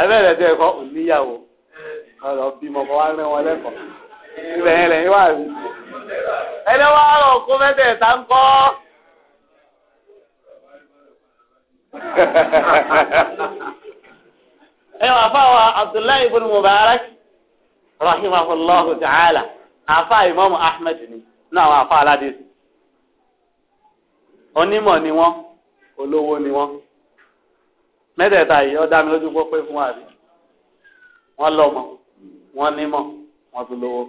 [SPEAKER 1] àbẹ̀rẹ̀ tẹ ẹ̀kọ́ òníyàwó ọ̀rọ̀ bímọ kọ́ wá rẹ́ wọn lẹ́kọ̀ọ́ ibẹ̀ yẹn wà rí ẹni wá rọ̀ kó mẹ́tẹ̀ẹ̀ta ń kọ́ ha ha ha ha ẹ wà fáwọn abdullahi ibn mubarak rahimahullahu ta'ala àfa imaamu ahmed ni náà àwọn àfa aládìsí onímọ̀ ni wọ́n olówó ni wọ́n mẹ́tẹ̀ẹ̀ta yìí ó dá mi lójú pé fún wa rí wọ́n lọ́mọ wọ́n nímọ̀ wọ́n tún lówó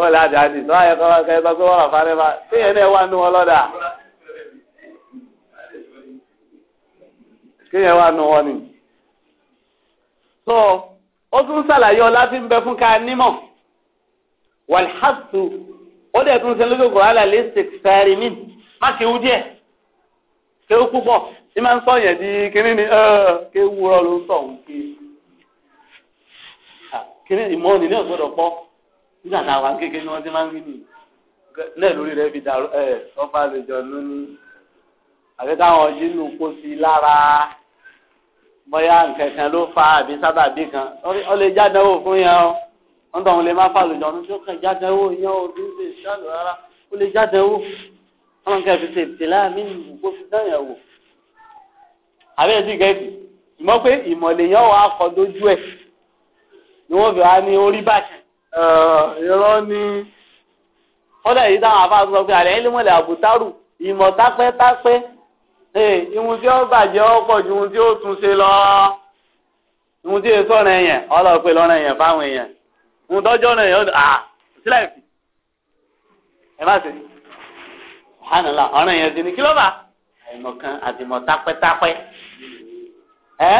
[SPEAKER 1] ó láti àti tó ayẹ kọ́ kẹ́ sọ pé wọ́n rà fárẹ́ bá téèyàn náà wà nú wọn lọ́dà kéèyàn wà nú wọn nìyí so ó tún ṣàlàyé ọlá tí ń bẹ fún ká nímọ̀ wàlhásù ó dẹ̀ tún ṣe lójú kò hálà lẹ́sẹ̀ fẹ́ẹ́rì mí má kéwú díẹ̀ kéwú púpọ̀ ní máa ń sọ yẹn di kíní ni kéwú rọ ló ń sọ òun kí kíní ìmọ̀ ni ní ọ̀gbọ́dọ̀ pọ̀ nígbà tá wà ń kékeré ni wọ́n ti máa ń rí nìyí náà lórí rẹ̀ fi dàrú ẹ̀ ọba àlejò lónìí àti táwọn yìí nù kó sí lára bóyá nǹkan kan ló fa àbí sábàbí kan ó lè jádánwò fún yẹn o wọn tọ̀hún lè má fàlùjọ ọdún tó kàn jádánwò yẹn o bí ń ṣe ìṣàlù rárá ó lè jádánwò wọn nǹkan fi ṣe ìtìlá mi kó fi dán yẹn wò. àbẹ́ ẹ̀ sì gẹ̀ẹ́sì ìmọ̀ pé ìmọ̀lẹ̀ yẹn wà á kọ dójú ẹ̀ ni wọ́n fi wá ní orí bàṣẹ. ìrọ́ ni kọ́dà yìí táwọn afáàtúntò pé àlẹ́ ìlú mọ̀lẹ̀ ìhun tí ó bàjẹ́ ó ju ìhun tí ó tún ṣe lọ ìhun tí èso ọ̀rẹ́ yẹn ọlọ́pẹ́ lọ́rẹ́ yẹn fáwọn èèyàn ìhun tọ́jọ́ ọ̀rẹ́ yẹn à ah, sílẹ̀ fi ẹ má ṣe hànàlá ọ̀rẹ́ yẹn ti ní kí ló bà àìmọ̀kan àtìmọ̀ tápẹ́tápẹ́ ẹ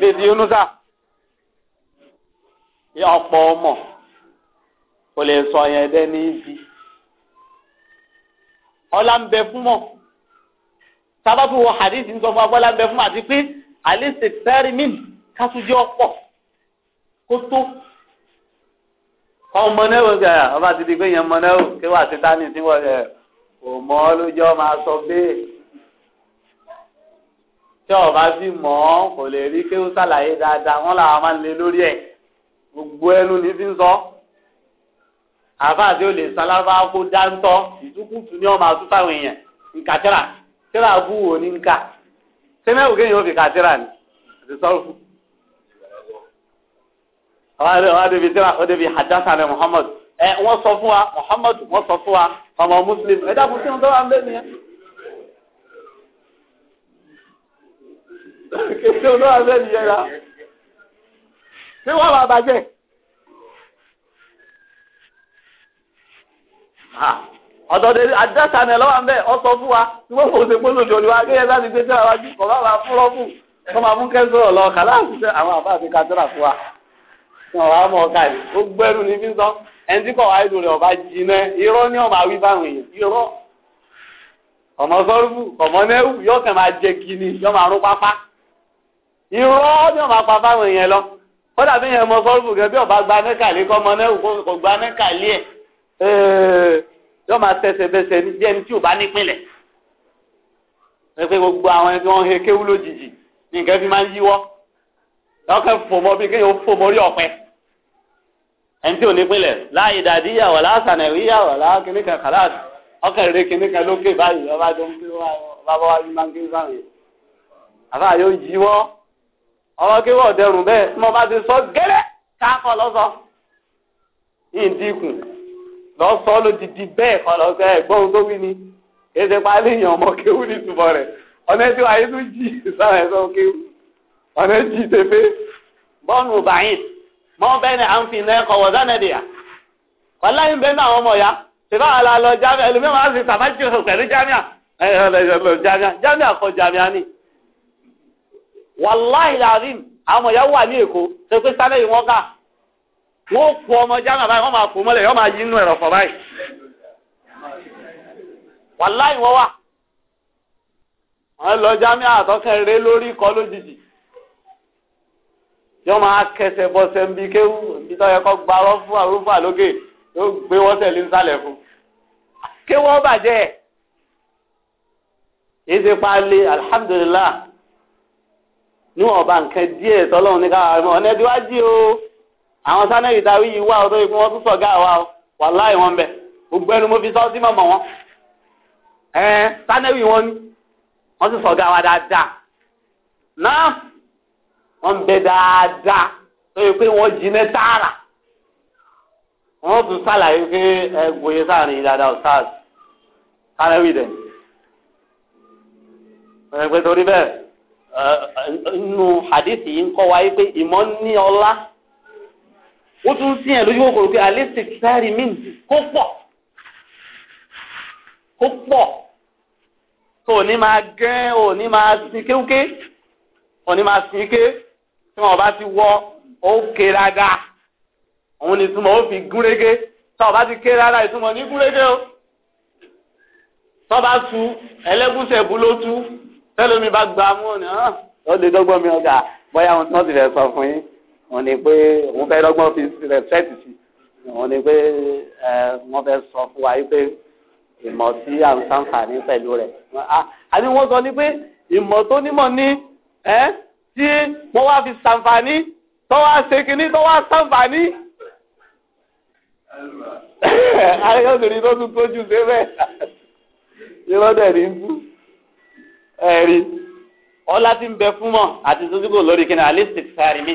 [SPEAKER 1] bẹ́ẹ̀ ti yónú sá ọ̀pọ̀ ọmọ kò lè sọ yẹn dẹ́ ní ọlá ń bẹ fún mọ́ sábàbí wọ hadith ń sọ fún agbọ́lá ń bẹ fún àti pé àlèsè tẹ́rìmìn kásùjẹ́ ọ̀pọ̀ kó tó ọmọ náà wọ gàrà ah, ọba ti di pé yẹn mọ náà wò kí wàá sitani tí wọ́n rẹ̀ eh, kò mọ́ lójọ́ máa sọ bẹ́ẹ̀ tí ọba sì mọ́ kò lè rí kéwú sàlàyé dáadáa wọ́n làwọn máa ń lé lórí ẹ̀ gbogbo ẹnu ní fi ń sọ àbá àti olè sálábà kó dáńtọ́ ìtúkùtù ni wọ́n máa tú fáwọn èèyàn ìkàtẹ́rà tíra abúwo ní nká sẹ́mẹ́wò kéèyàn ó fi ka tíra ni àti sọ́ọ̀fù. àwọn àdébí tíra ó débi hadasa ní Muhammad ẹ wọ́n sọ fún wa Muhammad wọ́n sọ fún wa ọmọ Muslim ẹ dábò sí ọ̀dọ́ wa ń bẹ́ẹ̀ nìyẹn.
[SPEAKER 2] kéde ọ̀dọ́ wa ń bẹ́ẹ̀ nìyẹn rà
[SPEAKER 1] ṣé wọ́n bá bàjẹ́ ọ̀dọ̀dẹ àdásánì ẹ̀lọ́wà ń bẹ̀ ọ̀sọ̀ fún wa tí wọ́n fòṣe gbólódò ni wa kéèyàn láti gbé sí àwọn akíkọ̀ bá wa fúnrọ́ fún kọ́ máa mú kẹ́sọ̀rọ̀ lọ kàlá àṣìṣe àwọn àbá àti kàdúrà fún wa ní ọ̀rọ̀ àmọ́ ọ̀ka yìí ó gbẹ́rù ní fíńsọ́ ẹni tí kò wáyé lórí ọba jiná irọ́ ní ọba wí fáwọn èèyàn irọ́ ọmọ sọ́rùfù ọmọ nẹ́wù yóò kàn máa jẹ kíni yóò máa rún pápá irọ́ ní ọba pa fáwọn èèyàn lọ kódà bí yẹn mọ sọ́rùfù gẹ́gẹ́ bí ọba gba nẹ́kàlé yóò máa tẹsẹ̀ bẹsẹ̀ ní jẹ́ ẹni tí ò bá nípìnlẹ̀ pé gbogbo àwọn ẹni tí wọ́n ń he kéwú lójijì ní nǹkan fi máa ń yíwọ́ lọ́kàn fòmọ bí kéèyàn fòmọ orí ọ̀pẹ ẹni tí ò nípìnlẹ̀ láàyè dàdí ìyàwó lásànà ìwé ìyàwó lákìní kan kàláàdì ọkàn rẹ kìní kan lókè báyìí ọba tó ń pè wá bàbá wa bí máa ń kí sáwọn yìí àbá yóò yíwọ́ ọwọ́ kéwọ́ ọ̀dẹrùn bẹ́ẹ̀ tí mo bá ti sọ gẹ́lẹ́ káàkọ́ lọ́sọ lọ́sọ̀ọ́ ló didi bẹ́ẹ̀ kan lọ́sọ̀ ẹ̀gbọ́n ohun ni èdè parí èèyàn ọmọ kéwú ní ìtumọ̀ rẹ̀ ọ̀nà tí wàá tún jì sára ẹ̀ sọ́n
[SPEAKER 2] ọ̀nà tẹ́fẹ́
[SPEAKER 1] bọ́ọ̀nù bàyìn mọ́ bẹ́ẹ̀ ni à ń fi iná ẹ̀kọ́ wọ̀ sánẹ́dìyà bẹ́ẹ̀ àwọn ya wọ́n kó ọmọ jáàmà báyìí wọ́n máa kó mọ́lẹ̀ yọ́ máa yí inú ẹ̀rọ̀fọ̀ báyìí wàláì wọ́n wà wọ́n lọ jáàmì àtọ́kẹ́rẹ́ lórí ikọ́ lójijì yọ́ máa kẹsẹ̀ bọ́sẹ̀ nbí kéwù nbí tọ́ yẹ kọ́ gba rọ́fù àrùfà lókè yóò gbé wọ́n tẹ̀lé nsàlẹ̀ fún kéwọ́ bàjẹ́ ẹ̀ èsì paálé alihamudulilayi níwọ̀n ọba nǹkan díẹ̀ tọ́lọ́run ní káwá ọ̀nà ẹ̀dínwájú o. àwọn sanẹ́rì darí yìí wà ọdún ìpín wọn tún sọ̀gá àwa wà láì wọn bẹ̀ gbogbo ẹnu mo fi sọ́ọ́ sí mọ̀mọ́ wọn ẹ̀ẹ́n sanẹ́rì wọn ni wọ́n tún sọ̀gá wa dáadáa náà wọ́n bẹ dáadáa tó pé wọ́n jiná tààrà wọ́n tún sàlàyé pé ẹ gbòye sáàrin ìdáadáa sanẹ́rì dẹ̀ torí bẹ́ẹ̀ hadith yìí ń kọ́ wa ó tún sí yẹn lójú kòkòrò pé alẹ́ ṣe sáré míì kó pọ̀ kó pọ̀ tó ní máa gẹ́ òní máa sin kéwké òní máa sin ké tí wọn bá ti wọ ó ké rárá òun ni túmọ̀ ó fi gúnrégé tí wọn bá ti ké rárá ìtumọ̀ ní gúnrégé o tí wọn bá tu ẹlẹ́gúnṣẹ̀ bú ló tú bá gba mú ọ̀nà ọ́ ah, lè dọ́gbọ́n mi ọ̀gá bóyá wọn tí wọ́n ti fẹ́ sọ fún yín wọ́n ní pé òun fẹ́ lọ́gbọ́n fi rẹ̀sẹ̀tì sí wọ́n ní pé wọ́n fẹ́ sọ fún wa pé ìmọ̀ tí à ń sàǹfààní pẹ̀lú rẹ̀ àní wọ́n sọ ní pé ìmọ̀ tó nímọ̀ ní tí wọ́n wá fi sàǹfààní tó wá ṣe kínní tó wá sàǹfààní.
[SPEAKER 2] ayọ̀dẹ̀rin
[SPEAKER 1] ló tún tójú sí bẹ́ẹ̀ ìrọ̀dẹ̀rin ń bú ẹ̀rí ọlá tí ń bẹ fún mọ̀ àti tó lórí kínní àlè sèkítàrí mi.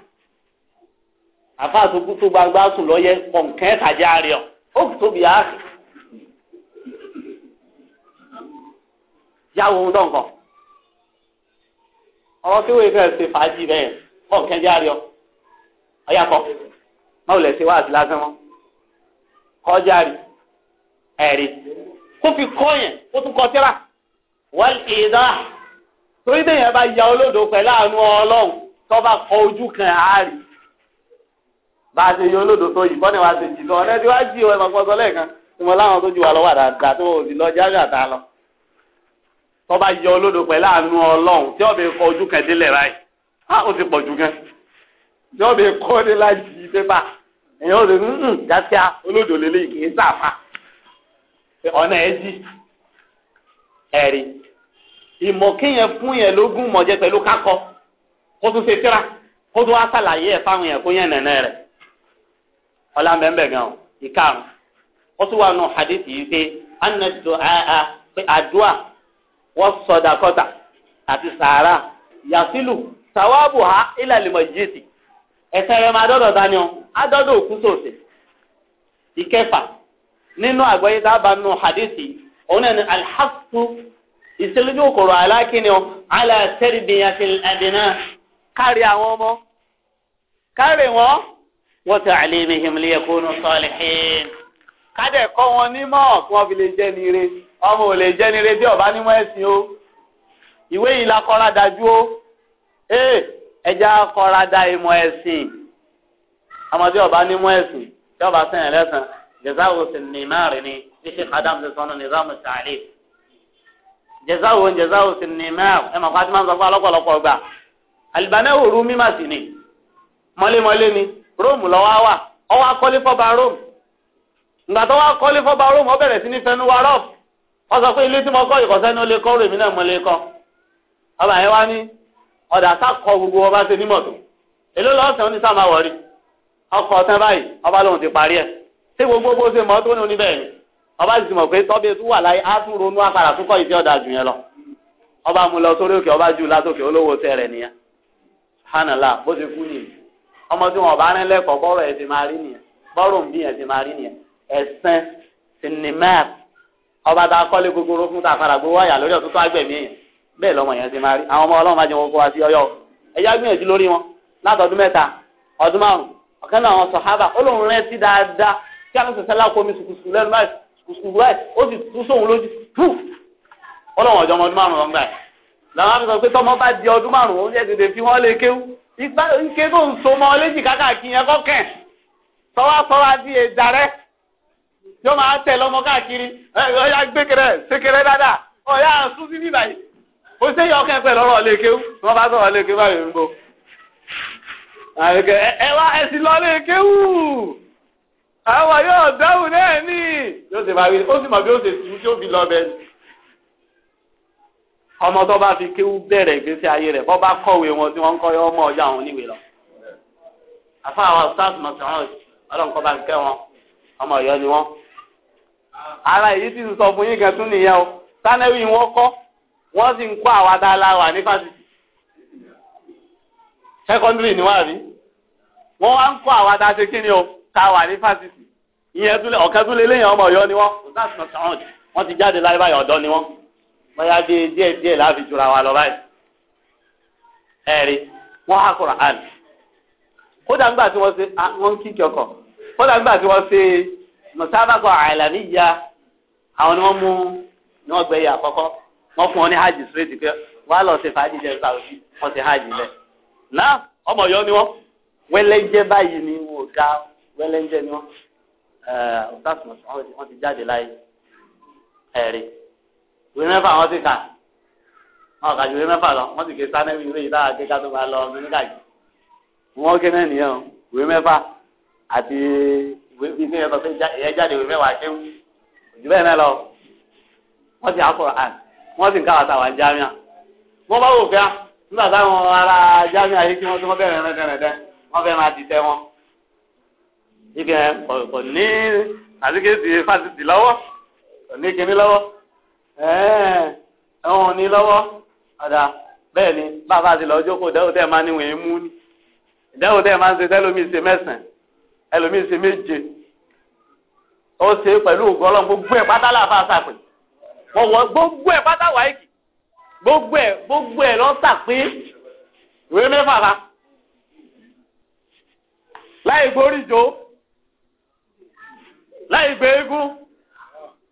[SPEAKER 1] àfáà tó kú gbangba sùn lọ́yẹ kọ̀ǹkẹ́ kàjá rẹ̀ ó kù tóbi àárín. yàwó ń dán kan ọ̀rọ̀ kí wọ́n fẹ́ ṣe fàájì bẹ́ẹ̀ kọ̀ǹkẹ́ já rẹ̀ ọ̀yà kọ́ má wùlẹ̀ ṣe wáàsí lásán mọ́ kọjá rí ẹ̀rí kó fi kọ́ yẹn kó tún kọ síra wọ́n ìdá torí bẹ́ẹ̀ yẹn bá ya olódò bá a ṣe yọ olódò tó yìí bọ́ni wàá ṣe jì lọ ọ̀rẹ́ tí wàá jì ọ ìmọ̀gbọ́sọ lẹ́ẹ̀kan ìmọ̀ láwọn tó ju wà lọ́wọ́ àdáadáa tó ò sì lọ jáde àtà lọ. tó bá yọ olódò pẹ̀lú àánú ọlọ́run tí ọ̀bẹ kọ ojú kẹ̀délẹ̀ ráì á ò ti pọ̀ jù gan tí ọ̀bẹ kọ́ ní láti pépà èèyàn ò sì ń hùn jáfíà olódò lélẹ̀ kì í sàfà ọ̀nà ẹ̀ jì ẹ̀rí ìmọ̀ kéèyàn fún yẹn lógún mọ̀jẹ́ pẹ̀lú kákọ́ kó tún ṣe tíra kó tún wá sàlàyé ẹ̀ fáwọn yẹn kó yẹn nẹ̀nẹ̀ rẹ̀ ọlá mẹ́mbẹ̀ gan o ìkarùn ó tún wà nù hadith yìí pé anna du'a pé àdúà wọ́n sọdakọ́ta àti sàárà yasilu sàwábù ha ilà lìmọ̀jìtì ẹ̀sẹ̀ rẹ̀ máa dọ́dọ̀ dání o á dọ́dọ̀ òkú sòsè ìkẹfà nínú àgbáyé dábàá nù hadith òun náà alhassu ìṣèlójú òkòrò aláàkíni o alà tẹ́rìbìyàn ti ẹ̀dínà kárí àwọn ọmọ kárí wọn. وتعليمهم ليكونوا صالحين kádẹ̀ kọ́ wọn nímọ̀ kí wọ́n fi lè jẹ́ nire ọmọ ò lè jẹ́ nire bí ọba nímọ̀ ẹ̀sìn o ìwé yìí la kọ́ra dájú o ee ẹja kọ́ra da ìmọ̀ ẹ̀sìn ọmọ bí ọba nímọ̀ ẹ̀sìn bí ọba sẹ́yìn lẹ́sàn jẹ́sáwò sì ní mẹ́rin ni bíṣe kadam ti sọnù ní ìzámu sàlẹ̀ jẹ́sáwò jẹ́sáwò sì ní mẹ́rin ẹ̀ mọ̀ fún ati máa ń sọ fún alọ́pọ̀lọpọ̀ gbà àlìbáná òru mímà sí ni mọ́lémọ́lé ni. Rome lọwa wa ọwa akọ́lé fọ́ba Rome ìgbà tó sí wa sọ pé ilé tí mo kọ ìkọ̀sẹ́ ni ó lè kọ́ rèmi náà mo lè kọ́ ọba yẹn wá ní ọ̀dà sákọ̀ gbogbo ọba ṣe o tó èló lọ́sàn-án ó ní sáà máa wọ̀rí báyìí ọba lòun ti parí ṣé gbogbo bó ṣe ní ọba sì mọ̀ pé tọ́bí tó wà láyé á tún ronú àpàrà tó kọ́ ìdí jù yẹn lọ ọba ọmọ tí wọn bá rìn lẹ́kọ̀ọ́ bọ́rọ̀ ẹ̀ ti máa rí nìyẹn bọ́rọ̀ ń bí yẹn ti máa rí nìyẹn ẹ̀sán sinimá ọba tá a kọ́lé gogoro fún tá a fara gbowó àyà lórí ọ̀tútù agbẹ̀mí yẹn bẹ́ẹ̀ lọ́mọ yẹn ti máa rí àwọn ọmọ ọlọ́run má jẹ́ wọn kó wa sí ọyọ́ ẹ̀yà gbìyànjú lórí wọn látọdún mẹ́ta ọdún márùn ọ̀kan náà àwọn sọ̀hábà ó lóun rẹ́ sí dáadáa kí àwọn sọ̀sẹ́ lákòómi sùkùsù lẹ́nu báyìí sùkùsù ìgbà ike tó ń so mọ́ ọ léjì kákàkiri yẹn kọ́kẹ́ sọ́wọ́ sọ́wọ́ di ẹ̀dá rẹ̀ yóò máa tẹ̀ lọ́mọ káàkiri ọ̀yà gbẹ́kẹrẹ ṣẹkẹrẹ dáadáa ọ̀yà sún sí bíbá yìí ó ṣe yọ ọkàn pẹ̀lú ọ̀rọ̀
[SPEAKER 2] lékeu wọ́n bá sọ̀rọ̀ lékeu báyìí ń bọ̀ ẹ wá ẹ sì lọ lékeu àwọn yóò dáhùn náà ní yóò
[SPEAKER 1] ṣe máa wí ó sì mọ̀ bí ó ṣe sùn tí ó fi lọ bẹ́ẹ̀ ọmọ tó bá fi kéwú bẹ̀rẹ̀ ìgbésí ayé rẹ̀ bọ́ bá kọ̀wé wọn tí wọ́n ń kọ́ ọmọ ọ̀yá àwọn oníwèé lọ. àfa àwọn stars mọ̀sán ọlọ́nkọ́ bá kẹ́ wọn ọmọ ọ̀yọ́ ni wọ́n. ara èyí sì sọ fún yín gan tún nìyẹn o sanẹ́wì wọn kọ́ wọ́n sì ń kọ́ àwa dáadáa wà ní fásitì. sẹ́kọ́ndírì ni wọ́n àbí wọ́n wá ń kọ́ àwa dáa ṣe kíni o ká wà ní fásitì. ìyẹn ọ̀kẹ́ tún lé léyìn ọmọ ọ̀yọ́ ni wọ́n bóyá bí díẹ̀ díẹ̀ láàfin jura wa lọ báyìí ẹ̀rí wọ́n á kódà ńgbà tí wọ́n ṣe ọkọ̀ kódà ńgbà tí wọ́n ṣe àìlàníyà àwọn ni wọ́n mú ni wọ́n gbẹ̀yẹ àkọ́kọ́ wọ́n fún wọn ní hajj pé á lọ yọ ni wọn wẹ́lẹ́jẹ́ báyìí ni wọ́n ga ni ti jáde láyé ìwé mẹ́fà wọ́n ti kà wọn kà ju ìwé mẹ́fà lọ wọ́n sì ké sanẹ́bí ìwé yìí táwọn akéka tó bá lọ ọdún níkàjì wọ́n ké náà nìyẹn o ìwé mẹ́fà àti ìwé ìwé yẹn sọ pé jáde ìwé mẹ́wàá kéwù jù bẹ́ẹ̀ náà lọ wọ́n ti àkọ̀rọ̀ àn wọ́n sì ń káwá sáwà ń jámíà wọ́n bá wò fíà ah, nígbà táwọn ará jámíà yìí kí wọ́n tó wọ́n bẹ̀rẹ̀ rẹ́dẹ̀rẹ́dẹ́ wọ́n fẹ́ máa dìtẹ́ ẹ̀hún ní lọ́wọ́ ọ̀dà bẹ́ẹ̀ ni bàbá ti lọ jókòó ìdáwó tẹ̀ máa níwèé mú ni ìdáwó tẹ̀ máa ń ṣe tẹ́lómi ṣe mẹ́sàn-án ẹlòmí ṣe méje ó ṣe pẹ̀lú ògùn ọlọ́run gbogbo ẹ̀ pátá làbá sàpè wọ́wọ́ gbogbo ẹ̀ pátá wáìkì gbogbo ẹ̀ gbogbo ẹ̀ lọ́sà pé ìwé mẹ́fà la láì gbóríjó láì gbé eégún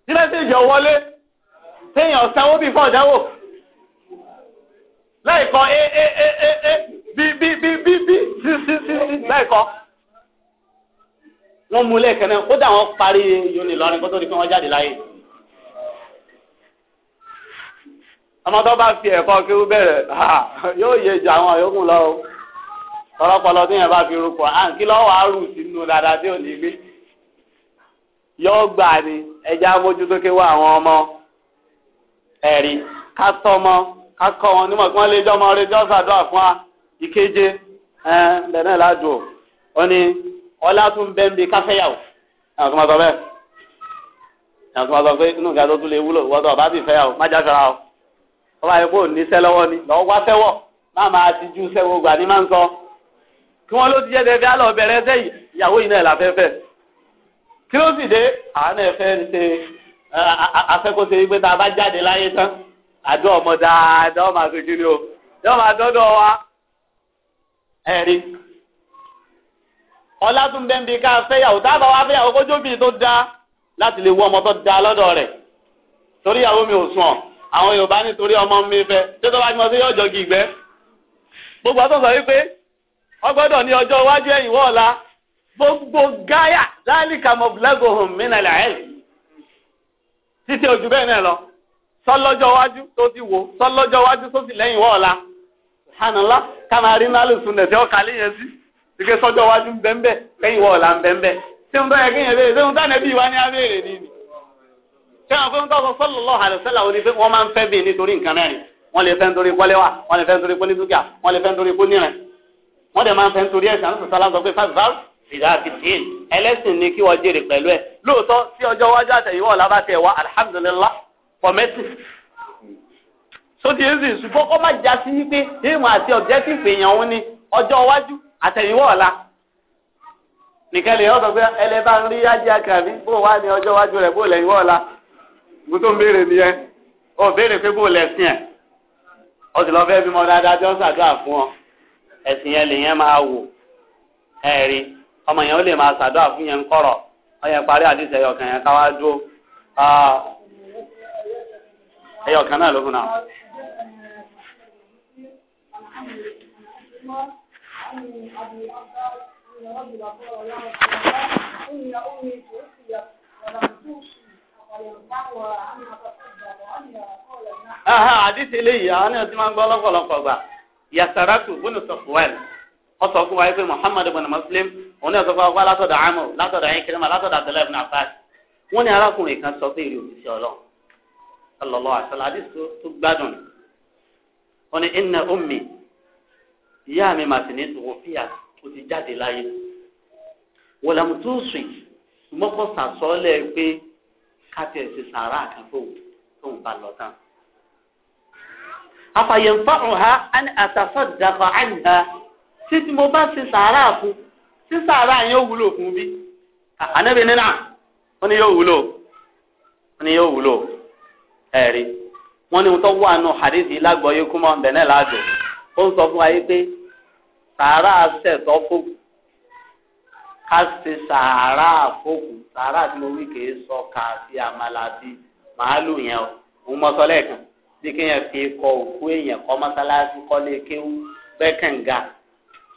[SPEAKER 1] tí lẹ́sìn ìjọ wọlé téèyàn sanwó bí fún ọ̀dánwò láìkọ é é é é é bí bí bí bí bí sí sí sí láìkọ. wọ́n mú lẹ́ẹ̀kẹ́ náà kódà wọ́n parí yoni lọ́rin kó tó di pé wọ́n jáde láyé. ọmọ bá fi ẹ̀kọ́ kí ó bẹ̀rẹ̀ yóò yẹ ju àwọn yòókù lọ o ọlọpọlọ tí yẹn bá fi rúkọ à ń kí lọ́wọ́ sínú dáadáa tí ò ní gbé yọ gbà ní ẹja mójútókè wá àwọn ọmọ ẹ̀rí ká tọ́mọ ká kọ́ wọn nímọ̀ kí wọ́n lè jọmọ rẹ jọ́sàdúrà fún wa ìkeje bẹ́ẹ̀ náà ládùn ó ní ọlá tún bẹ́ẹ̀ ń bi káfẹ́yàwó àwọn kan máa sọ bẹ́ẹ̀ àwọn kan máa sọ pé inú ìgbà tó tún lè wúlò o wọ́n bá yẹ kó níṣẹ́ lọ́wọ́ ni lọ́wọ́ wá fẹ́wọ̀ má máa ti ju sẹ́wọ́ gbà ní máa ń sọ kí wọ́n ló ti jẹ́ dẹ́gbẹ́ àlọ́ bẹ̀rẹ̀ sẹ́yìn ìyàwó yìí náà làfẹ́fẹ́ kí ló sì dé àánú ẹ̀fẹ́ ṣe afẹ́kọ̀ọ́sẹ̀ wípé tá a bá jáde láyé tán àdó ọmọ dáadáa ọmọ àfikún o yóò máa dọ́dọ̀ wa ẹ̀rí. ọlátúndẹ́ńbí ká fẹ́yàwó tá a bá wá fẹ́yàwó kójú tó dáa láti lè wú ọmọ tó lọ́dọ̀ rẹ̀ torí ìyàwó mi ò sùn ọ̀ àwọn Yorùbá ọmọ mi fẹ́ tó tó bá mọ sí yóò gbogbo wípé ọgbọdọ ní ọjọ iwájú gbogbo gáyà mí títí ojú bẹ́ẹ̀ náà lọ sọlọ́jọ́ wájú tó ti wò sọlọ́jọ́ wájú tó ti lẹ́yìn wọ́ọ̀la hànàlá kàmárí nálù sunlẹ̀ tí ó kálí yẹn sí ike sọjọ́ wájú bẹ́ńbẹ́ lẹ́yìn wọ́ọ̀la bẹ́ńbẹ́ tí ń kéèyàn léèrè tí ń tàn ẹbí wa ní abéèrè ni ni ìdáàbìsìn ẹlẹ́sìn ni kí wọ́n jèrè pẹ̀lú ẹ̀ lóòótọ́ sí ọjọ́ iwájú àtẹ̀yìnwó ọ̀làbàtẹ̀ wa alihamudulilah fọmẹ́sì sóti èzì ṣùgbọ́n kọ́ má já sí wípé èèmọ̀ àti ọ̀bjẹ́tìfì èèyàn òun ni ọjọ́ iwájú àtẹ̀yìnwó ọ̀la nìkan lè yọ̀tọ̀ pé ẹlẹ́bà ń rí ajé akàbí bó wà ní ọjọ́ iwájú rẹ̀ bó lẹ́yìnwó ọ̀la gbogbo ń béèrè nìyẹn ó béèrè pé bó lẹ́sìn ẹ̀ ó sì lọ fẹ́ bímọ dáadáa jọ́sàdúrà fún ọ ẹ̀sìn yẹn lèyẹn máa wò ẹ̀rí ọmọ yẹn ó lè máa ṣàdúrà fún yẹn ń kọ̀rọ̀ ọyẹ parí àdìsí ẹyọkàn yẹn káwá dúró
[SPEAKER 3] ẹyọkàn náà ló fún náà. àdìsí
[SPEAKER 1] eléyìí àwọn ènìyàn ti máa ń gbọ́ lọ́pọ̀lọpọ̀ gbà yasaratu bónú sọ̀fúwẹ́lì. wọ́n sọ fún wa pé muhammad ibn muslim òun náà sọ fún wa látọ̀dọ̀ amọ̀ látọ̀dọ̀ ayínkìrìmà látọ̀dọ̀ abdullahi ibn abbas wọ́n ní arákùnrin kan sọ pé èrè òṣìṣẹ́ ọlọ́run sallallahu alaihi wasallam àdìs tó gbádùn wọ́n ní inna ummi ìyá mi màá sì ní tòwó fíyà ó ti jáde láyé wọ́n làmú tó sùn mọ́kọ́ sàsọ́ọ́lẹ̀ pé káti ẹ̀sìn sàárà kan fóun bá lọ tán. afa yanfa'uha an atasaddaqa anha títí mo bá ṣe sàárà fún tí sàárà yẹn wúlò fún bí ànábì nínà ó ní yóò wúlò ó ní yóò wúlò ẹ̀rí wọ́n ní tó wà nù hadith lágbọ̀ọ́yé kúmọ̀ bẹ̀nẹ̀ láàdù ó ń sọ fún ayé pé sàárà ṣẹ̀tọ́ fòkù ká ṣe sàárà fòkù sàárà tí mo wí kìí sọ kà sí màálù yẹn o ń mọ́sọ́ lẹ́ẹ̀kan bí kéèyàn fi kọ òkú èèyàn kọ́ mọ́sálásí kọ́lé kéwú bẹ́kànga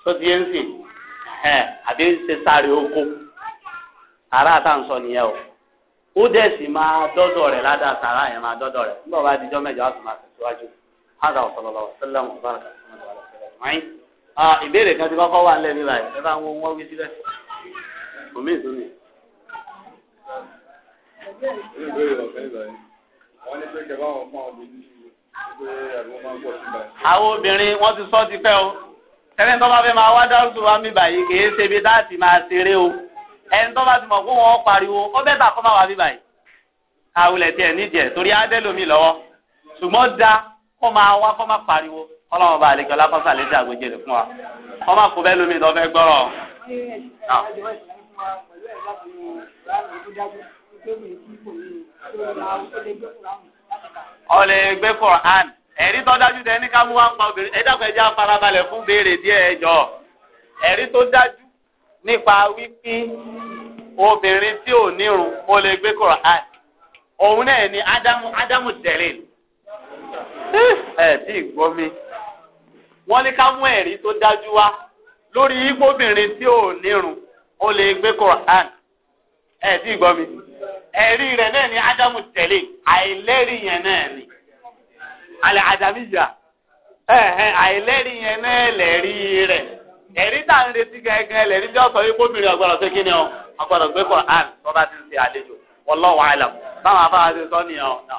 [SPEAKER 1] sọtí yẹn sì àbí ṣe sáré oko ara àtàǹsọ nìyẹn o ó dẹ̀ sì máa dọ́dọ̀ rẹ̀ ládàá sàrà yẹn máa dọ́dọ̀ rẹ̀ nígbà bá dijọ́ mẹ́jọ àti máa tẹ̀síwájú hádà ọ̀sọ̀lọ̀lọ̀ sẹ́lẹ̀m ọ̀bárakà ìbéèrè kan ti kọ́kọ́ wà nílẹ̀ nílà yìí ẹ bá wọn wọ́n wí síbẹ̀
[SPEAKER 2] omi ìsúnmi. àwọn obìnrin
[SPEAKER 1] wọ́n ti sọ ti pẹ́ o ẹni tó bá fẹ́ máa wá dárúsù wa mi báyìí kì í ṣe ibi láti máa ṣeré o ẹni tó bá ti mọ̀ kó wọn pariwo ó bẹ́ẹ̀ bá kọ́ máa wá mi báyìí àwùlẹ̀ tiẹ̀ níjẹ̀ torí adé lomi lọ́wọ́ ṣùgbọ́n da kó máa wá kó máa pariwo ọlọ́run bá àlejò alákọ̀ọ́sà lè ṣe àgbèjì rẹ̀ fún wa kó máa kó bẹ́ẹ̀ lomi lọ́ fẹ́ gbọ́rọ̀.
[SPEAKER 3] ọ̀lẹ́ gbé Quran.
[SPEAKER 1] ẹ̀rí tó dájú tẹ ní ká mú wá ń pa obìnrin fún béèrè díẹ̀ ẹ̀jọ́. ẹ̀rí tó dájú nípa wípé obìnrin tí ò nírun ó lè gbé kọ̀rọ̀ á òun náà ni ádámù ádámù tẹ̀lé wọ́n ní ká mú ẹ̀rí tó dájú lórí tí ò nírun ó lè gbé rẹ̀ ni ádámù tẹ̀lé yẹn alẹ́ àdàmíjà àìlẹ́rìí yẹn náà lẹ́rí rẹ̀ ẹ̀rí tá ń retí gẹ́gẹ́ bí yìí kóbìnrin ọ gbé kọ̀ án tó bá ti ń ṣe àlejò báwọn afárá ti sọ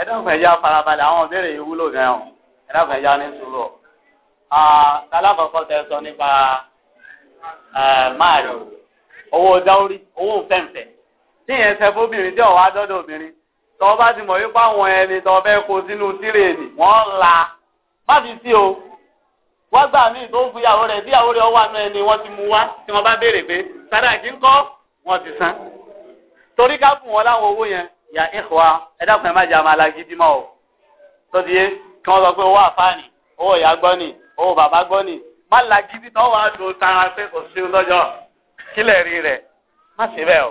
[SPEAKER 1] ẹ̀dọ́gbọ̀n ẹ̀yà farabalẹ̀ àwọn ìbéèrè yìí wúlò gan-an ẹ̀dọ́gbọ̀n ẹ̀yà ní sùúrù alákọ̀ọ́kọ́ tẹ sọ nípa máàlù owó dáórí owó fẹ̀ǹfẹ̀ tí yẹn fẹ́ fóbìnrin tí ọ̀wá dọ́dọ̀ obìnrin tọ́ bá ti mọ̀ wípé àwọn ẹni tọ́ bẹ́ẹ̀ kó sínú tírèèdì wọ́n la má fi sí o wọ́n gbà míì tó fún ìyàwó rẹ̀ bí ìyàwó rẹ̀ wà nù ẹni wọ́n ti mú wá tí wọ́n bá béèrè pé sádàkì ńkọ́ wọ́n ti san torí ká fún wọn láwọn owó yẹn ya ikhwa ẹ dákun ẹ má jẹ àmàlà gidi mọ́ o tó ti yé kí wọ́n sọ pé owó àfáàní owó ìyá gbọ́ ni owó bàbá gbọ́ ni má la gidi tó wàá lo tara pé kò sí lọ́jọ́ kílẹ̀ rí rẹ̀ má ṣe bẹ́ẹ̀ o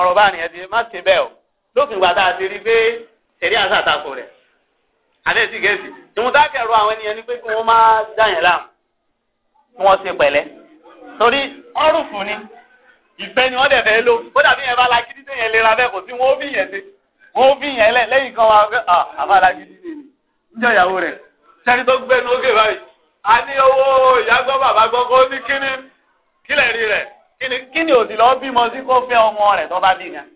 [SPEAKER 1] ọ̀rọ̀ bá nìyẹn ti má ṣe bẹ́ẹ̀ o lófin ìgbà tá a ti rí pé ṣẹ̀rí àṣà àtakò rẹ̀ àbẹ́ sì gẹ̀ẹ́sì ìwọ̀n tá kẹ̀rọ àwọn ènìyàn ni pé kí wọ́n má dáyẹn láàmú kí wọ́n ṣe pẹ̀lẹ́ torí ọ̀rùfù ni ìfẹ́ ni wọ́n dẹ̀ fẹ́ lò ó dàbí yẹn bá la gidi tó yẹn lera bẹ́ẹ̀ kò sí wọ́n ó bí yẹn ṣe wọ́n ó bí yẹn lẹ̀ lẹ́yìn kan wa àbá la gidi ni níjọ́ ìyàwó rẹ̀ sẹ́ni tó gbẹ́ nu ókè báyìí a ní owó ìyá gbọ́ bàbá gbọ́ kó ní kíni kílẹ̀ rí rẹ̀ kíni kíni òsì lọ́ bímọ sí kó fẹ́ ọmọ rẹ̀ tó bá bí yẹn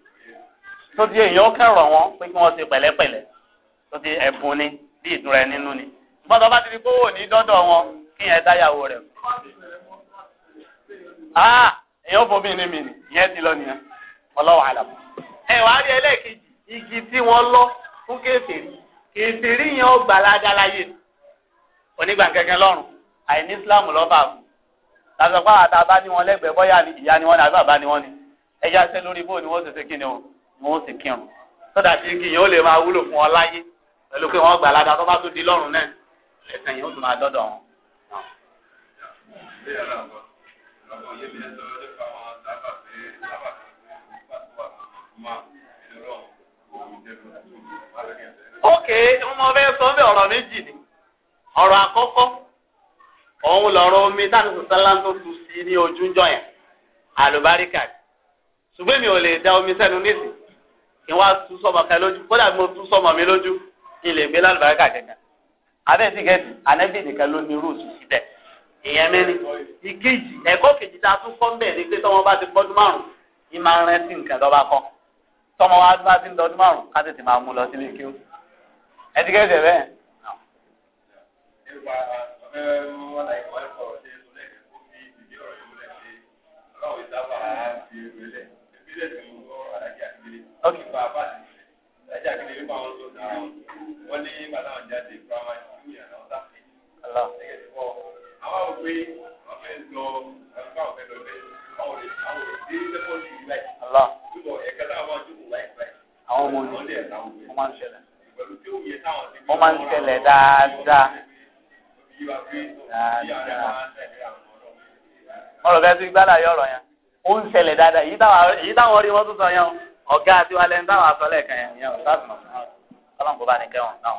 [SPEAKER 1] tó di èèyàn kẹrọ wọn pé kí wọ́n ṣe pẹ̀lẹ́pẹ̀lẹ́ tó di ẹ̀bùn ni bí ìtura nínú ni ṣùgbọ́n tó bá ti di kówó ní dọ́dọ̀ wọn kí yẹn dáyàwó rẹ̀ èyàn fún mi ní mi ni ìyẹn ti lọ nìyẹn ọlọ́wọ́ àlàbọ̀. ẹ wàá rí ẹlẹ́ẹ̀kejì igi tí wọ́n lọ fún kèfèrí kèfèrí yẹn ó gbà ládàláyè onígbà kẹ̀kẹ́ lọ́rùn àìní islam lọ́ba àbù làzọ̀pá àtàbá ni wọ́n lẹ́gbẹ̀ẹ́ bọ́yá ni ìyá ni wọ́n ni àbí bàbá ni wọ́n ni ẹja ṣe lórí bó ni wọ́n ṣe ṣe kí ni wọ́n sì kírun sọ́dà tí igi yẹn ó lè máa wúlò fún ọ láyé pẹ̀lú pé wọ́n gbà ládà tó bá tún di lọ́rùn náà ẹ̀sìn yẹn ó tún máa dọ́dọ̀ wọn
[SPEAKER 2] ok ọmọ bẹ sọ bẹ ọ̀rọ̀ méjì ni
[SPEAKER 1] ọ̀rọ̀ àkọ́kọ́ òun lọ̀rọ̀ omi táwọn sọsálà tó tu sí ní ojúńjọ yẹn àlùbáríkà ṣùgbọ́n mi ò lè da omi sẹ́nu nísì kí wọ́n á tú sọmọ kan lójú kódà mo tú sọmọ mi lójú ilé gbé lálùbáríkà kẹkẹ abẹ́ẹ̀sì kẹ́sì anẹ́bí nìkan ló ní rúùsù sí ìyẹn mẹ́rin ìkejì ẹ̀kọ́ kejì tá a tún kọ́ mbẹ̀ ni pé tọ́mọ bá ti pọ́dún márùn yìí máa ń rántí nǹkan tó bá kọ́ tọ́mọ wa bá ti ń dọdún márùn ká tètè máa mú lọ sílé kí ó ẹ ti kẹ́sẹ̀ bẹ́ẹ̀.
[SPEAKER 2] Okay ọba ò pé ọfẹ lọ ọba ò fẹ lọ bẹ ọwọ rẹ àwọn òde lẹkọọ ti yìí láì. ala bíbọ ẹka náà wọn jókòó láì báyìí. àwọn ọmọ òní wọn máa ń ṣẹlẹ̀. pẹ̀lú tí ó yẹ táwọn ti. wọn máa ń ṣẹlẹ̀ dáadáa. dáadáa. ọ̀rọ̀
[SPEAKER 1] bẹ́ẹ̀ tún gbádà yọ ọ̀rọ̀ yẹn ó ń ṣẹlẹ̀ dáadáa èyí táwọn rí wọn tún sọ yẹn ọ̀gá àti wàlẹ̀ ń táwọn àsọlẹ̀ kan yẹn yẹn ọ̀gá àtùmọ̀ fún wọn kọ́lọ́ǹkó bá ní kẹ́wọ̀n náà.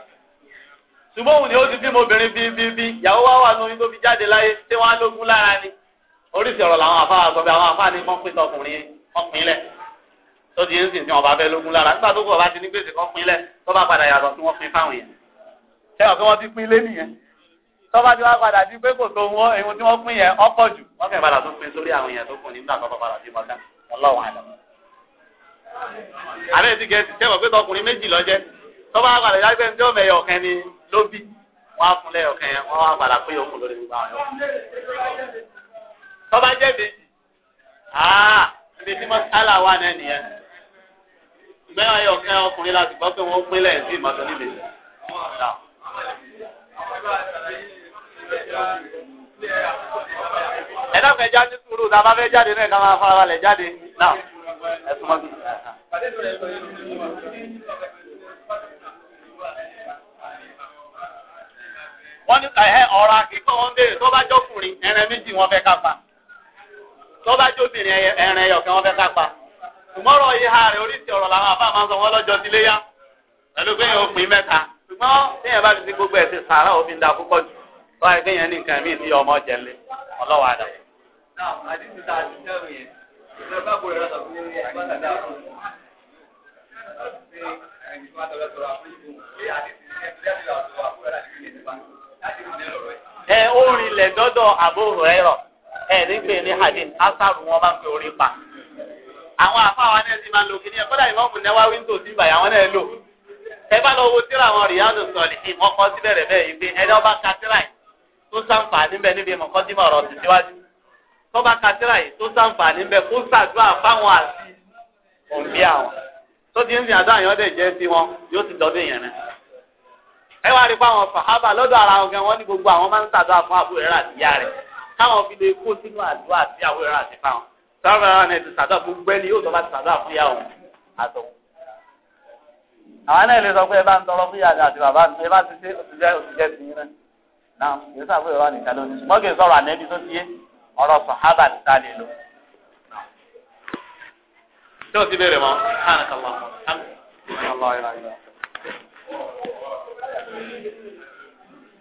[SPEAKER 1] ṣùgbọ́n òun ni ó ti bímọ obìnrin bíbíbí ìyàwó wa wà lóyún tó fi jáde láyé tí wọ́n á lógún lára ni oríṣi ọ̀rọ̀ làwọn afárá sọ àwọn afárá ni wọ́n pín tọkùnrin ọkùnrinlẹ̀ tó di ẹ̀sìn tí wọ́n bá fẹ́ lógún lára nígbà tó kọ̀ bá ti ní gbèsè kan pínlẹ̀ tó bá padà yàtọ̀ tí wọ́n pín fáwọn yẹn. ṣé ọ̀pẹ wọn ti pín lé nìyẹn tó bá ti wá padà di pé kò tó wọn ohun tí wọ́n pín yẹn ọ̀pọ̀ jù wọ́n fẹ́ padà tó pín sórí àwọn yẹn tó kù lóbi wọn á fún lẹ́yọ̀kan yẹn wọn á padà pé yòókù lórí gbogbo àwọn yòókù. tọ́ba jẹ́ méjì àá ibi tí mọ́sálà wà náà nìyẹn. mẹ́wàá yọ̀kan ọkùnrin láti gbọ́ pé wọ́n pín lẹ́yìn sí ìmọ̀tò níbi. ẹ náà fẹ́ jáde sùúrù tá a bá fẹ́ jáde náà ká máa fara balẹ̀ jáde náà ẹ
[SPEAKER 2] wọ́n ní ẹ̀hẹ́ ọ̀rọ̀ akíkọ́ wọn béèrè tó bá jọkùnrin ẹran
[SPEAKER 1] méjì wọn fẹ́ ká pa
[SPEAKER 2] tó bá jóbìnrin
[SPEAKER 1] ẹran ẹyọ kan wọn fẹ́ ká pa tùmọ́rọ̀ ha rẹ̀ oríṣi ọ̀rọ̀ làwọn afá máa ń sọ ya lọ́jọ́ pẹ̀lú pé mẹ́ta ṣùgbọ́n bá gbogbo ẹ̀ ti sàárà òfin da púpọ̀ jù tó wáyé ní nǹkan
[SPEAKER 2] Thank you. E orin dọdọ dọ́dọ̀
[SPEAKER 1] Abu Hurairah ẹ nígbè ní asaru wọn ń pè orin pa àwọn àwọn ẹni tí máa ń lo kíní ẹ kódà ìmọ̀ọ́mù náwá wíńdò sí ìbàyà àwọn náà lò ẹ bá lọ wo tíra àwọn ọba katira yìí tó níbi mọ̀kọ́ síwájú tọ́ba katira yìí tó kó sàdúrà fáwọn àti wọn ẹ wá rí fáwọn fàhábà lọ́dọ̀ ara wọn gan wọ́n ní gbogbo àwọn máa ń ṣàdúrà fún àbúrẹ́rà àtìyá rẹ̀ káwọn fi lè kó sínú àdúrà àti àbúrẹ́rà àti fáwọn sọ́dọ̀ ara wọn ti ṣàdúrà gbogbo ẹni yóò tọ́ bá ti ṣàdúrà fún ìyá òun àtọ̀. àwọn náà lè sọ pé ẹ bá ń tọrọ fún ìyá àti bàbá mi ẹ bá ti ṣe òṣìṣẹ́ òṣìṣẹ́ ti yín náà yóò sàbúrò wà nìkan
[SPEAKER 2] lónìí